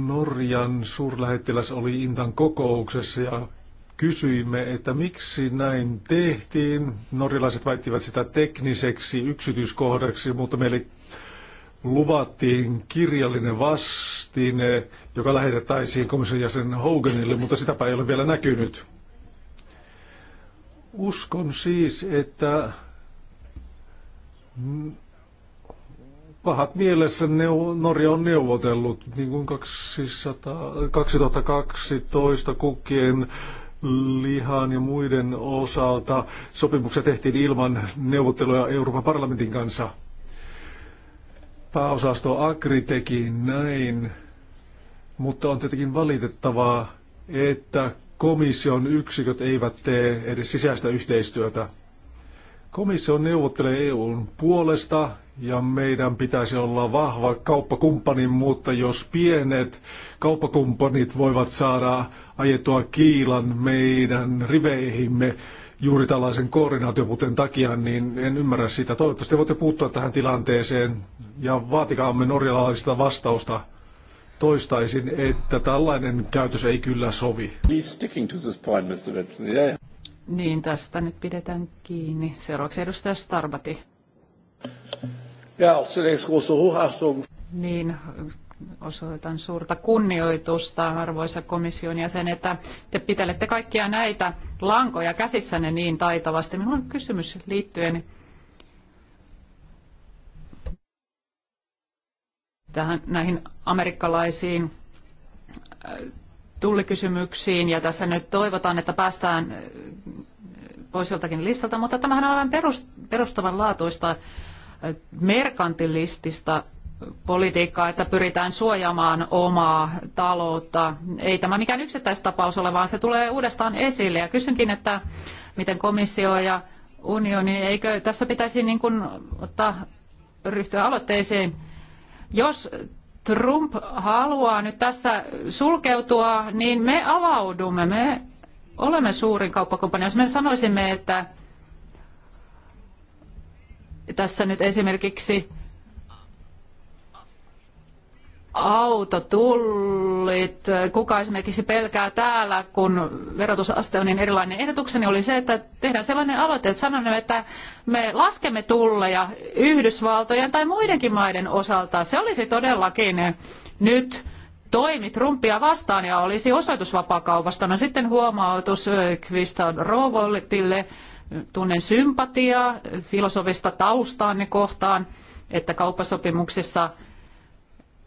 Norjan suurlähettiläs oli Intan kokouksessa ja kysyimme, että miksi näin tehtiin. Norjalaiset väittivät sitä tekniseksi yksityiskohdaksi, mutta meille luvattiin kirjallinen vastine, joka lähetettäisiin komission jäsen Hoganille, mutta sitäpä ei ole vielä näkynyt. Uskon siis, että pahat mielessä Norja on neuvotellut niin kuin 200, 2012 kukkien lihan ja muiden osalta sopimuksia tehtiin ilman neuvotteluja Euroopan parlamentin kanssa. Pääosasto Agri teki näin, mutta on tietenkin valitettavaa, että komission yksiköt eivät tee edes sisäistä yhteistyötä. Komissio neuvottelee EUn puolesta ja meidän pitäisi olla vahva kauppakumppani, mutta jos pienet kauppakumppanit voivat saada ajettua kiilan meidän riveihimme juuri tällaisen koordinaatiopuuten takia, niin en ymmärrä sitä. Toivottavasti voitte puuttua tähän tilanteeseen ja vaatikaamme norjalaisista vastausta. Toistaisin, että tällainen käytös ei kyllä sovi. Niin, tästä nyt pidetään kiinni. Seuraavaksi edustaja Starbati. Ja Niin, osoitan suurta kunnioitusta, arvoisa komission jäsen, että te pitelette kaikkia näitä lankoja käsissänne niin taitavasti. Minulla on kysymys liittyen tähän, näihin amerikkalaisiin äh, tullikysymyksiin, ja tässä nyt toivotaan, että päästään äh, pois joltakin listalta, mutta tämähän on aivan perustavanlaatuista merkantilistista politiikkaa, että pyritään suojaamaan omaa taloutta. Ei tämä mikään yksittäistapaus ole, vaan se tulee uudestaan esille. Ja kysynkin, että miten komissio ja unioni, eikö tässä pitäisi niin kuin ottaa, ryhtyä aloitteisiin. Jos Trump haluaa nyt tässä sulkeutua, niin me avaudumme. Me olemme suurin kauppakumppani. Jos me sanoisimme, että tässä nyt esimerkiksi autotullit, kuka esimerkiksi pelkää täällä, kun verotusaste on niin erilainen. Ehdotukseni oli se, että tehdään sellainen aloite, että sanon, että me laskemme tulleja Yhdysvaltojen tai muidenkin maiden osalta. Se olisi todellakin nyt toimi Trumpia vastaan ja olisi osoitus vapaakaupasta. No sitten huomautus eh, Kvistad Rovoltille tunnen sympatiaa filosofista taustaanne kohtaan, että kauppasopimuksessa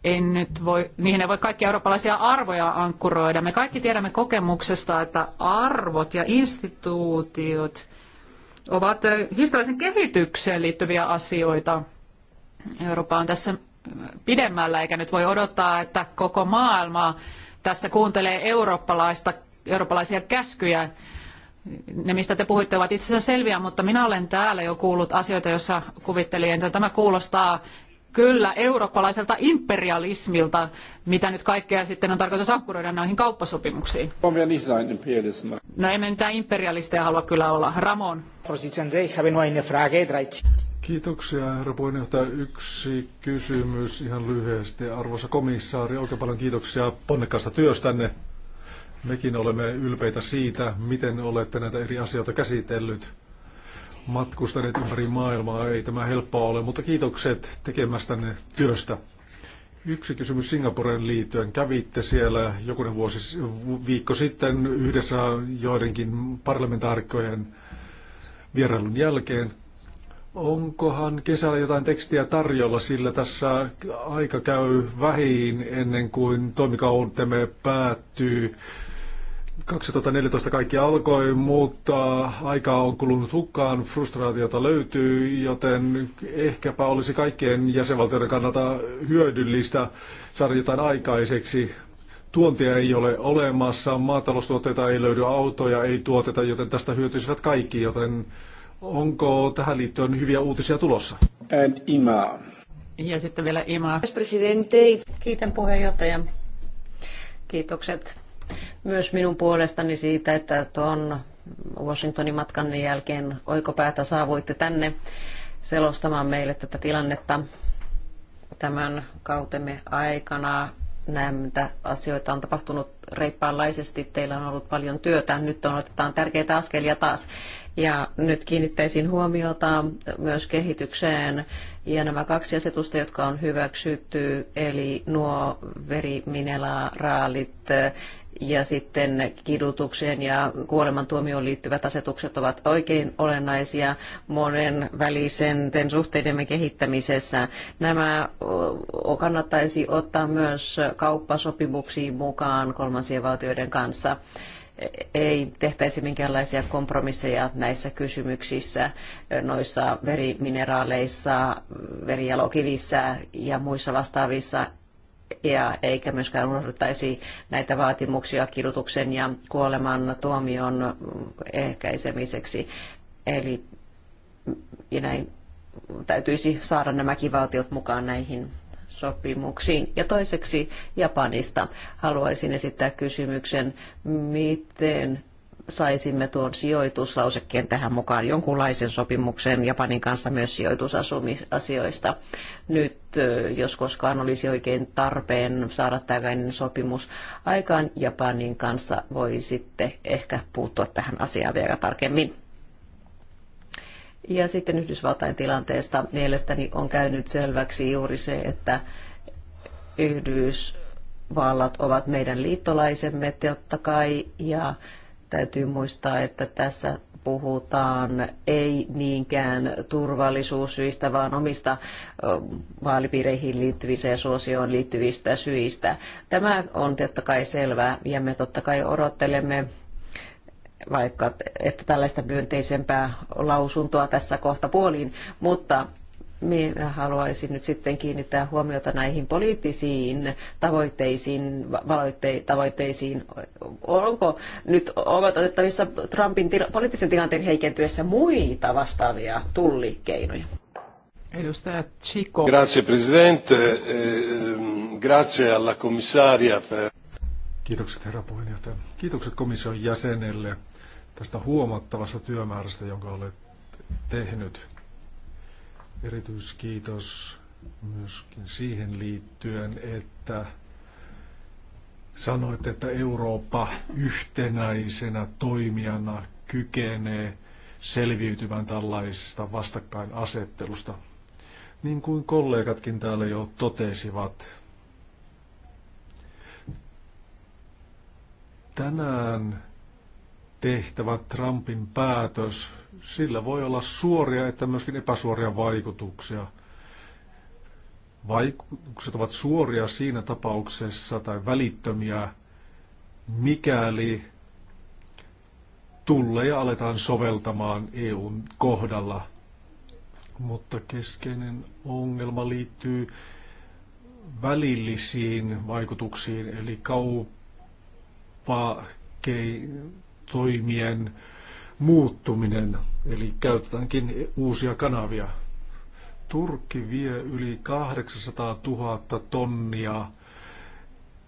en nyt voi, niihin ei voi kaikki eurooppalaisia arvoja ankkuroida. Me kaikki tiedämme kokemuksesta, että arvot ja instituutiot ovat historiallisen kehitykseen liittyviä asioita. Eurooppa on tässä pidemmällä, eikä nyt voi odottaa, että koko maailma tässä kuuntelee eurooppalaista, eurooppalaisia käskyjä ne, mistä te puhuitte, ovat itse asiassa selviä, mutta minä olen täällä jo kuullut asioita, joissa kuvittelin, että tämä kuulostaa kyllä eurooppalaiselta imperialismilta, mitä nyt kaikkea sitten on tarkoitus ankkuroida noihin kauppasopimuksiin. No emme mitään imperialisteja halua kyllä olla. Ramon. Kiitoksia, herra puheenjohtaja. Yksi kysymys ihan lyhyesti. Arvoisa komissaari, oikein paljon kiitoksia ponnekkaasta työstänne. Mekin olemme ylpeitä siitä, miten olette näitä eri asioita käsitellyt. Matkustaneet ympäri maailmaa, ei tämä helppoa ole, mutta kiitokset tekemästänne työstä. Yksi kysymys Singaporeen liittyen. Kävitte siellä jokunen vuosi, viikko sitten yhdessä joidenkin parlamentaarikkojen vierailun jälkeen. Onkohan kesällä jotain tekstiä tarjolla, sillä tässä aika käy vähin ennen kuin toimikautemme päättyy. 2014 kaikki alkoi, mutta aikaa on kulunut hukkaan, frustraatiota löytyy, joten ehkäpä olisi kaikkien jäsenvaltioiden kannalta hyödyllistä saada jotain aikaiseksi. Tuontia ei ole olemassa, maataloustuotteita ei löydy, autoja ei tuoteta, joten tästä hyötyisivät kaikki, joten onko tähän liittyen hyviä uutisia tulossa? And Ima. Ja sitten vielä Ima. Kiitän puheenjohtajan. Kiitokset myös minun puolestani siitä, että tuon Washingtonin matkan jälkeen oikopäätä saavuitte tänne selostamaan meille tätä tilannetta tämän kautemme aikana. Näitä asioita on tapahtunut reippaanlaisesti. Teillä on ollut paljon työtä. Nyt on otetaan tärkeitä askelia taas. Ja nyt kiinnittäisin huomiota myös kehitykseen ja nämä kaksi asetusta, jotka on hyväksytty, eli nuo verimineraalit ja sitten kidutukseen ja kuolemantuomioon liittyvät asetukset ovat oikein olennaisia monen välisen suhteidemme kehittämisessä. Nämä kannattaisi ottaa myös kauppasopimuksiin mukaan kolmansien valtioiden kanssa ei tehtäisi minkäänlaisia kompromisseja näissä kysymyksissä, noissa verimineraaleissa, verijalokivissä ja muissa vastaavissa ja eikä myöskään unohdettaisi näitä vaatimuksia kidutuksen ja kuoleman tuomion ehkäisemiseksi. Eli ja näin, täytyisi saada nämäkin valtiot mukaan näihin sopimuksiin. Ja toiseksi Japanista haluaisin esittää kysymyksen, miten saisimme tuon sijoituslausekkeen tähän mukaan jonkunlaisen sopimuksen Japanin kanssa myös sijoitusasumisasioista. Nyt, jos koskaan olisi oikein tarpeen saada tällainen sopimus aikaan Japanin kanssa, voi sitten ehkä puuttua tähän asiaan vielä tarkemmin. Ja sitten Yhdysvaltain tilanteesta mielestäni on käynyt selväksi juuri se, että Yhdysvallat ovat meidän liittolaisemme totta kai, ja täytyy muistaa, että tässä puhutaan ei niinkään turvallisuussyistä, vaan omista vaalipiireihin liittyvistä ja suosioon liittyvistä syistä. Tämä on totta kai selvää ja me totta kai odottelemme vaikka että tällaista myönteisempää lausuntoa tässä kohta puoliin, mutta minä haluaisin nyt sitten kiinnittää huomiota näihin poliittisiin tavoitteisiin, valoitte, tavoitteisiin. Onko nyt onko otettavissa Trumpin tila, poliittisen tilanteen heikentyessä muita vastaavia tullikeinoja? Edustaja Chico. Grazie Presidente, eh, grazie alla commissaria per... Kiitokset herra puheenjohtaja. Kiitokset komission jäsenelle tästä huomattavasta työmäärästä, jonka olet tehnyt. Erityiskiitos myöskin siihen liittyen, että sanoit, että Eurooppa yhtenäisenä toimijana kykenee selviytymään tällaisesta vastakkainasettelusta. Niin kuin kollegatkin täällä jo totesivat, tänään tehtävä Trumpin päätös, sillä voi olla suoria että myöskin epäsuoria vaikutuksia. Vaikutukset ovat suoria siinä tapauksessa tai välittömiä, mikäli tulleja aletaan soveltamaan EUn kohdalla. Mutta keskeinen ongelma liittyy välillisiin vaikutuksiin, eli kauppa, toimien muuttuminen, eli käytetäänkin uusia kanavia. Turkki vie yli 800 000 tonnia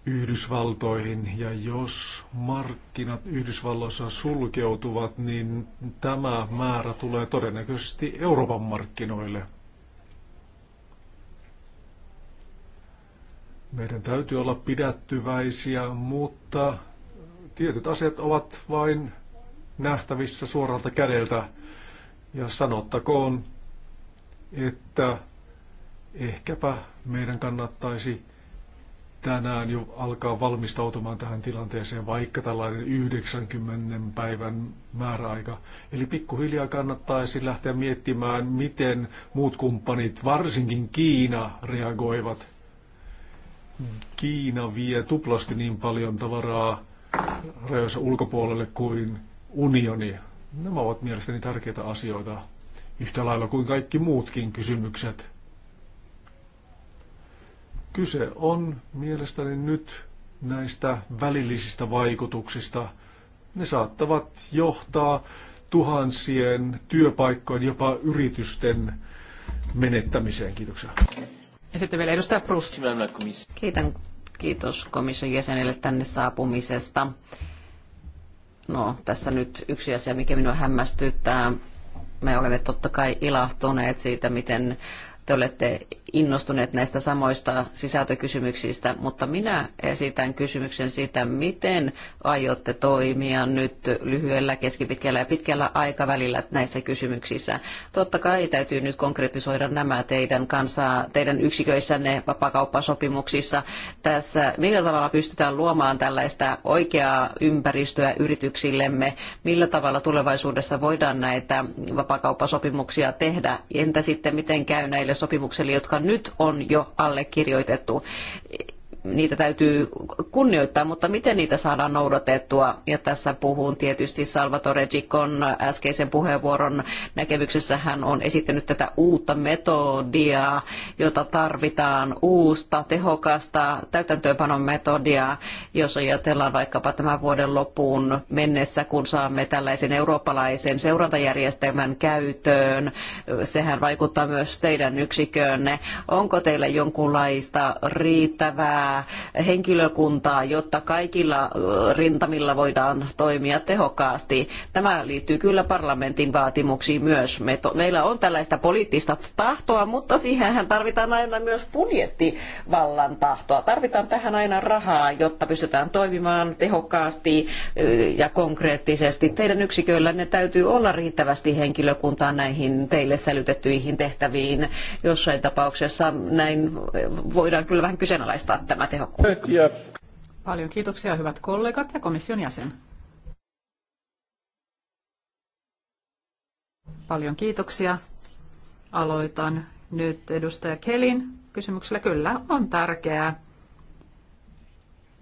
Yhdysvaltoihin, ja jos markkinat Yhdysvalloissa sulkeutuvat, niin tämä määrä tulee todennäköisesti Euroopan markkinoille. Meidän täytyy olla pidättyväisiä, mutta Tietyt asiat ovat vain nähtävissä suoralta kädeltä. Ja sanottakoon, että ehkäpä meidän kannattaisi tänään jo alkaa valmistautumaan tähän tilanteeseen, vaikka tällainen 90 päivän määräaika. Eli pikkuhiljaa kannattaisi lähteä miettimään, miten muut kumppanit, varsinkin Kiina, reagoivat. Kiina vie tuplasti niin paljon tavaraa rajoissa ulkopuolelle kuin unioni. Nämä ovat mielestäni tärkeitä asioita yhtä lailla kuin kaikki muutkin kysymykset. Kyse on mielestäni nyt näistä välillisistä vaikutuksista. Ne saattavat johtaa tuhansien työpaikkojen, jopa yritysten menettämiseen. Kiitoksia. Ja sitten vielä edustaja Proust. Kiitän Kiitos komission jäsenelle tänne saapumisesta. No, tässä nyt yksi asia, mikä minua hämmästyttää. Me olemme totta kai ilahtuneet siitä, miten te olette innostuneet näistä samoista sisältökysymyksistä, mutta minä esitän kysymyksen siitä, miten aiotte toimia nyt lyhyellä, keskipitkällä ja pitkällä aikavälillä näissä kysymyksissä. Totta kai täytyy nyt konkretisoida nämä teidän kanssa, teidän yksiköissänne vapakauppasopimuksissa. Tässä, millä tavalla pystytään luomaan tällaista oikeaa ympäristöä yrityksillemme, millä tavalla tulevaisuudessa voidaan näitä vapakauppasopimuksia tehdä, entä sitten miten käy näille sopimukselle, jotka nyt on jo allekirjoitettu niitä täytyy kunnioittaa, mutta miten niitä saadaan noudatettua? Ja tässä puhun tietysti Salvatore Giccon äskeisen puheenvuoron näkemyksessä. Hän on esittänyt tätä uutta metodia, jota tarvitaan uusta, tehokasta täytäntöönpanon metodia, jos ajatellaan vaikkapa tämän vuoden loppuun mennessä, kun saamme tällaisen eurooppalaisen seurantajärjestelmän käyttöön. Sehän vaikuttaa myös teidän yksikönne. Onko teillä jonkunlaista riittävää lisää henkilökuntaa, jotta kaikilla rintamilla voidaan toimia tehokkaasti. Tämä liittyy kyllä parlamentin vaatimuksiin myös. Me meillä on tällaista poliittista tahtoa, mutta siihenhän tarvitaan aina myös budjettivallan tahtoa. Tarvitaan tähän aina rahaa, jotta pystytään toimimaan tehokkaasti ja konkreettisesti. Teidän yksiköillänne täytyy olla riittävästi henkilökuntaa näihin teille sälytettyihin tehtäviin. Jossain tapauksessa näin voidaan kyllä vähän kyseenalaistaa tämä tehokkuutta. Paljon kiitoksia hyvät kollegat ja komission jäsen. Paljon kiitoksia. Aloitan nyt edustaja Kelin kysymyksellä. Kyllä, on tärkeää,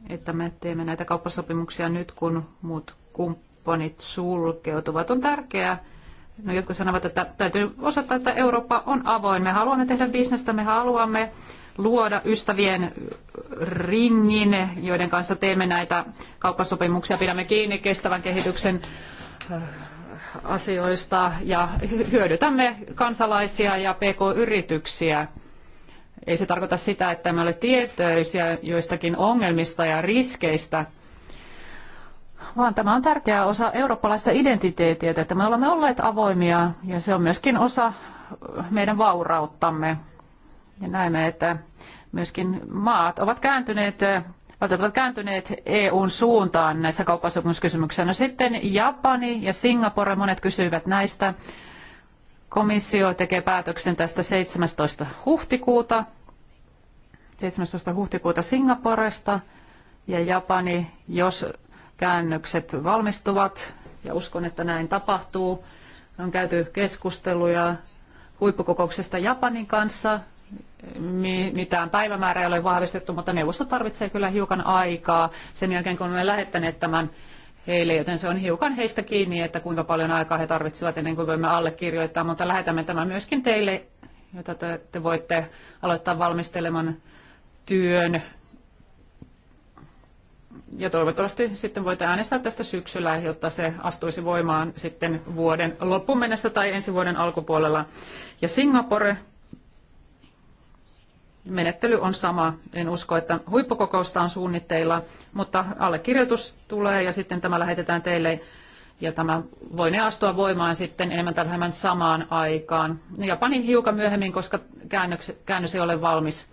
että me teemme näitä kauppasopimuksia nyt, kun muut kumppanit sulkeutuvat. On tärkeää, no jotkut sanovat, että täytyy osoittaa, että Eurooppa on avoin. Me haluamme tehdä bisnestä, me haluamme luoda ystävien ringin, joiden kanssa teemme näitä kauppasopimuksia, pidämme kiinni kestävän kehityksen äh, asioista ja hyödytämme kansalaisia ja pk-yrityksiä. Ei se tarkoita sitä, että me ole tietoisia joistakin ongelmista ja riskeistä, vaan tämä on tärkeä osa eurooppalaista identiteettiä, että me olemme olleet avoimia ja se on myöskin osa meidän vaurauttamme. Ja näemme, että myöskin maat ovat kääntyneet valtiot ovat kääntyneet EUn suuntaan näissä kauppasopimuskysymyksissä. No sitten Japani ja Singapore, monet kysyivät näistä. Komissio tekee päätöksen tästä 17. huhtikuuta. 17. huhtikuuta Singaporesta ja Japani, jos käännökset valmistuvat, ja uskon, että näin tapahtuu. On käyty keskusteluja huippukokouksesta Japanin kanssa mitään päivämäärää ei ole vahvistettu, mutta neuvosto tarvitsee kyllä hiukan aikaa sen jälkeen, kun olemme lähettäneet tämän heille, joten se on hiukan heistä kiinni, että kuinka paljon aikaa he tarvitsevat ennen kuin voimme allekirjoittaa, mutta lähetämme tämän myöskin teille, jota te, te voitte aloittaa valmisteleman työn. Ja toivottavasti sitten voitte äänestää tästä syksyllä, jotta se astuisi voimaan sitten vuoden loppuun mennessä tai ensi vuoden alkupuolella. Ja Singapore menettely on sama. En usko, että huippukokousta on suunnitteilla, mutta allekirjoitus tulee ja sitten tämä lähetetään teille ja tämä voi astua voimaan sitten enemmän tai vähemmän samaan aikaan. Ja panin hiukan myöhemmin, koska käännöks, käännös ei ole valmis.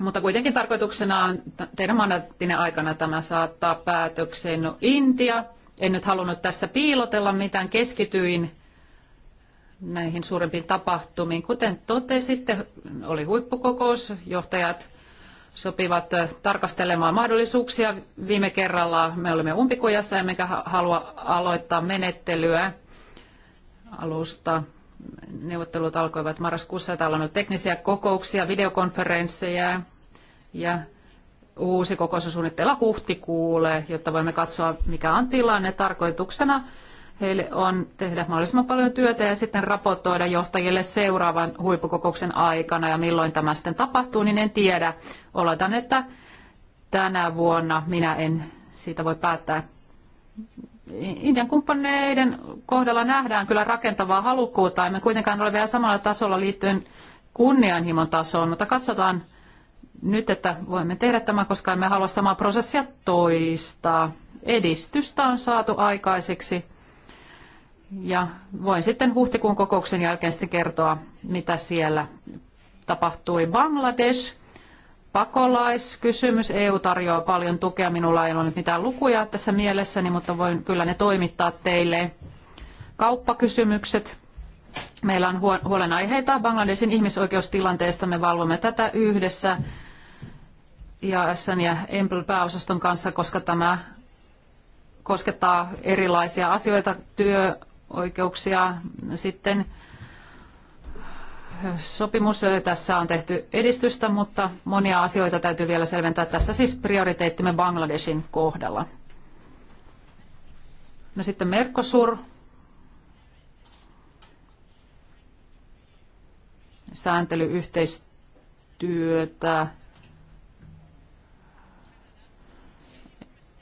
Mutta kuitenkin tarkoituksena on teidän mandaattinen aikana tämä saattaa päätökseen. No, Intia, en nyt halunnut tässä piilotella mitään, keskityin näihin suurempiin tapahtumiin. Kuten totesitte, oli huippukokous, johtajat sopivat tarkastelemaan mahdollisuuksia. Viime kerralla me olemme umpikujassa emmekä halua aloittaa menettelyä alusta. Neuvottelut alkoivat marraskuussa, täällä on ollut teknisiä kokouksia, videokonferensseja ja uusi kokous on suunnitteilla huhtikuulle, jotta voimme katsoa mikä on tilanne tarkoituksena Heille on tehdä mahdollisimman paljon työtä ja sitten raportoida johtajille seuraavan huippukokouksen aikana ja milloin tämä sitten tapahtuu, niin en tiedä. Oletan, että tänä vuonna minä en siitä voi päättää. Indian kumppaneiden kohdalla nähdään kyllä rakentavaa halukkuutta. Emme kuitenkaan ole vielä samalla tasolla liittyen kunnianhimon tasoon, mutta katsotaan nyt, että voimme tehdä tämän, koska emme halua samaa prosessia toistaa. Edistystä on saatu aikaiseksi ja voin sitten huhtikuun kokouksen jälkeen sitten kertoa, mitä siellä tapahtui. Bangladesh, pakolaiskysymys. EU tarjoaa paljon tukea. Minulla ei ole nyt mitään lukuja tässä mielessäni, mutta voin kyllä ne toimittaa teille. Kauppakysymykset. Meillä on huolenaiheita Bangladesin ihmisoikeustilanteesta. Me valvomme tätä yhdessä IASN ja Empel pääosaston kanssa, koska tämä koskettaa erilaisia asioita, työ, oikeuksia. Sitten sopimus eh, tässä on tehty edistystä, mutta monia asioita täytyy vielä selventää. Tässä siis prioriteettimme Bangladesin kohdalla. No sitten Mercosur. Sääntelyyhteistyötä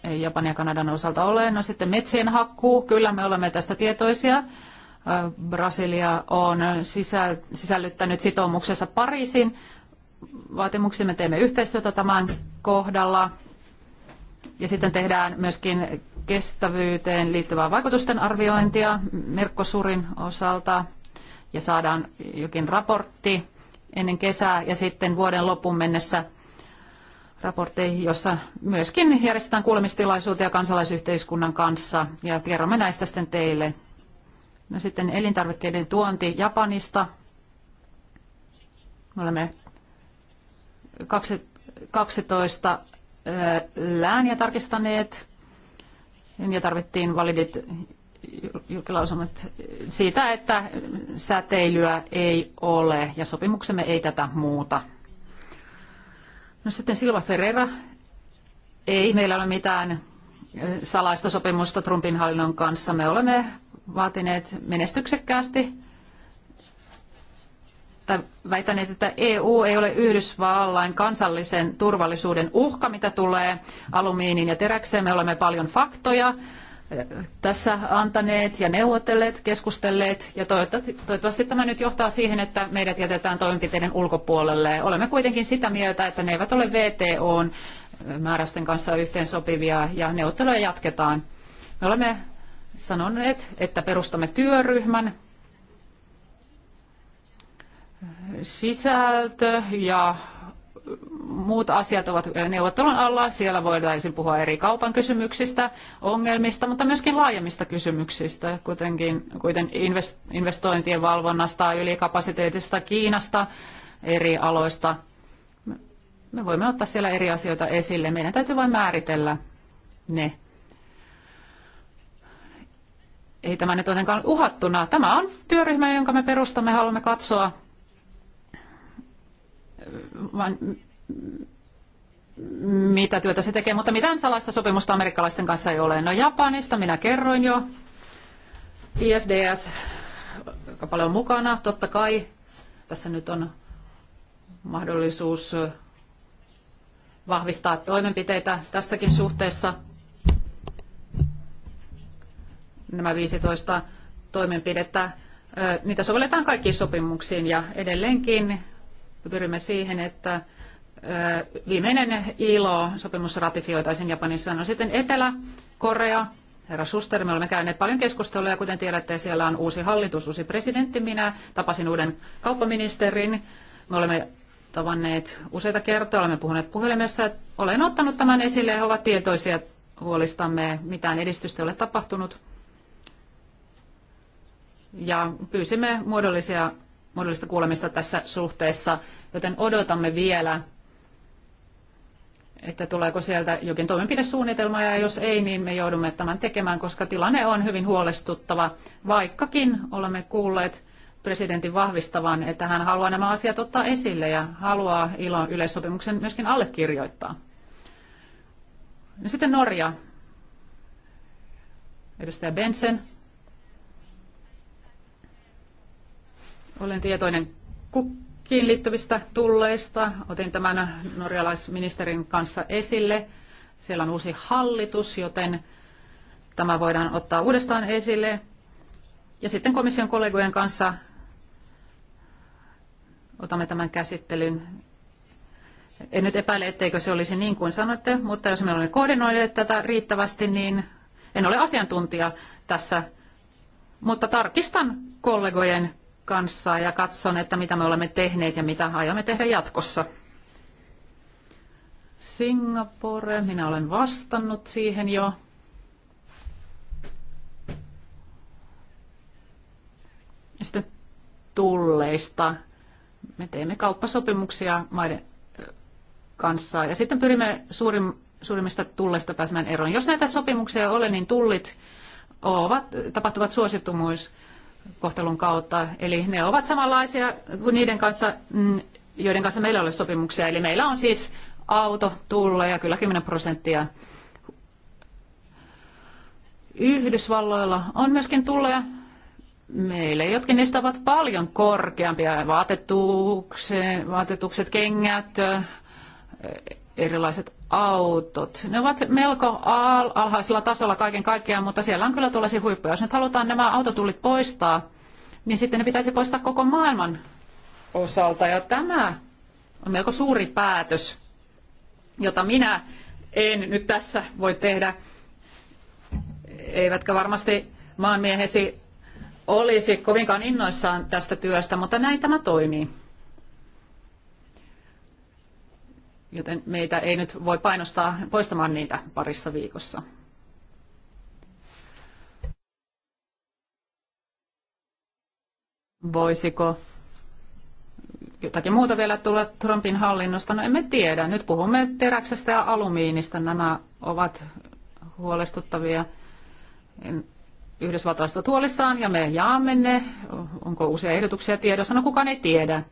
Japanin ja Kanadan osalta ole. No sitten metsien hakkuu, kyllä me olemme tästä tietoisia. Brasilia on sisä, sisällyttänyt sitoumuksessa Pariisin vaatimuksia. Me teemme yhteistyötä tämän kohdalla. Ja sitten tehdään myöskin kestävyyteen liittyvää vaikutusten arviointia Merkosurin osalta ja saadaan jokin raportti ennen kesää ja sitten vuoden lopun mennessä – raportteihin, jossa myöskin järjestetään kuulemistilaisuutia kansalaisyhteiskunnan kanssa ja kerromme näistä sitten teille. No sitten elintarvikkeiden tuonti Japanista. Me olemme 12 lääniä tarkistaneet ja tarvittiin validit julkilausumat siitä, että säteilyä ei ole ja sopimuksemme ei tätä muuta. No sitten Silva Ferreira. Ei meillä ole mitään salaista sopimusta Trumpin hallinnon kanssa. Me olemme vaatineet menestyksekkäästi tai väitäneet, että EU ei ole Yhdysvallain kansallisen turvallisuuden uhka, mitä tulee alumiiniin ja teräkseen. Me olemme paljon faktoja tässä antaneet ja neuvotelleet, keskustelleet ja toivottavasti tämä nyt johtaa siihen, että meidät jätetään toimenpiteiden ulkopuolelle. Olemme kuitenkin sitä mieltä, että ne eivät ole VTOn määrästen kanssa yhteensopivia ja neuvotteluja jatketaan. Me olemme sanoneet, että perustamme työryhmän, sisältö ja muut asiat ovat neuvottelun alla. Siellä voitaisiin puhua eri kaupan kysymyksistä, ongelmista, mutta myöskin laajemmista kysymyksistä, kuitenkin, kuten investointien valvonnasta, ylikapasiteetista, Kiinasta, eri aloista. Me voimme ottaa siellä eri asioita esille. Meidän täytyy vain määritellä ne. Ei tämä nyt ole uhattuna. Tämä on työryhmä, jonka me perustamme. Haluamme katsoa vaan mitä työtä se tekee, mutta mitään salaista sopimusta amerikkalaisten kanssa ei ole. No Japanista minä kerroin jo. ISDS aika paljon mukana, totta kai. Tässä nyt on mahdollisuus vahvistaa toimenpiteitä tässäkin suhteessa. Nämä 15 toimenpidettä, niitä sovelletaan kaikkiin sopimuksiin ja edelleenkin pyrimme siihen, että viimeinen ILO-sopimus ratifioitaisiin Japanissa. No sitten Etelä-Korea, herra Schuster, me olemme käyneet paljon ja kuten tiedätte, siellä on uusi hallitus, uusi presidentti, minä tapasin uuden kauppaministerin, me olemme tavanneet useita kertoja, olemme puhuneet puhelimessa, olen ottanut tämän esille, he ovat tietoisia huolistamme, mitään edistystä ei ole tapahtunut. Ja pyysimme muodollisia muodollista kuulemista tässä suhteessa, joten odotamme vielä, että tuleeko sieltä jokin toimenpidesuunnitelma, ja jos ei, niin me joudumme tämän tekemään, koska tilanne on hyvin huolestuttava, vaikkakin olemme kuulleet presidentin vahvistavan, että hän haluaa nämä asiat ottaa esille ja haluaa ilon yleissopimuksen myöskin allekirjoittaa. No sitten Norja. Edustaja Bensen Olen tietoinen kukkiin liittyvistä tulleista. Otin tämän norjalaisministerin kanssa esille. Siellä on uusi hallitus, joten tämä voidaan ottaa uudestaan esille. Ja sitten komission kollegojen kanssa otamme tämän käsittelyn. En nyt epäile, etteikö se olisi niin kuin sanotte, mutta jos me olemme koordinoineet tätä riittävästi, niin en ole asiantuntija tässä, mutta tarkistan kollegojen kanssa ja katson, että mitä me olemme tehneet ja mitä aiomme tehdä jatkossa. Singapore, minä olen vastannut siihen jo. Sitten tulleista. Me teemme kauppasopimuksia maiden kanssa ja sitten pyrimme suurim, suurimmista tulleista pääsemään eroon. Jos näitä sopimuksia ei ole, niin tullit ovat, tapahtuvat suosittumuissa kohtelun kautta. Eli ne ovat samanlaisia kuin niiden kanssa, mm, joiden kanssa meillä ei ole sopimuksia. Eli meillä on siis auto, ja kyllä 10 prosenttia. Yhdysvalloilla on myöskin tulleja. meille jotkin niistä ovat paljon korkeampia. Vaatetukset, vaatetukset kengät, eh, erilaiset autot. Ne ovat melko alhaisella tasolla kaiken kaikkiaan, mutta siellä on kyllä tuollaisia huippuja. Jos nyt halutaan nämä autotullit poistaa, niin sitten ne pitäisi poistaa koko maailman osalta. Ja tämä on melko suuri päätös, jota minä en nyt tässä voi tehdä. Eivätkä varmasti maanmiehesi olisi kovinkaan innoissaan tästä työstä, mutta näin tämä toimii. joten meitä ei nyt voi painostaa poistamaan niitä parissa viikossa. Voisiko jotakin muuta vielä tulla Trumpin hallinnosta? No emme tiedä. Nyt puhumme teräksestä ja alumiinista. Nämä ovat huolestuttavia. Yhdysvaltalaiset ovat huolissaan ja me jaamme ne. Onko uusia ehdotuksia tiedossa? No kukaan ei tiedä.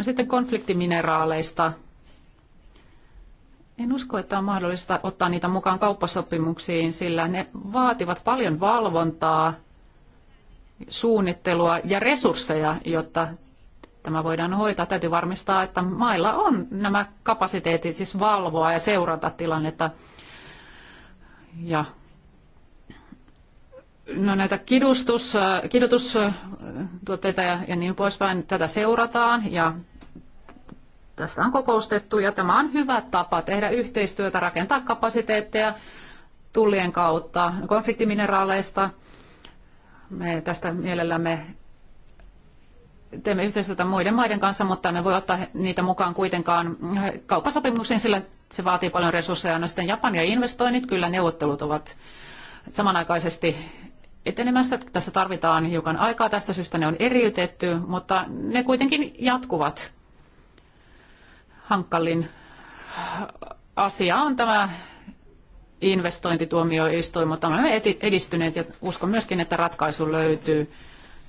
No sitten konfliktimineraaleista. En usko, että on mahdollista ottaa niitä mukaan kauppasopimuksiin, sillä ne vaativat paljon valvontaa, suunnittelua ja resursseja, jotta tämä voidaan hoitaa. Täytyy varmistaa, että mailla on nämä kapasiteetit siis valvoa ja seurata tilannetta. Ja no näitä kidustus, kidutustuotteita ja, ja niin poispäin, tätä seurataan ja Tästä on kokoustettu ja tämä on hyvä tapa tehdä yhteistyötä, rakentaa kapasiteetteja tullien kautta konfliktimineraaleista. Me tästä mielellämme teemme yhteistyötä muiden maiden kanssa, mutta me voi ottaa niitä mukaan kuitenkaan kauppasopimuksiin, sillä se vaatii paljon resursseja. No sitten Japan ja investoinnit, kyllä neuvottelut ovat samanaikaisesti etenemässä. Tässä tarvitaan hiukan aikaa, tästä syystä ne on eriytetty, mutta ne kuitenkin jatkuvat hankalin asia on tämä investointituomioistuin, mutta olemme edistyneet ja uskon myöskin, että ratkaisu löytyy.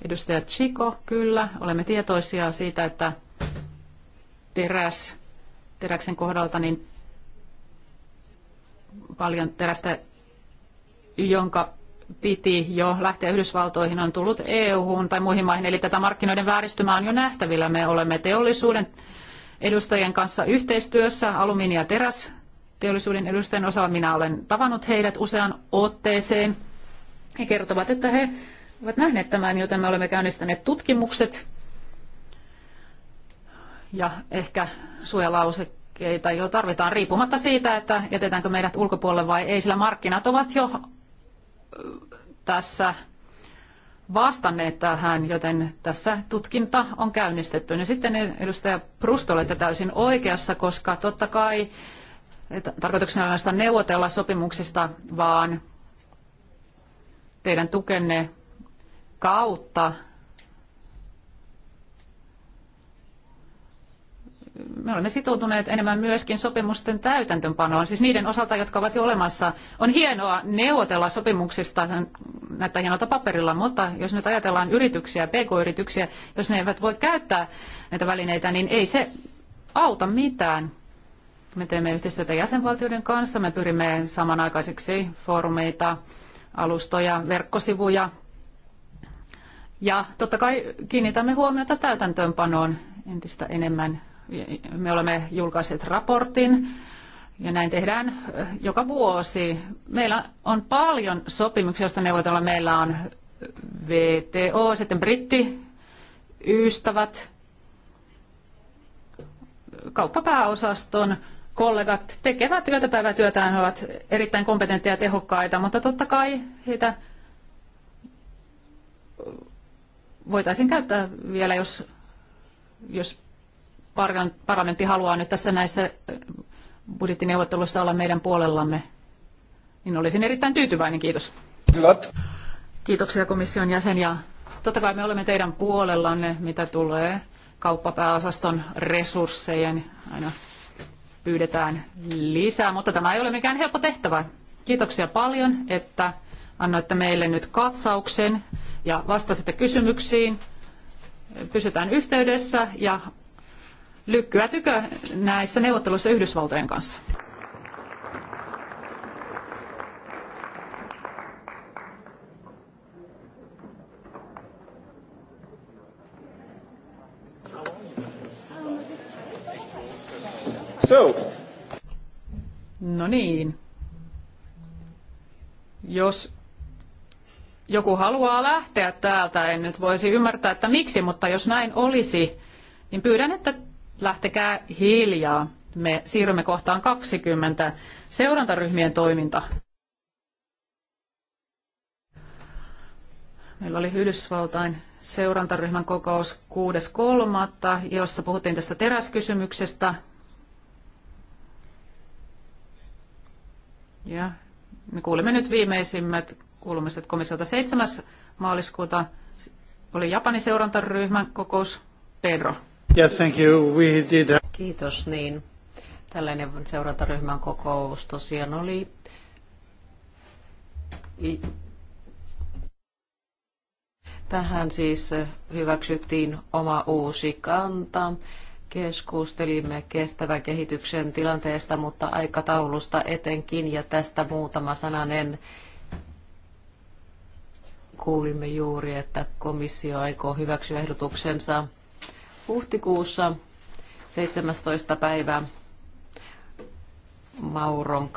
Edustaja Chico, kyllä, olemme tietoisia siitä, että teräs, teräksen kohdalta niin paljon terästä, jonka piti jo lähteä Yhdysvaltoihin, on tullut EU-hun tai muihin maihin. Eli tätä markkinoiden vääristymää on jo nähtävillä. Me olemme teollisuuden edustajien kanssa yhteistyössä alumiini- ja terästeollisuuden edustajien osalta. Minä olen tavannut heidät usean otteeseen. He kertovat, että he ovat nähneet tämän, joten me olemme käynnistäneet tutkimukset ja ehkä suojalausekkeita jo tarvitaan riippumatta siitä, että jätetäänkö meidät ulkopuolelle vai ei, sillä markkinat ovat jo tässä vastanneet tähän, joten tässä tutkinta on käynnistetty. Ja sitten edustaja Prust olette täysin oikeassa, koska totta kai tarkoituksena on neuvotella sopimuksista, vaan teidän tukenne kautta me olemme sitoutuneet enemmän myöskin sopimusten täytäntöönpanoon, siis niiden osalta, jotka ovat jo olemassa. On hienoa neuvotella sopimuksista, näyttää hienolta paperilla, mutta jos nyt ajatellaan yrityksiä, pk-yrityksiä, jos ne eivät voi käyttää näitä välineitä, niin ei se auta mitään. Me teemme yhteistyötä jäsenvaltioiden kanssa, me pyrimme samanaikaiseksi foorumeita, alustoja, verkkosivuja. Ja totta kai kiinnitämme huomiota täytäntöönpanoon entistä enemmän me olemme julkaisseet raportin ja näin tehdään eh, joka vuosi. Meillä on paljon sopimuksia, joista neuvotellaan. Meillä on VTO, sitten britti, ystävät, kauppapääosaston kollegat tekevät työtä päivätyötään, he ovat erittäin kompetentteja ja tehokkaita, mutta totta kai heitä voitaisiin käyttää vielä, jos, jos parlamentti haluaa nyt tässä näissä budjettineuvotteluissa olla meidän puolellamme, niin olisin erittäin tyytyväinen. Kiitos. Kiitoksia komission jäsen ja totta kai me olemme teidän puolellanne, mitä tulee kauppapääosaston resurssejen. Aina pyydetään lisää, mutta tämä ei ole mikään helppo tehtävä. Kiitoksia paljon, että annoitte meille nyt katsauksen ja vastasitte kysymyksiin. Pysytään yhteydessä ja lykkyätykö näissä neuvotteluissa Yhdysvaltojen kanssa? So. No niin. Jos joku haluaa lähteä täältä, en nyt voisi ymmärtää, että miksi, mutta jos näin olisi, niin pyydän, että lähtekää hiljaa. Me siirrymme kohtaan 20. Seurantaryhmien toiminta. Meillä oli Yhdysvaltain seurantaryhmän kokous 6.3., jossa puhuttiin tästä teräskysymyksestä. Ja me kuulimme nyt viimeisimmät kuulumiset komissiolta 7. maaliskuuta. Oli Japanin seurantaryhmän kokous. Pedro. Yes, thank you. We did... Kiitos, niin. Tällainen seurantaryhmän kokous tosiaan oli Tähän siis hyväksyttiin oma uusi kanta. Keskustelimme kestävän kehityksen tilanteesta, mutta aikataulusta etenkin ja tästä muutama sananen. Kuulimme juuri, että komissio aikoo hyväksyä ehdotuksensa huhtikuussa 17. päivä Mauron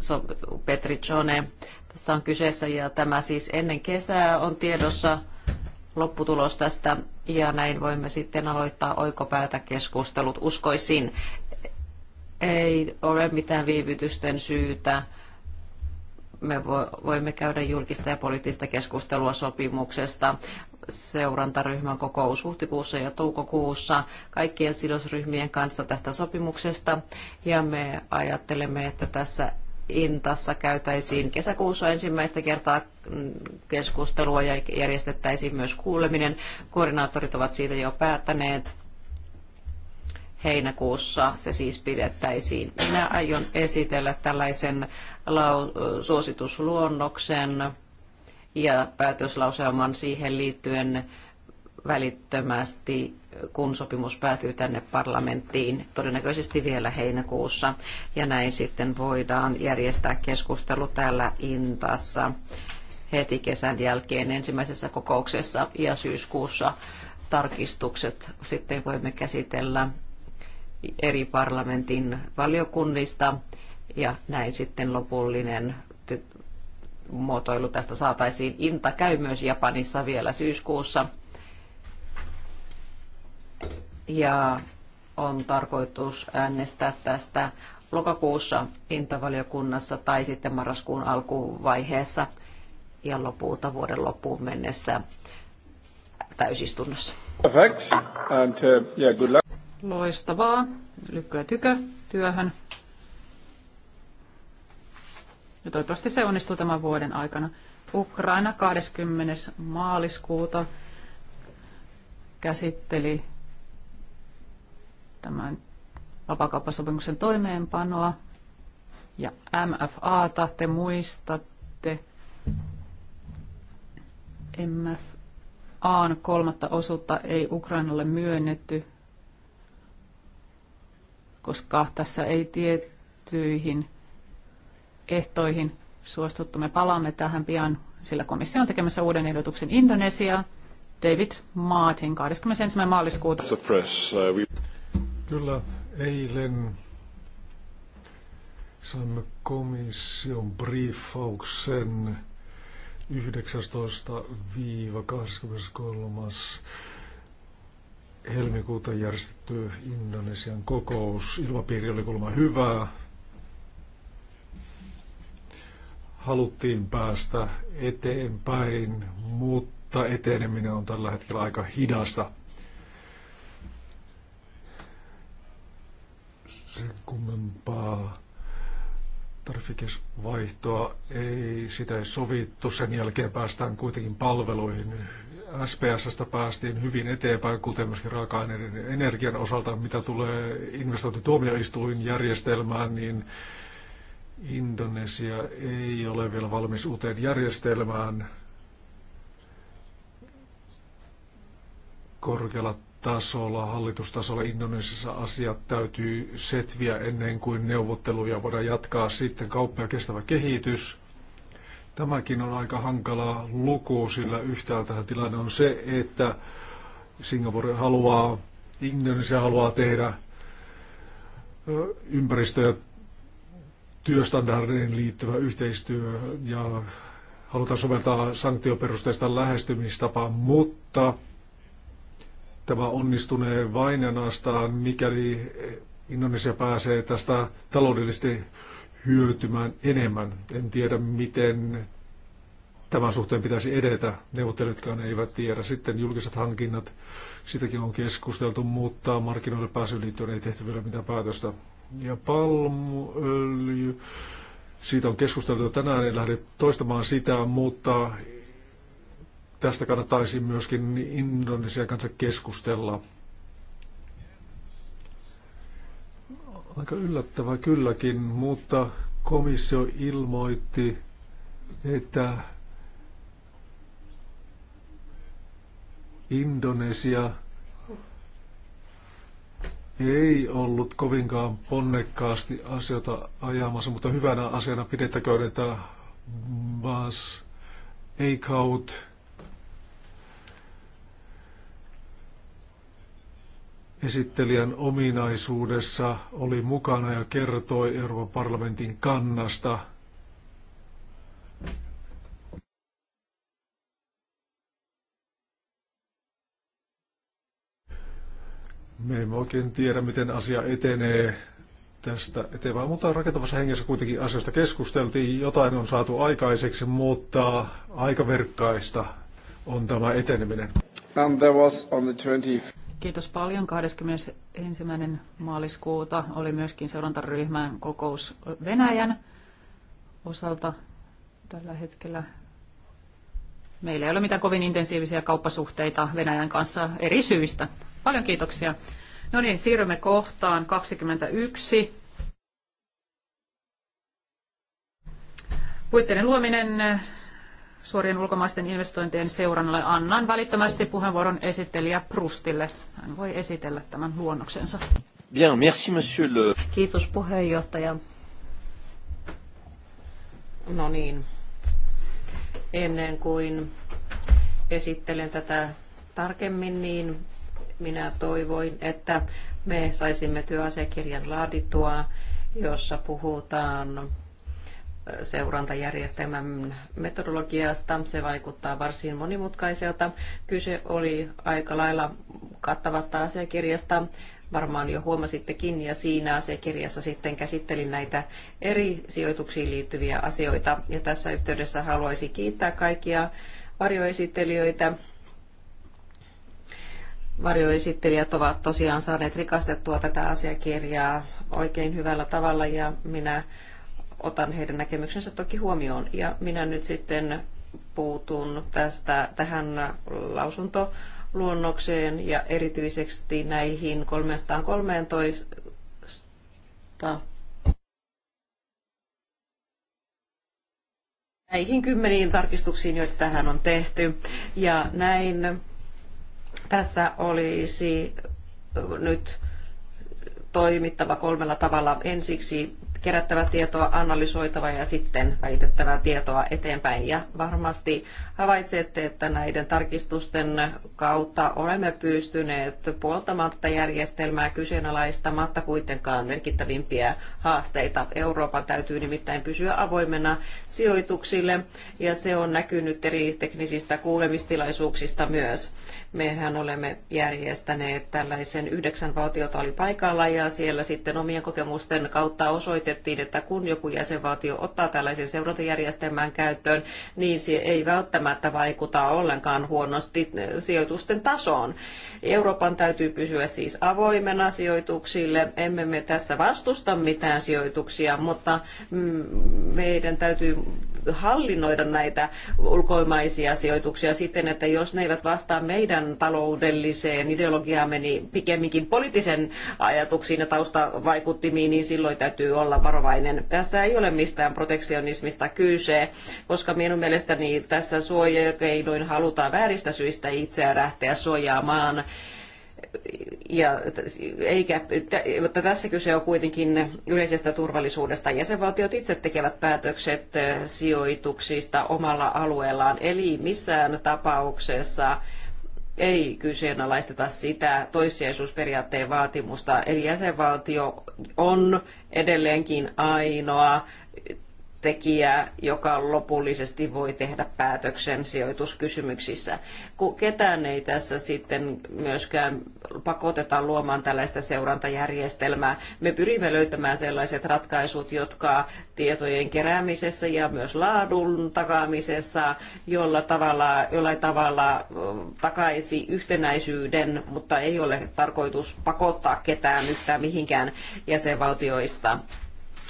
so, Petricone. Tässä on kyseessä ja tämä siis ennen kesää on tiedossa lopputulos tästä ja näin voimme sitten aloittaa oikopäätä keskustelut. Uskoisin, ei ole mitään viivytysten syytä. Me voimme käydä julkista ja poliittista keskustelua sopimuksesta seurantaryhmän kokous huhtikuussa ja toukokuussa kaikkien sidosryhmien kanssa tästä sopimuksesta. Ja me ajattelemme, että tässä Intassa käytäisiin kesäkuussa ensimmäistä kertaa keskustelua ja järjestettäisiin myös kuuleminen. Koordinaattorit ovat siitä jo päättäneet heinäkuussa se siis pidettäisiin. Minä aion esitellä tällaisen lau- suositusluonnoksen ja päätöslauselman siihen liittyen välittömästi, kun sopimus päätyy tänne parlamenttiin, todennäköisesti vielä heinäkuussa. Ja näin sitten voidaan järjestää keskustelu täällä Intassa heti kesän jälkeen ensimmäisessä kokouksessa ja syyskuussa tarkistukset sitten voimme käsitellä eri parlamentin valiokunnista ja näin sitten lopullinen muotoilu tästä saataisiin. Inta käy myös Japanissa vielä syyskuussa. Ja on tarkoitus äänestää tästä lokakuussa intavaliokunnassa tai sitten marraskuun alkuvaiheessa ja lopulta vuoden loppuun mennessä täysistunnossa. Perfect. And, uh, yeah, good luck. Loistavaa. Lykkyä tykö työhön. Ja toivottavasti se onnistuu tämän vuoden aikana. Ukraina 20. maaliskuuta käsitteli tämän vapakauppasopimuksen toimeenpanoa ja MFAta, te muistatte MFAn kolmatta osuutta ei Ukrainalle myönnetty, koska tässä ei tiettyihin ehtoihin suostuttu. Me palaamme tähän pian, sillä komissio on tekemässä uuden ehdotuksen Indonesiaa. David Martin, 21. maaliskuuta. Uh, Kyllä, eilen saimme komission briefauksen 19-23 helmikuuta järjestetty Indonesian kokous. Ilmapiiri oli kuulemma hyvää. haluttiin päästä eteenpäin, mutta eteneminen on tällä hetkellä aika hidasta. Sen kummempaa vaihtoa, ei, sitä ei sovittu. Sen jälkeen päästään kuitenkin palveluihin. SPSstä päästiin hyvin eteenpäin, kuten myöskin raaka-aineiden energian osalta, mitä tulee investointituomioistuin järjestelmään, niin Indonesia ei ole vielä valmis uuteen järjestelmään. Korkealla tasolla, hallitustasolla Indonesiassa asiat täytyy setviä ennen kuin neuvotteluja voidaan jatkaa. Sitten kauppa ja kestävä kehitys. Tämäkin on aika hankala luku, sillä yhtäältä tilanne on se, että Singapore haluaa, Indonesia haluaa tehdä ympäristö- ja työstandardeihin liittyvä yhteistyö ja halutaan soveltaa sanktioperusteista lähestymistapaa, mutta tämä onnistunee vain ja naastaan, mikäli Indonesia pääsee tästä taloudellisesti hyötymään enemmän. En tiedä, miten tämän suhteen pitäisi edetä. Neuvottelijatkaan eivät tiedä. Sitten julkiset hankinnat, sitäkin on keskusteltu, mutta markkinoille pääsyyn ei tehty vielä mitään päätöstä ja palmuöljy. Siitä on keskusteltu tänään, en lähde toistamaan sitä, mutta tästä kannattaisi myöskin Indonesian kanssa keskustella. Aika yllättävää kylläkin, mutta komissio ilmoitti, että Indonesia – ei ollut kovinkaan ponnekkaasti asioita ajamassa, mutta hyvänä asiana pidettäköön, että Bas Eichhout esittelijän ominaisuudessa oli mukana ja kertoi Euroopan parlamentin kannasta – Me emme oikein tiedä, miten asia etenee tästä eteenpäin, mutta rakentavassa hengessä kuitenkin asioista keskusteltiin. Jotain on saatu aikaiseksi, mutta aika verkkaista on tämä eteneminen. And there was on the 20th. Kiitos paljon. 21. maaliskuuta oli myöskin seurantaryhmän kokous Venäjän osalta tällä hetkellä. Meillä ei ole mitään kovin intensiivisiä kauppasuhteita Venäjän kanssa eri syistä. Paljon kiitoksia. No niin, siirrymme kohtaan 21. Puitteiden luominen suorien ulkomaisten investointien seurannalle. Annan välittömästi puheenvuoron esittelijä Prustille. Hän voi esitellä tämän luonnoksensa. Bien, merci monsieur le... Kiitos puheenjohtaja. No niin. Ennen kuin esittelen tätä tarkemmin, niin minä toivoin, että me saisimme työasiakirjan laadittua, jossa puhutaan seurantajärjestelmän metodologiasta. Se vaikuttaa varsin monimutkaiselta. Kyse oli aika lailla kattavasta asiakirjasta. Varmaan jo huomasittekin, ja siinä asiakirjassa sitten käsittelin näitä eri sijoituksiin liittyviä asioita. Ja tässä yhteydessä haluaisin kiittää kaikkia varjoesittelijöitä varjoesittelijät ovat tosiaan saaneet rikastettua tätä asiakirjaa oikein hyvällä tavalla ja minä otan heidän näkemyksensä toki huomioon. Ja minä nyt sitten puutun tästä, tähän lausuntoluonnokseen ja erityisesti näihin 313 näihin kymmeniin tarkistuksiin, joita tähän on tehty. Ja näin tässä olisi nyt toimittava kolmella tavalla. Ensiksi kerättävä tietoa, analysoitava ja sitten välitettävä tietoa eteenpäin. Ja varmasti havaitsette, että näiden tarkistusten kautta olemme pystyneet puoltamaan tätä järjestelmää kyseenalaistamatta kuitenkaan merkittävimpiä haasteita. Euroopan täytyy nimittäin pysyä avoimena sijoituksille ja se on näkynyt eri teknisistä kuulemistilaisuuksista myös. Mehän olemme järjestäneet tällaisen yhdeksän valtiota oli paikalla ja siellä sitten omien kokemusten kautta osoitettiin, osoitettiin, että kun joku jäsenvaltio ottaa tällaisen seurantajärjestelmän käyttöön, niin se ei välttämättä vaikuta ollenkaan huonosti sijoitusten tasoon. Euroopan täytyy pysyä siis avoimena sijoituksille. Emme me tässä vastusta mitään sijoituksia, mutta mm, meidän täytyy hallinnoida näitä ulkomaisia sijoituksia siten, että jos ne eivät vastaa meidän taloudelliseen ideologiaamme, niin pikemminkin poliittisen ajatuksiin ja taustavaikuttimiin, niin silloin täytyy olla varovainen. Tässä ei ole mistään protektionismista kyse, koska minun mielestäni tässä suojakeinoin halutaan vääristä syistä itseä lähteä suojaamaan ja, eikä, mutta tässä kyse on kuitenkin yleisestä turvallisuudesta. Jäsenvaltiot itse tekevät päätökset sijoituksista omalla alueellaan, eli missään tapauksessa ei kyseenalaisteta sitä toissijaisuusperiaatteen vaatimusta. Eli jäsenvaltio on edelleenkin ainoa tekijää, joka lopullisesti voi tehdä päätöksen sijoituskysymyksissä. Ketään ei tässä sitten myöskään pakoteta luomaan tällaista seurantajärjestelmää. Me pyrimme löytämään sellaiset ratkaisut, jotka tietojen keräämisessä ja myös laadun takaamisessa jolla tavalla, jollain tavalla takaisi yhtenäisyyden, mutta ei ole tarkoitus pakottaa ketään yhtään mihinkään jäsenvaltioista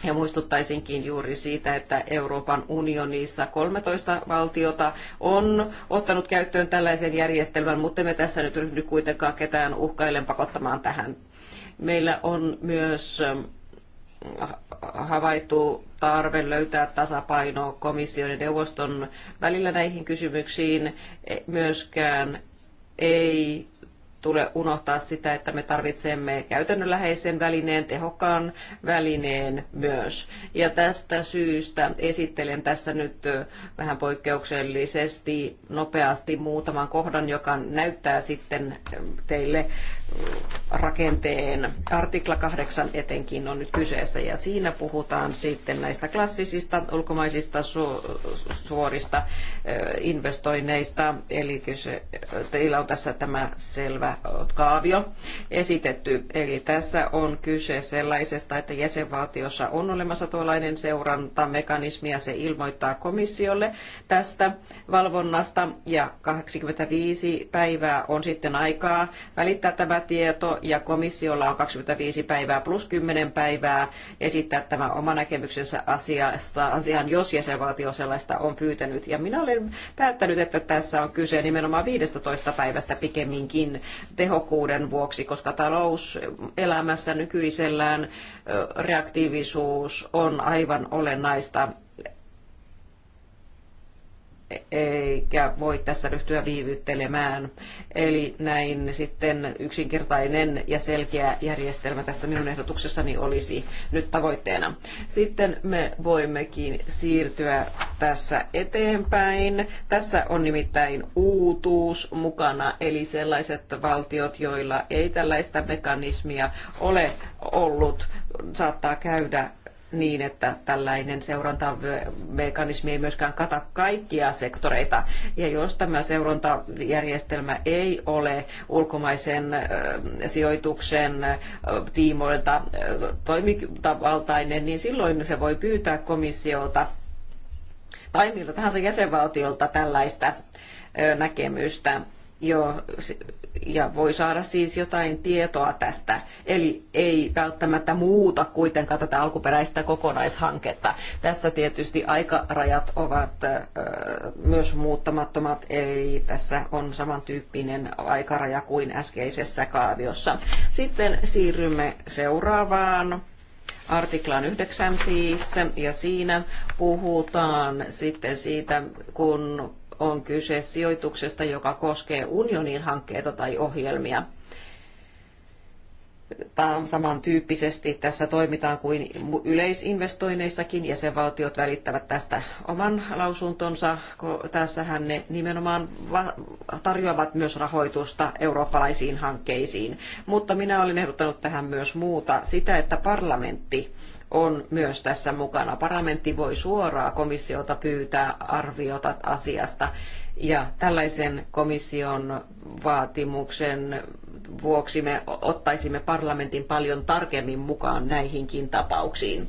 ja muistuttaisinkin juuri siitä, että Euroopan unionissa 13 valtiota on ottanut käyttöön tällaisen järjestelmän, mutta me tässä nyt ryhdy kuitenkaan ketään uhkailen pakottamaan tähän. Meillä on myös ähm, havaittu tarve löytää tasapaino komission ja neuvoston välillä näihin kysymyksiin. E-, myöskään ei tule unohtaa sitä, että me tarvitsemme käytännönläheisen välineen, tehokkaan välineen myös. Ja tästä syystä esittelen tässä nyt vähän poikkeuksellisesti nopeasti muutaman kohdan, joka näyttää sitten teille rakenteen artikla 8 etenkin on nyt kyseessä ja siinä puhutaan sitten näistä klassisista ulkomaisista su- suorista investoinneista. Eli kyse, teillä on tässä tämä selvä kaavio esitetty. Eli tässä on kyse sellaisesta, että jäsenvaltiossa on olemassa tuollainen seurantamekanismi ja se ilmoittaa komissiolle tästä valvonnasta ja 85 päivää on sitten aikaa välittää tämä tämä tieto ja komissiolla on 25 päivää plus 10 päivää esittää tämä oma näkemyksensä asiasta, asiaan, jos jäsenvaltio sellaista on pyytänyt. Ja minä olen päättänyt, että tässä on kyse nimenomaan 15 päivästä pikemminkin tehokkuuden vuoksi, koska talouselämässä nykyisellään reaktiivisuus on aivan olennaista eikä voi tässä ryhtyä viivyttelemään. Eli näin sitten yksinkertainen ja selkeä järjestelmä tässä minun ehdotuksessani olisi nyt tavoitteena. Sitten me voimmekin siirtyä tässä eteenpäin. Tässä on nimittäin uutuus mukana, eli sellaiset valtiot, joilla ei tällaista mekanismia ole ollut, saattaa käydä niin, että tällainen seurantamekanismi ei myöskään kata kaikkia sektoreita. Ja jos tämä seurantajärjestelmä ei ole ulkomaisen sijoituksen tiimoilta toimintavaltainen, niin silloin se voi pyytää komissiolta tai miltä tahansa jäsenvaltiolta tällaista näkemystä jo ja voi saada siis jotain tietoa tästä. Eli ei välttämättä muuta kuitenkaan tätä alkuperäistä kokonaishanketta. Tässä tietysti aikarajat ovat myös muuttamattomat, eli tässä on samantyyppinen aikaraja kuin äskeisessä kaaviossa. Sitten siirrymme seuraavaan artiklan 9 siis, ja siinä puhutaan sitten siitä, kun on kyse sijoituksesta, joka koskee unionin hankkeita tai ohjelmia. Tämä samantyyppisesti tässä toimitaan kuin yleisinvestoinneissakin. Jäsenvaltiot välittävät tästä oman lausuntonsa. Tässähän ne nimenomaan tarjoavat myös rahoitusta eurooppalaisiin hankkeisiin. Mutta minä olen ehdottanut tähän myös muuta sitä, että parlamentti on myös tässä mukana. Parlamentti voi suoraan komissiota pyytää arviota asiasta ja tällaisen komission vaatimuksen vuoksi me ottaisimme parlamentin paljon tarkemmin mukaan näihinkin tapauksiin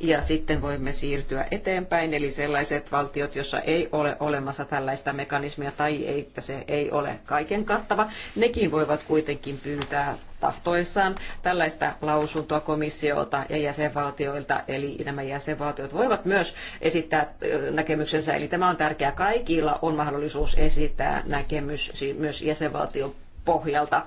ja sitten voimme siirtyä eteenpäin, eli sellaiset valtiot, joissa ei ole olemassa tällaista mekanismia tai ei, että se ei ole kaiken kattava, nekin voivat kuitenkin pyytää tahtoessaan tällaista lausuntoa komissiolta ja jäsenvaltioilta, eli nämä jäsenvaltiot voivat myös esittää näkemyksensä, eli tämä on tärkeää. Kaikilla on mahdollisuus esittää näkemys siis myös jäsenvaltion pohjalta.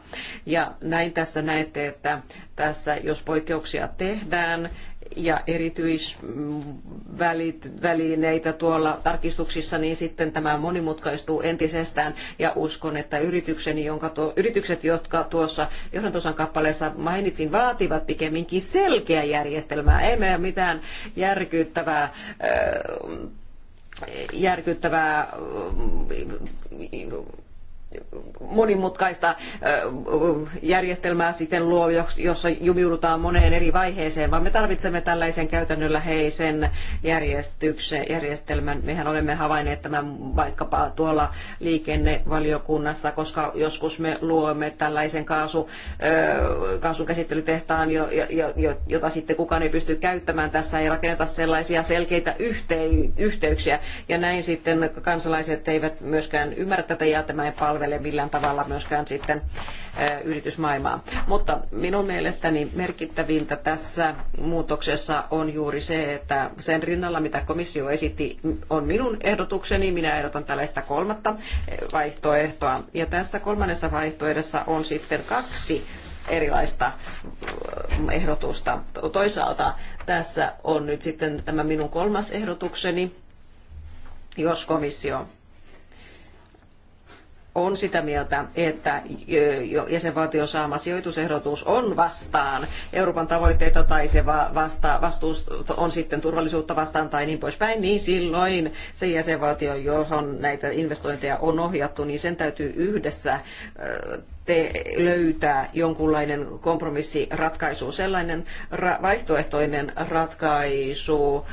Ja näin tässä näette, että tässä jos poikkeuksia tehdään, ja erityisvälineitä tuolla tarkistuksissa, niin sitten tämä monimutkaistuu entisestään. Ja uskon, että yritykseni, jonka tuo, yritykset, jotka tuossa johdantosan kappaleessa mainitsin, vaativat pikemminkin selkeää järjestelmää. Ei meillä mitään järkyttävää järkyttävää monimutkaista järjestelmää sitten luo, jossa jumiudutaan moneen eri vaiheeseen, vaan me tarvitsemme tällaisen käytännönläheisen järjestyksen, järjestelmän. Mehän olemme havainneet tämän vaikkapa tuolla liikennevaliokunnassa, koska joskus me luomme tällaisen kaasu, kaasun käsittelytehtaan, jota sitten kukaan ei pysty käyttämään. Tässä ei rakenneta sellaisia selkeitä yhteyksiä, ja näin sitten kansalaiset eivät myöskään ymmärrä tätä ja tämä ei palvele palvele millään tavalla myöskään sitten yritysmaailmaa. Mutta minun mielestäni merkittävintä tässä muutoksessa on juuri se, että sen rinnalla, mitä komissio esitti, on minun ehdotukseni. Minä ehdotan tällaista kolmatta vaihtoehtoa. Ja tässä kolmannessa vaihtoehdossa on sitten kaksi erilaista ehdotusta. Toisaalta tässä on nyt sitten tämä minun kolmas ehdotukseni, jos komissio on sitä mieltä, että jäsenvaltion saama sijoitusehdotus on vastaan Euroopan tavoitteita tai se vasta, vastuus on sitten turvallisuutta vastaan tai niin poispäin, niin silloin se jäsenvaltio, johon näitä investointeja on ohjattu, niin sen täytyy yhdessä löytää jonkunlainen kompromissiratkaisu, sellainen ra- vaihtoehtoinen ratkaisu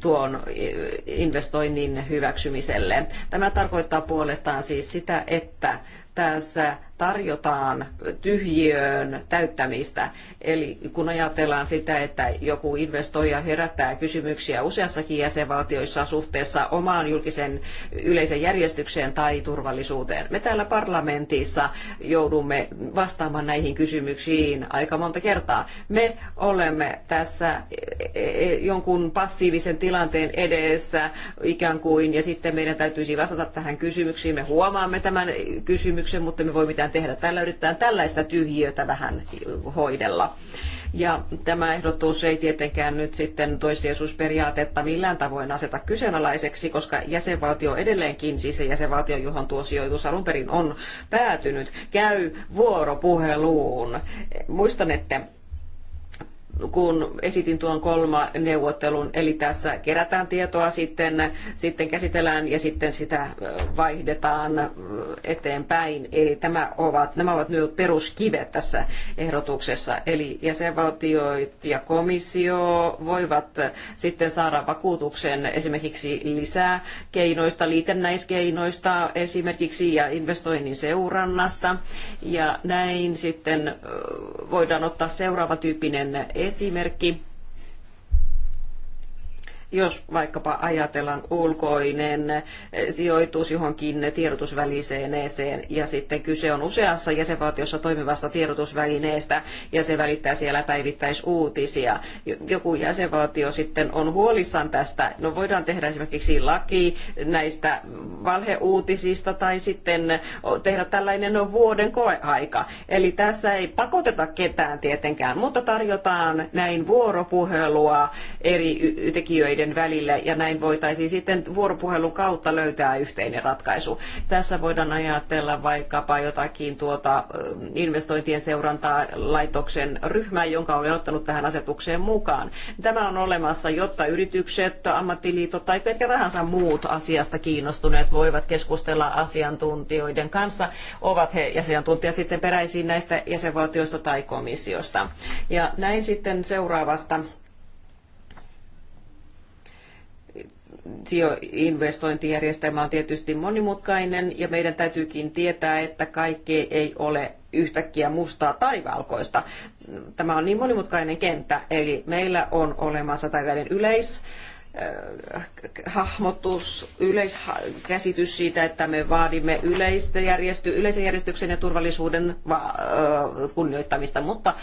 tuon investoinnin hyväksymiselle. Tämä tarkoittaa puolestaan siis sitä, että tässä tarjotaan tyhjiöön täyttämistä. Eli kun ajatellaan sitä, että joku investoija herättää kysymyksiä useassakin jäsenvaltioissa suhteessa omaan julkisen yleisen järjestykseen tai turvallisuuteen. Me täällä parlamentissa joudumme vastaamaan näihin kysymyksiin aika monta kertaa. Me olemme tässä e, e, e, jonkun passiivisen tilanteen edessä ikään kuin, ja sitten meidän täytyisi vastata tähän kysymyksiin. Me huomaamme tämän kysymyksen kysymyksen, mutta me voi mitään tehdä. Tällä yritetään tällaista tyhjiötä vähän hoidella. Ja tämä ehdotus ei tietenkään nyt sitten toissijaisuusperiaatetta millään tavoin aseta kyseenalaiseksi, koska jäsenvaltio edelleenkin, siis se jäsenvaltio, johon tuo sijoitus alun perin on päätynyt, käy vuoropuheluun. että kun esitin tuon kolma neuvottelun, eli tässä kerätään tietoa sitten, sitten käsitellään ja sitten sitä vaihdetaan eteenpäin. Eli tämä ovat, nämä ovat nyt peruskivet tässä ehdotuksessa. Eli jäsenvaltiot ja komissio voivat sitten saada vakuutuksen esimerkiksi lisää keinoista, liitännäiskeinoista esimerkiksi ja investoinnin seurannasta. Ja näin sitten voidaan ottaa seuraava tyyppinen esimerkki jos vaikkapa ajatellaan ulkoinen eh, sijoitus johonkin tiedotusvälineeseen ja sitten kyse on useassa jäsenvaltiossa toimivasta tiedotusvälineestä ja se välittää siellä päivittäisuutisia. Joku jäsenvaltio sitten on huolissaan tästä. No voidaan tehdä esimerkiksi laki näistä valheuutisista tai sitten tehdä tällainen vuoden koeaika. Eli tässä ei pakoteta ketään tietenkään, mutta tarjotaan näin vuoropuhelua eri tekijöiden maiden välillä ja näin voitaisiin sitten vuoropuhelun kautta löytää yhteinen ratkaisu. Tässä voidaan ajatella vaikkapa jotakin tuota investointien seurantaa laitoksen ryhmää, jonka olen ottanut tähän asetukseen mukaan. Tämä on olemassa, jotta yritykset, ammattiliitot tai ketkä tahansa muut asiasta kiinnostuneet voivat keskustella asiantuntijoiden kanssa, ovat he asiantuntijat sitten peräisin näistä jäsenvaltioista tai komissiosta. Ja näin sitten seuraavasta investointijärjestelmä on tietysti monimutkainen ja meidän täytyykin tietää, että kaikki ei ole yhtäkkiä mustaa tai valkoista. Tämä on niin monimutkainen kenttä, eli meillä on olemassa tällainen yleis äh, hahmotus, yleiskäsitys siitä, että me vaadimme yleistä järjesty, yleisen järjestyksen ja turvallisuuden äh, kunnioittamista, mutta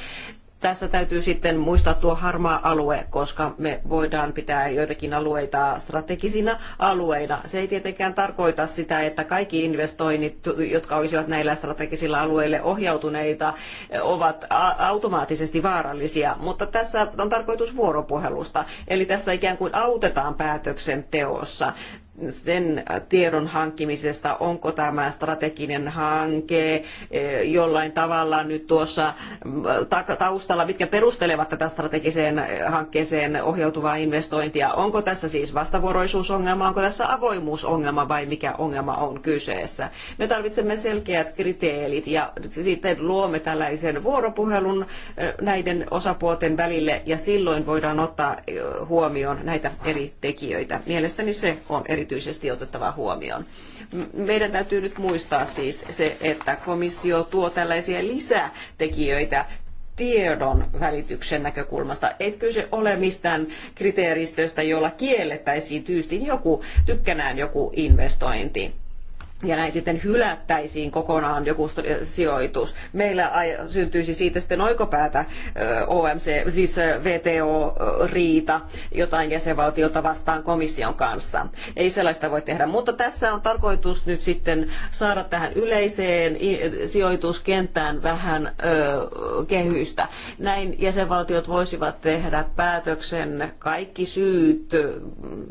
tässä täytyy sitten muistaa tuo harmaa alue, koska me voidaan pitää joitakin alueita strategisina alueina. Se ei tietenkään tarkoita sitä, että kaikki investoinnit, jotka olisivat näillä strategisilla alueille ohjautuneita, ovat automaattisesti vaarallisia, mutta tässä on tarkoitus vuoropuhelusta. Eli tässä ikään kuin autetaan päätöksenteossa sen tiedon hankkimisesta, onko tämä strateginen hanke eh, jollain tavalla nyt tuossa mm, taustalla, mitkä perustelevat tätä strategiseen eh, hankkeeseen ohjautuvaa investointia. Onko tässä siis vastavuoroisuusongelma, onko tässä avoimuusongelma vai mikä ongelma on kyseessä? Me tarvitsemme selkeät kriteerit ja sitten luomme tällaisen vuoropuhelun eh, näiden osapuolten välille ja silloin voidaan ottaa huomioon näitä eri tekijöitä. Mielestäni se on erityisen erityisesti otettava huomioon. Meidän täytyy nyt muistaa siis se, että komissio tuo tällaisia lisätekijöitä tiedon välityksen näkökulmasta. Ei kyse ole mistään kriteeristöstä, jolla kiellettäisiin tyystin joku, tykkänään joku investointi ja näin sitten hylättäisiin kokonaan joku sijoitus. Meillä syntyisi siitä sitten oikopäätä OMC, siis VTO-riita jotain jäsenvaltiota vastaan komission kanssa. Ei sellaista voi tehdä, mutta tässä on tarkoitus nyt sitten saada tähän yleiseen sijoituskenttään vähän kehystä. Näin jäsenvaltiot voisivat tehdä päätöksen kaikki syyt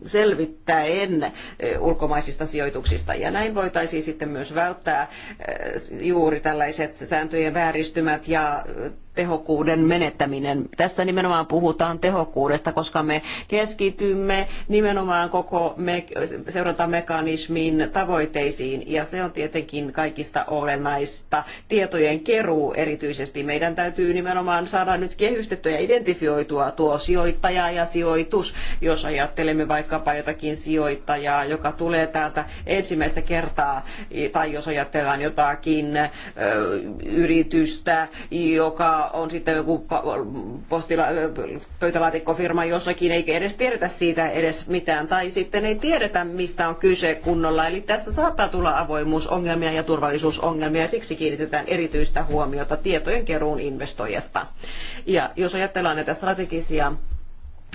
selvittäen ulkomaisista sijoituksista ja näin voitaisiin voitaisiin sitten myös välttää eh, juuri tällaiset sääntöjen vääristymät ja eh, tehokkuuden menettäminen. Tässä nimenomaan puhutaan tehokkuudesta, koska me keskitymme nimenomaan koko me, seurantamekanismin tavoitteisiin ja se on tietenkin kaikista olennaista. Tietojen keruu erityisesti. Meidän täytyy nimenomaan saada nyt kehystettyä ja identifioitua tuo sijoittaja ja sijoitus. Jos ajattelemme vaikkapa jotakin sijoittajaa, joka tulee täältä ensimmäistä kertaa tai jos ajatellaan jotakin ö, yritystä, joka on sitten joku postila- pöytälaatikkofirma jossakin, eikä edes tiedetä siitä edes mitään, tai sitten ei tiedetä, mistä on kyse kunnolla. Eli tässä saattaa tulla avoimuusongelmia ja turvallisuusongelmia, ja siksi kiinnitetään erityistä huomiota tietojen keruun investoijasta. Ja jos ajatellaan näitä strategisia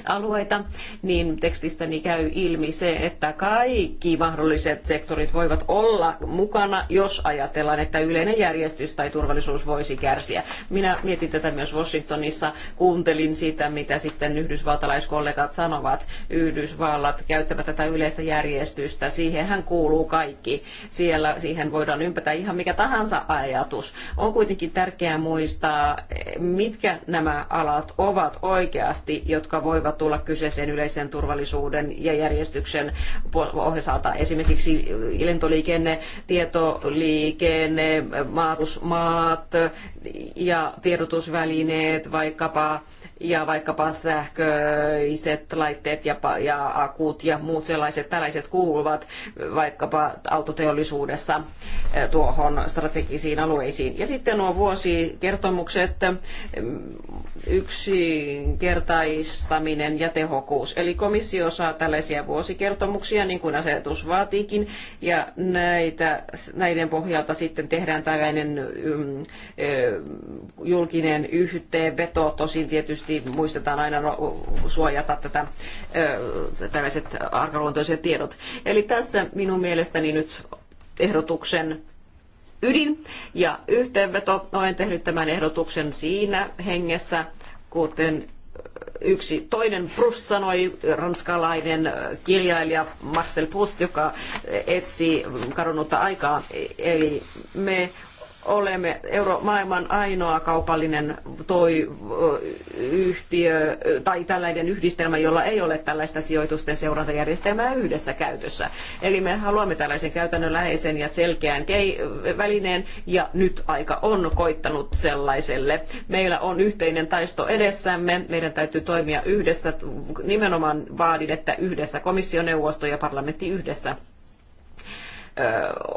alueita, niin tekstistäni käy ilmi se, että kaikki mahdolliset sektorit voivat olla mukana, jos ajatellaan, että yleinen järjestys tai turvallisuus voisi kärsiä. Minä mietin tätä myös Washingtonissa, kuuntelin sitä, mitä sitten yhdysvaltalaiskollegat sanovat. Yhdysvallat käyttävät tätä yleistä järjestystä, siihenhän kuuluu kaikki. Siellä siihen voidaan ympätä ihan mikä tahansa ajatus. On kuitenkin tärkeää muistaa, mitkä nämä alat ovat oikeasti, jotka voivat voivat tulla kyseeseen yleisen turvallisuuden ja järjestyksen osalta. Esimerkiksi lentoliikenne, tietoliikenne, maatusmaat ja tiedotusvälineet vaikkapa ja vaikkapa sähköiset laitteet ja, ja akut ja muut sellaiset, tällaiset kuuluvat vaikkapa autoteollisuudessa eh, tuohon strategisiin alueisiin. Ja sitten nuo vuosikertomukset, mm, yksinkertaistaminen parantaminen ja tehokkuus. Eli komissio saa tällaisia vuosikertomuksia, niin kuin asetus vaatiikin, ja näitä, näiden pohjalta sitten tehdään tällainen mm, julkinen yhteenveto. Tosin tietysti muistetaan aina suojata tätä, tällaiset arkaluontoiset tiedot. Eli tässä minun mielestäni nyt ehdotuksen ydin ja yhteenveto. Olen tehnyt tämän ehdotuksen siinä hengessä, kuten yksi toinen Proust sanoi, ranskalainen äh, kirjailija Marcel Proust, joka etsi kadonnutta aikaa. Eli me olemme euro, maailman ainoa kaupallinen toi, yhtiö tai tällainen yhdistelmä, jolla ei ole tällaista sijoitusten seurantajärjestelmää yhdessä käytössä. Eli me haluamme tällaisen käytännönläheisen ja selkeän välineen ja nyt aika on koittanut sellaiselle. Meillä on yhteinen taisto edessämme. Meidän täytyy toimia yhdessä. Nimenomaan vaadin, että yhdessä komissioneuvosto ja parlamentti yhdessä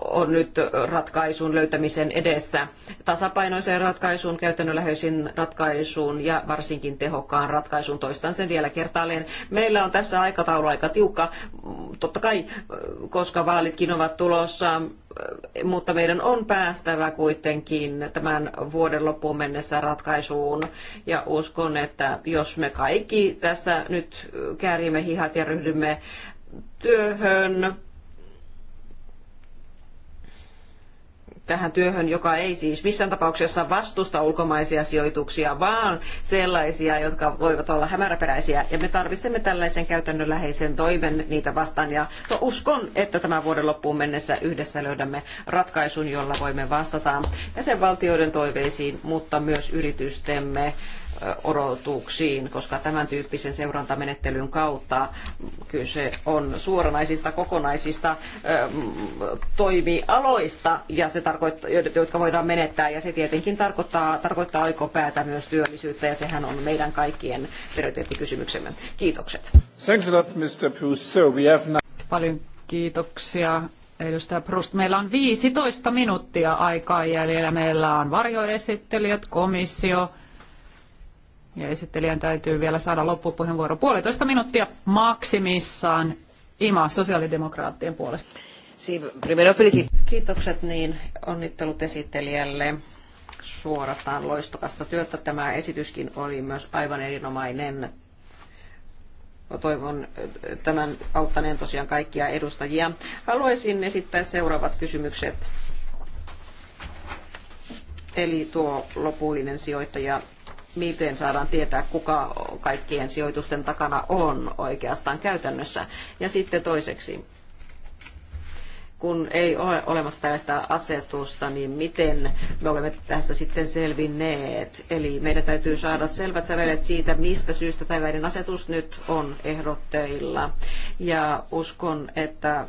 on nyt ratkaisun löytämisen edessä. Tasapainoiseen ratkaisuun, käytännönläheisin ratkaisuun ja varsinkin tehokkaan ratkaisuun. Toistan sen vielä kertaalleen. Meillä on tässä aikataulu aika tiukka, totta kai, koska vaalitkin ovat tulossa mutta meidän on päästävä kuitenkin tämän vuoden loppuun mennessä ratkaisuun. Ja uskon, että jos me kaikki tässä nyt käärimme hihat ja ryhdymme työhön, tähän työhön, joka ei siis missään tapauksessa vastusta ulkomaisia sijoituksia, vaan sellaisia, jotka voivat olla hämäräperäisiä. Ja me tarvitsemme tällaisen käytännönläheisen toimen niitä vastaan. Ja no, uskon, että tämän vuoden loppuun mennessä yhdessä löydämme ratkaisun, jolla voimme vastata jäsenvaltioiden toiveisiin, mutta myös yritystemme odotuksiin, koska tämän tyyppisen seurantamenettelyn kautta kyse on suoranaisista kokonaisista toimialoista, ja se tarkoittaa, jotka voidaan menettää, ja se tietenkin tarkoittaa, tarkoittaa aikopäätä myös työllisyyttä, ja sehän on meidän kaikkien prioriteettikysymyksemme. Kiitokset. Thanks a lot, Mr. We have Paljon kiitoksia. Edustaja Prust, meillä on 15 minuuttia aikaa jäljellä. Meillä on varjoesittelijät, komissio, ja esittelijän täytyy vielä saada loppupuheenvuoro puolitoista minuuttia maksimissaan Ima sosiaalidemokraattien puolesta. Kiitokset niin onnittelut esittelijälle suorastaan loistokasta työtä. Tämä esityskin oli myös aivan erinomainen. Toivon tämän auttaneen tosiaan kaikkia edustajia. Haluaisin esittää seuraavat kysymykset. Eli tuo lopullinen sijoittaja miten saadaan tietää, kuka kaikkien sijoitusten takana on oikeastaan käytännössä. Ja sitten toiseksi kun ei ole olemassa tällaista asetusta, niin miten me olemme tässä sitten selvinneet? Eli meidän täytyy saada selvät sävelet siitä, mistä syystä tällainen asetus nyt on ehdotteilla. Ja uskon, että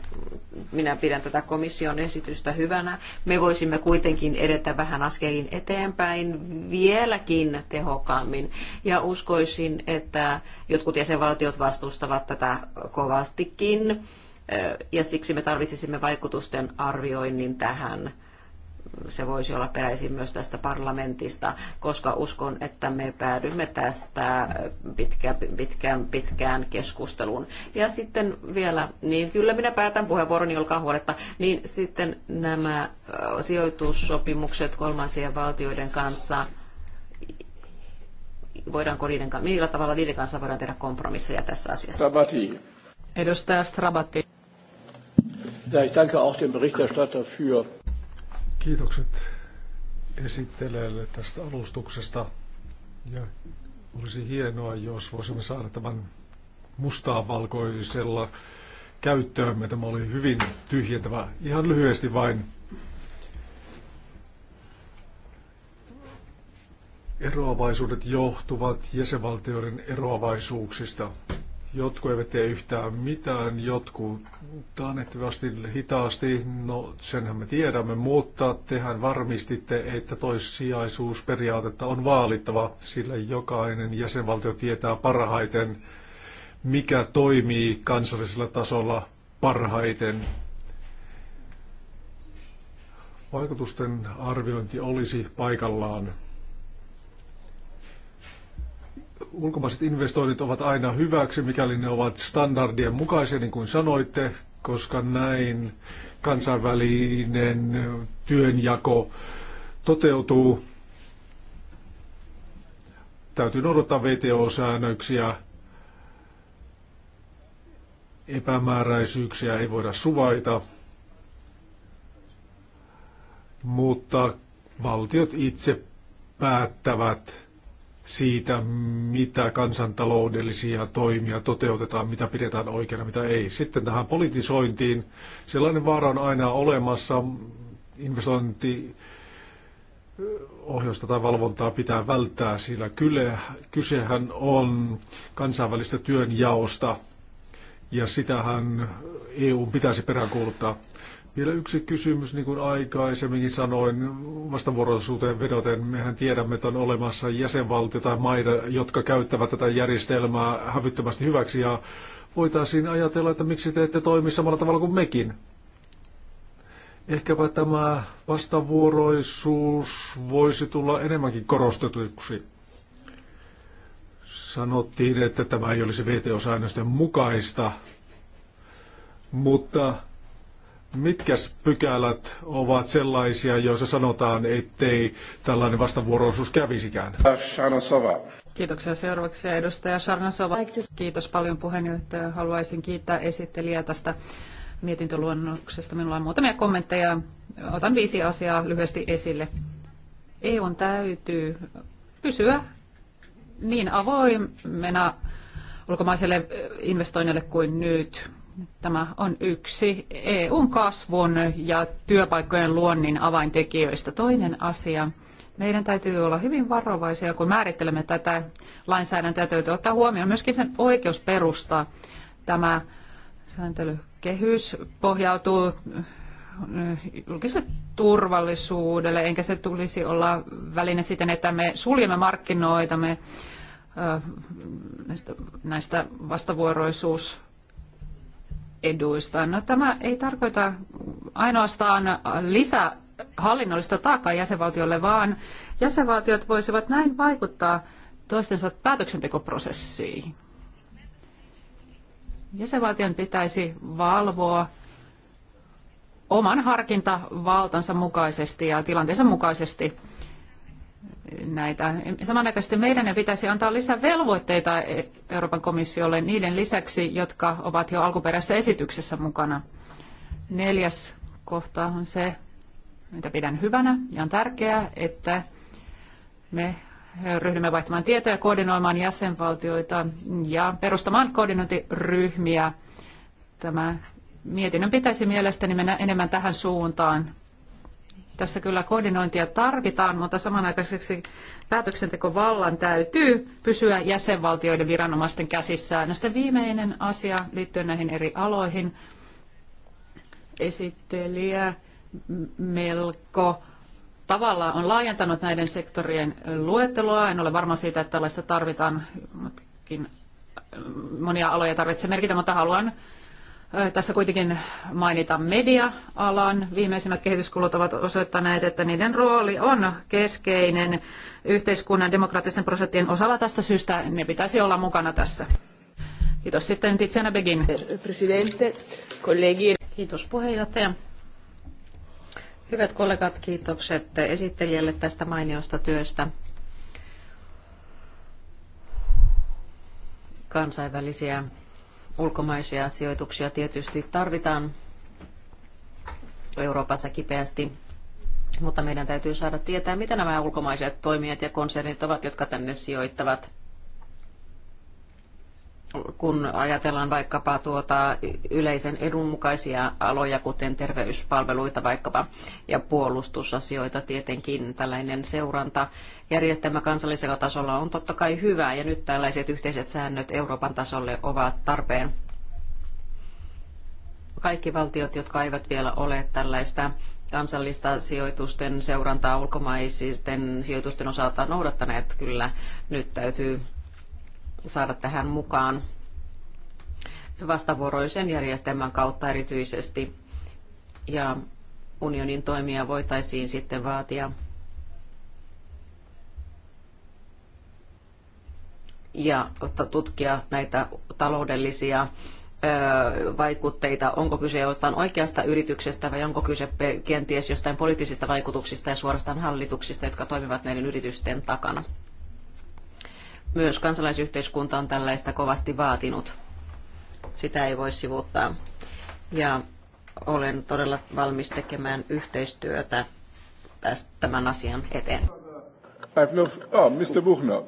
minä pidän tätä komission esitystä hyvänä. Me voisimme kuitenkin edetä vähän askelin eteenpäin vieläkin tehokkaammin. Ja uskoisin, että jotkut jäsenvaltiot vastustavat tätä kovastikin ja siksi me tarvitsisimme vaikutusten arvioinnin tähän se voisi olla peräisin myös tästä parlamentista, koska uskon, että me päädymme tästä pitkään, pitkään keskusteluun. Ja sitten vielä, niin kyllä minä päätän puheenvuoroni, olkaa huoletta, niin sitten nämä sijoitussopimukset kolmansien valtioiden kanssa, voidaanko niiden, millä tavalla niiden kanssa voidaan tehdä kompromisseja tässä asiassa? Strabati. Edustaja Strabati. Ja, ich danke auch dem Berichterstatter für. Kiitokset esittelijälle tästä alustuksesta. Ja olisi hienoa, jos voisimme saada tämän mustaa valkoisella käyttöömme. Tämä oli hyvin tyhjentävä. Ihan lyhyesti vain. Eroavaisuudet johtuvat jäsenvaltioiden eroavaisuuksista. Jotkut eivät tee yhtään mitään, jotkut taannettavasti hitaasti, no senhän me tiedämme, mutta tehän varmistitte, että toissijaisuusperiaatetta on vaalittava, sillä jokainen jäsenvaltio tietää parhaiten, mikä toimii kansallisella tasolla parhaiten. Vaikutusten arviointi olisi paikallaan ulkomaiset investoinnit ovat aina hyväksi, mikäli ne ovat standardien mukaisia, niin kuin sanoitte, koska näin kansainvälinen työnjako toteutuu. Täytyy noudattaa VTO-säännöksiä. Epämääräisyyksiä ei voida suvaita, mutta valtiot itse päättävät siitä, mitä kansantaloudellisia toimia toteutetaan, mitä pidetään oikeana, mitä ei. Sitten tähän politisointiin. Sellainen vaara on aina olemassa. Investointi ohjausta tai valvontaa pitää välttää, sillä kyllä kysehän on kansainvälistä työnjaosta ja sitähän EU pitäisi peräänkuuluttaa. Vielä yksi kysymys, niin kuin aikaisemminkin sanoin, vastavuoroisuuteen vedoten. Mehän tiedämme, että on olemassa jäsenvaltioita tai maita, jotka käyttävät tätä järjestelmää hävyttömästi hyväksi. Ja voitaisiin ajatella, että miksi te ette toimi samalla tavalla kuin mekin. Ehkäpä tämä vastavuoroisuus voisi tulla enemmänkin korostetuksi. Sanottiin, että tämä ei olisi VTO-säännösten mukaista, mutta Mitkä pykälät ovat sellaisia, joissa sanotaan, ettei tällainen vastavuoroisuus kävisikään? Kiitoksia seuraavaksi edustaja Sarnasova. Kiitos paljon puheenjohtaja. Haluaisin kiittää esittelijää tästä mietintöluonnoksesta. Minulla on muutamia kommentteja. Otan viisi asiaa lyhyesti esille. EUn täytyy pysyä niin avoimena ulkomaiselle investoinnille kuin nyt. Tämä on yksi EUn kasvun ja työpaikkojen luonnin avaintekijöistä. Toinen asia, meidän täytyy olla hyvin varovaisia, kun määrittelemme tätä lainsäädäntöä, täytyy ottaa huomioon myöskin sen oikeusperusta. Tämä sääntelykehys pohjautuu äh, julkiselle turvallisuudelle, enkä se tulisi olla väline siten, että me suljemme markkinoita, me äh, näistä, näistä vastavuoroisuus eduista. No, tämä ei tarkoita ainoastaan lisää hallinnollista taakkaa jäsenvaltiolle, vaan jäsenvaltiot voisivat näin vaikuttaa toistensa päätöksentekoprosessiin. Jäsenvaltion pitäisi valvoa oman harkintavaltansa mukaisesti ja tilanteensa mukaisesti näitä. Samanaikaisesti meidän pitäisi antaa lisää velvoitteita Euroopan komissiolle niiden lisäksi, jotka ovat jo alkuperäisessä esityksessä mukana. Neljäs kohta on se, mitä pidän hyvänä ja on tärkeää, että me ryhdymme vaihtamaan tietoja, koordinoimaan jäsenvaltioita ja perustamaan koordinointiryhmiä. Tämä mietinnön pitäisi mielestäni mennä enemmän tähän suuntaan. Tässä kyllä koordinointia tarvitaan, mutta samanaikaisesti päätöksentekovallan täytyy pysyä jäsenvaltioiden viranomaisten käsissään. Ja sitten viimeinen asia liittyen näihin eri aloihin. Esittelijä melko tavallaan on laajentanut näiden sektorien luetteloa. En ole varma siitä, että tällaista tarvitaan, monia aloja tarvitsee merkitä, mutta haluan tässä kuitenkin mainita media-alan. Viimeisimmät kehityskulut ovat osoittaneet, että niiden rooli on keskeinen yhteiskunnan demokraattisten prosenttien osalla tästä syystä. Ne pitäisi olla mukana tässä. Kiitos sitten Tiziana Begin. Presidente, kollegi. Kiitos puheenjohtaja. Hyvät kollegat, kiitokset esittelijälle tästä mainiosta työstä. Kansainvälisiä ulkomaisia sijoituksia tietysti tarvitaan Euroopassa kipeästi, mutta meidän täytyy saada tietää, mitä nämä ulkomaiset toimijat ja konsernit ovat, jotka tänne sijoittavat kun ajatellaan vaikkapa tuota yleisen edun mukaisia aloja, kuten terveyspalveluita vaikkapa ja puolustusasioita tietenkin, tällainen seuranta kansallisella tasolla on totta kai hyvä ja nyt tällaiset yhteiset säännöt Euroopan tasolle ovat tarpeen. Kaikki valtiot, jotka eivät vielä ole tällaista kansallista sijoitusten seurantaa ulkomaisten sijoitusten osalta noudattaneet, kyllä nyt täytyy saada tähän mukaan vastavuoroisen järjestelmän kautta erityisesti. Ja unionin toimia voitaisiin sitten vaatia ja tutkia näitä taloudellisia vaikutteita, onko kyse jostain oikeasta yrityksestä vai onko kyse kenties jostain poliittisista vaikutuksista ja suorastaan hallituksista, jotka toimivat näiden yritysten takana. Myös kansalaisyhteiskunta on tällaista kovasti vaatinut. Sitä ei voi sivuuttaa. Ja olen todella valmis tekemään yhteistyötä tästä, tämän asian eteen. No- ah, Mr. Buchner,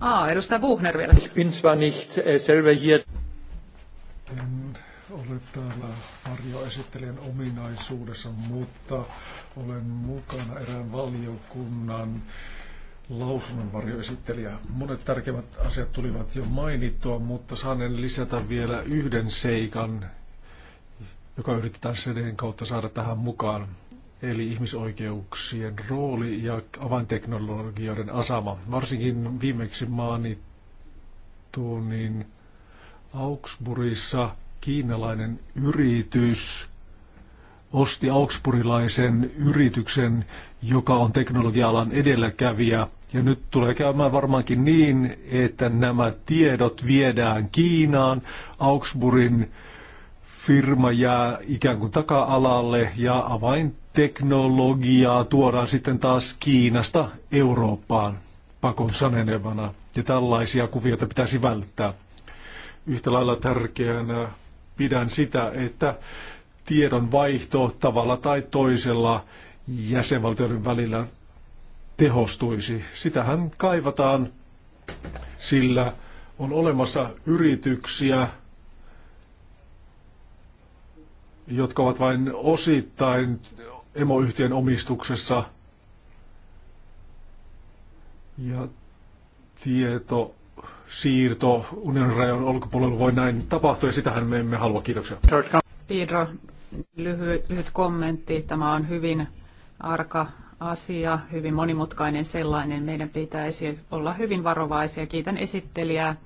Ah, edustaja Buchner vielä. Ich bin zwar nicht äh, selber hier. En ole täällä varjoesittelijän ominaisuudessa, mutta olen mukana erään valiokunnan äh, lausunnon ja Monet tärkeimmät asiat tulivat jo mainittua, mutta saanen lisätä vielä yhden seikan, joka yritetään CDn kautta saada tähän mukaan, eli ihmisoikeuksien rooli ja avainteknologioiden asema. Varsinkin viimeksi mainittu, niin Augsburgissa kiinalainen yritys osti augsburilaisen yrityksen, joka on teknologia-alan edelläkävijä. Ja nyt tulee käymään varmaankin niin, että nämä tiedot viedään Kiinaan, Augsburgin firma jää ikään kuin taka-alalle ja avainteknologiaa tuodaan sitten taas Kiinasta Eurooppaan pakon sanenevana. Ja tällaisia kuvioita pitäisi välttää. Yhtä lailla tärkeänä pidän sitä, että tiedon vaihto tavalla tai toisella jäsenvaltioiden välillä tehostuisi. Sitähän kaivataan, sillä on olemassa yrityksiä, jotka ovat vain osittain emoyhtiön omistuksessa. Ja tieto siirto unionin rajan ulkopuolella voi näin tapahtua ja sitähän me emme halua. Kiitoksia. Pedro lyhyt, lyhyt kommentti. Tämä on hyvin arka asia, hyvin monimutkainen sellainen. Meidän pitäisi olla hyvin varovaisia. Kiitän esittelijää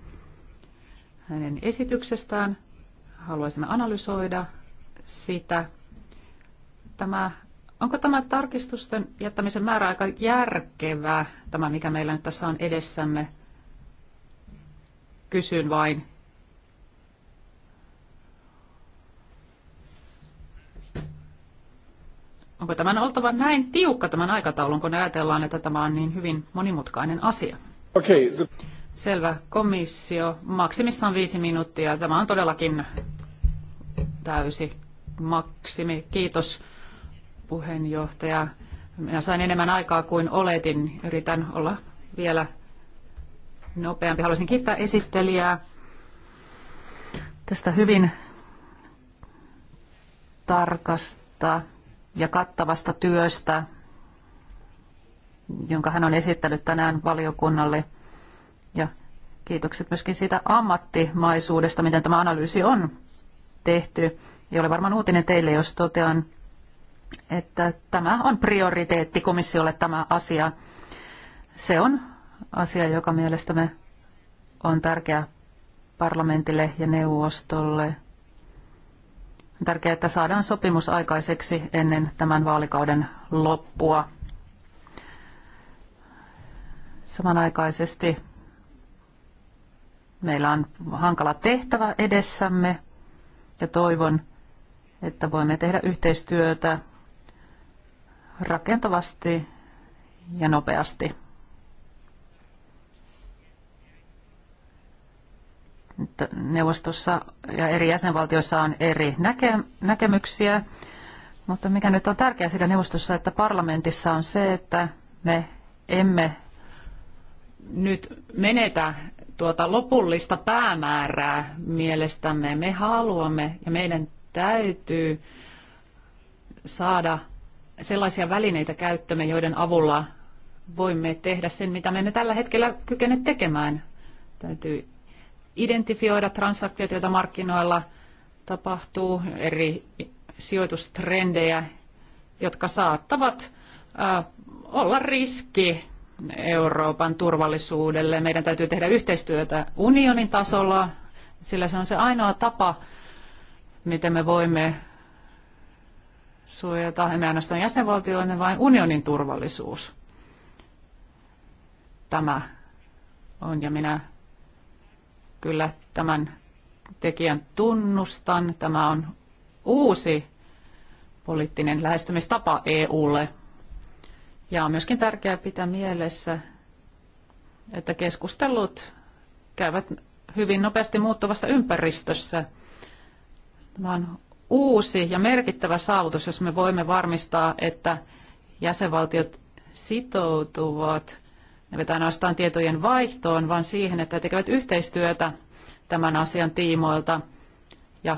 hänen esityksestään. Haluaisimme analysoida sitä. Tämä, onko tämä tarkistusten jättämisen määrä aika järkevä, tämä mikä meillä nyt tässä on edessämme? Kysyn vain, Onko tämän oltava näin tiukka tämän aikataulun, kun ajatellaan, että tämä on niin hyvin monimutkainen asia? Okay, so... Selvä. Komissio. Maksimissaan viisi minuuttia. Tämä on todellakin täysi maksimi. Kiitos puheenjohtaja. Minä sain enemmän aikaa kuin oletin. Yritän olla vielä nopeampi. Haluaisin kiittää esittelijää tästä hyvin tarkasta ja kattavasta työstä, jonka hän on esittänyt tänään valiokunnalle. Ja kiitokset myöskin siitä ammattimaisuudesta, miten tämä analyysi on tehty. Ei ole varmaan uutinen teille, jos totean, että tämä on prioriteetti komissiolle tämä asia. Se on asia, joka mielestämme on tärkeä parlamentille ja neuvostolle on tärkeää, että saadaan sopimus aikaiseksi ennen tämän vaalikauden loppua. Samanaikaisesti meillä on hankala tehtävä edessämme ja toivon, että voimme tehdä yhteistyötä rakentavasti ja nopeasti. neuvostossa ja eri jäsenvaltioissa on eri näke- näkemyksiä. Mutta mikä nyt on tärkeää sekä neuvostossa että parlamentissa on se, että me emme nyt menetä tuota lopullista päämäärää mielestämme. Me haluamme ja meidän täytyy saada sellaisia välineitä käyttömme, joiden avulla voimme tehdä sen, mitä me emme tällä hetkellä kykene tekemään. Täytyy identifioida transaktiot, joita markkinoilla tapahtuu, eri sijoitustrendejä, jotka saattavat olla riski Euroopan turvallisuudelle. Meidän täytyy tehdä yhteistyötä unionin tasolla, sillä se on se ainoa tapa, miten me voimme suojata emme ainoastaan jäsenvaltioiden, vaan unionin turvallisuus. Tämä on ja minä kyllä tämän tekijän tunnustan. Tämä on uusi poliittinen lähestymistapa EUlle. Ja on myöskin tärkeää pitää mielessä, että keskustelut käyvät hyvin nopeasti muuttuvassa ympäristössä. Tämä on uusi ja merkittävä saavutus, jos me voimme varmistaa, että jäsenvaltiot sitoutuvat ne vetää ainoastaan tietojen vaihtoon, vaan siihen, että tekevät yhteistyötä tämän asian tiimoilta. Ja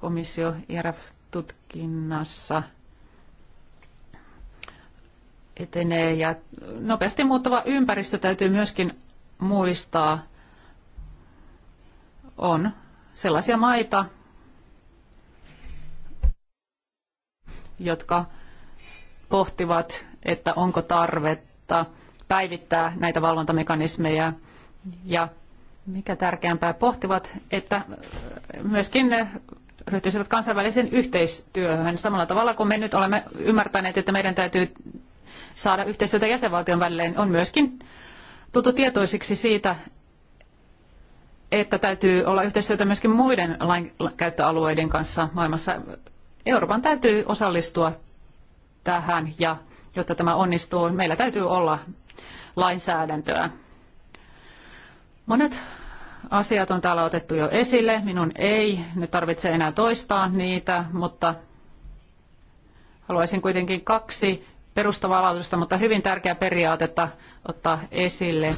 komissio IRF-tutkinnassa etenee ja nopeasti muuttuva ympäristö täytyy myöskin muistaa. On sellaisia maita, jotka pohtivat, että onko tarvetta päivittää näitä valvontamekanismeja ja mikä tärkeämpää, pohtivat, että myöskin ryhtyisivät kansainväliseen yhteistyöhön samalla tavalla kuin me nyt olemme ymmärtäneet, että meidän täytyy saada yhteistyötä jäsenvaltion välilleen, on myöskin tuttu tietoisiksi siitä, että täytyy olla yhteistyötä myöskin muiden lainkäyttöalueiden kanssa maailmassa. Euroopan täytyy osallistua tähän ja jotta tämä onnistuu, meillä täytyy olla lainsäädäntöä. Monet asiat on täällä otettu jo esille. Minun ei nyt tarvitse enää toistaa niitä, mutta haluaisin kuitenkin kaksi perustavaa laatusta, mutta hyvin tärkeää periaatetta ottaa esille,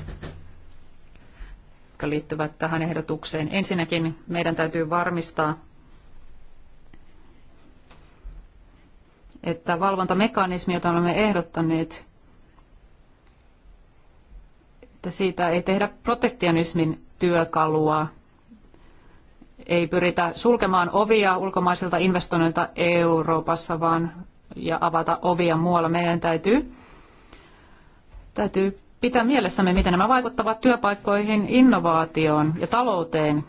jotka liittyvät tähän ehdotukseen. Ensinnäkin meidän täytyy varmistaa, että valvontamekanismi, jota olemme ehdottaneet, että siitä ei tehdä protektionismin työkalua. Ei pyritä sulkemaan ovia ulkomaisilta investoinnilta Euroopassa, vaan ja avata ovia muualla. Meidän täytyy, täytyy pitää mielessämme, miten nämä vaikuttavat työpaikkoihin, innovaatioon ja talouteen.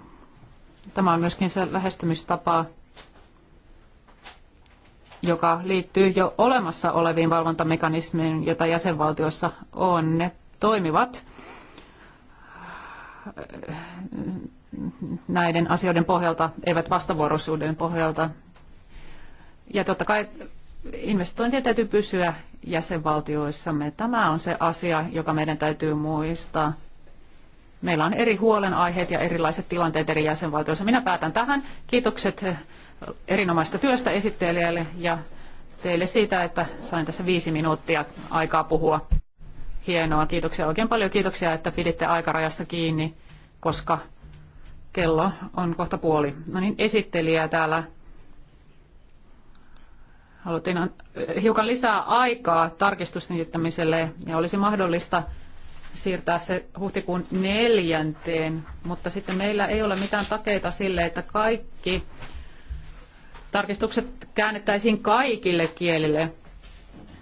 Tämä on myöskin se lähestymistapa, joka liittyy jo olemassa oleviin valvontamekanismiin, joita jäsenvaltiossa on. Ne toimivat näiden asioiden pohjalta, eivät vastavuoroisuuden pohjalta. Ja totta kai investointien täytyy pysyä jäsenvaltioissamme. Tämä on se asia, joka meidän täytyy muistaa. Meillä on eri huolenaiheet ja erilaiset tilanteet eri jäsenvaltioissa. Minä päätän tähän. Kiitokset erinomaista työstä esittelijälle ja teille siitä, että sain tässä viisi minuuttia aikaa puhua. Hienoa, kiitoksia oikein paljon. Kiitoksia, että piditte aikarajasta kiinni, koska kello on kohta puoli. No niin, esittelijä täällä. Haluttiin hiukan lisää aikaa tarkistusnitittämiselle ja olisi mahdollista siirtää se huhtikuun neljänteen, mutta sitten meillä ei ole mitään takeita sille, että kaikki tarkistukset käännettäisiin kaikille kielille.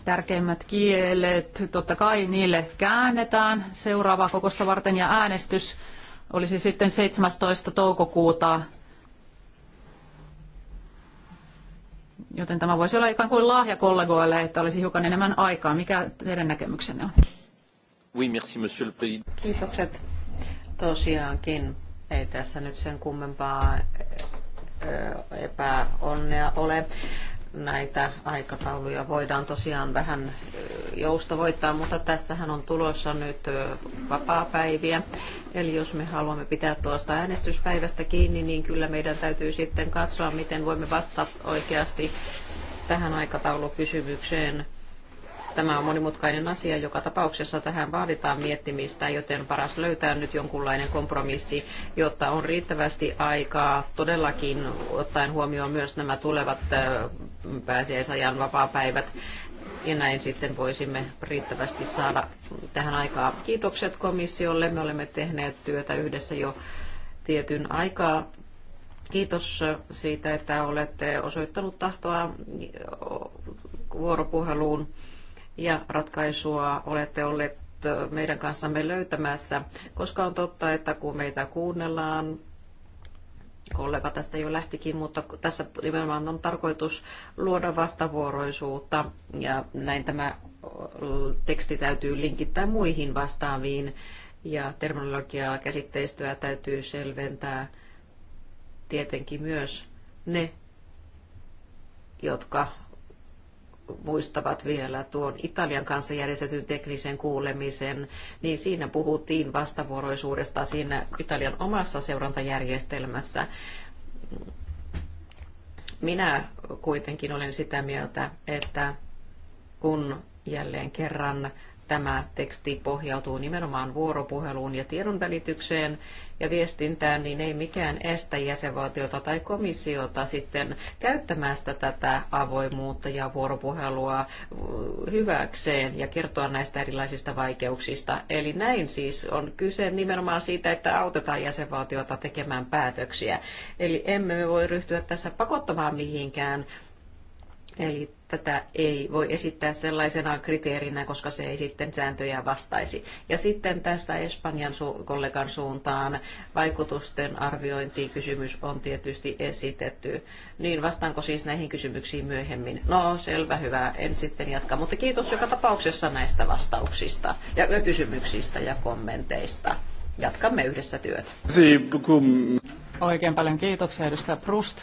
Tärkeimmät kielet, totta kai niille käännetään seuraavaa kokosta varten ja äänestys olisi sitten 17. toukokuuta. Joten tämä voisi olla ikään kuin lahja kollegoille, että olisi hiukan enemmän aikaa. Mikä teidän näkemyksenne on? Oui, merci, monsieur le président. Kiitokset. Tosiaankin ei tässä nyt sen kummempaa epäonnea ole näitä aikatauluja voidaan tosiaan vähän joustavoittaa, mutta tässähän on tulossa nyt vapaapäiviä. Eli jos me haluamme pitää tuosta äänestyspäivästä kiinni, niin kyllä meidän täytyy sitten katsoa, miten voimme vastata oikeasti tähän aikataulukysymykseen Tämä on monimutkainen asia. Joka tapauksessa tähän vaaditaan miettimistä, joten paras löytää nyt jonkunlainen kompromissi, jotta on riittävästi aikaa todellakin ottaen huomioon myös nämä tulevat pääsiäisajan vapaapäivät ja näin sitten voisimme riittävästi saada tähän aikaa. Kiitokset komissiolle. Me olemme tehneet työtä yhdessä jo tietyn aikaa. Kiitos siitä, että olette osoittanut tahtoa vuoropuheluun ja ratkaisua olette olleet meidän kanssamme löytämässä, koska on totta, että kun meitä kuunnellaan, kollega tästä jo lähtikin, mutta tässä nimenomaan on tarkoitus luoda vastavuoroisuutta ja näin tämä teksti täytyy linkittää muihin vastaaviin ja terminologiaa käsitteistöä täytyy selventää tietenkin myös ne, jotka muistavat vielä tuon Italian kanssa järjestetyn teknisen kuulemisen, niin siinä puhuttiin vastavuoroisuudesta siinä Italian omassa seurantajärjestelmässä. Minä kuitenkin olen sitä mieltä, että kun jälleen kerran tämä teksti pohjautuu nimenomaan vuoropuheluun ja tiedonvälitykseen, ja viestintään, niin ei mikään estä jäsenvaltiota tai komissiota sitten käyttämästä tätä avoimuutta ja vuoropuhelua hyväkseen ja kertoa näistä erilaisista vaikeuksista. Eli näin siis on kyse nimenomaan siitä, että autetaan jäsenvaltiota tekemään päätöksiä. Eli emme me voi ryhtyä tässä pakottamaan mihinkään. Eli tätä ei voi esittää sellaisenaan kriteerinä, koska se ei sitten sääntöjä vastaisi. Ja sitten tästä Espanjan su- kollegan suuntaan vaikutusten arviointiin kysymys on tietysti esitetty. Niin vastaanko siis näihin kysymyksiin myöhemmin? No selvä, hyvä, en sitten jatka. Mutta kiitos joka tapauksessa näistä vastauksista ja kysymyksistä ja kommenteista. Jatkamme yhdessä työtä. Oikein paljon kiitoksia edustaja Prust.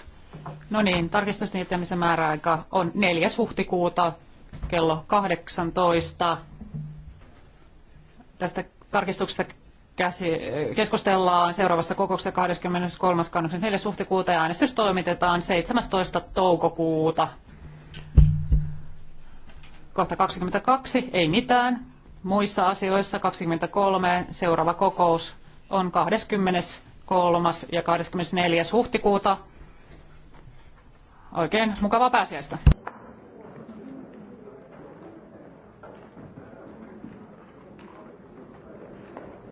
No niin, tarkistusten jättämisen määräaika on 4. huhtikuuta kello 18. Tästä tarkistuksesta käsi, keskustellaan seuraavassa kokouksessa 23.24. huhtikuuta ja äänestys toimitetaan 17. toukokuuta. Kohta 22, ei mitään. Muissa asioissa 23, seuraava kokous on 23. ja 24. huhtikuuta Oikein mukavaa pääsiäistä!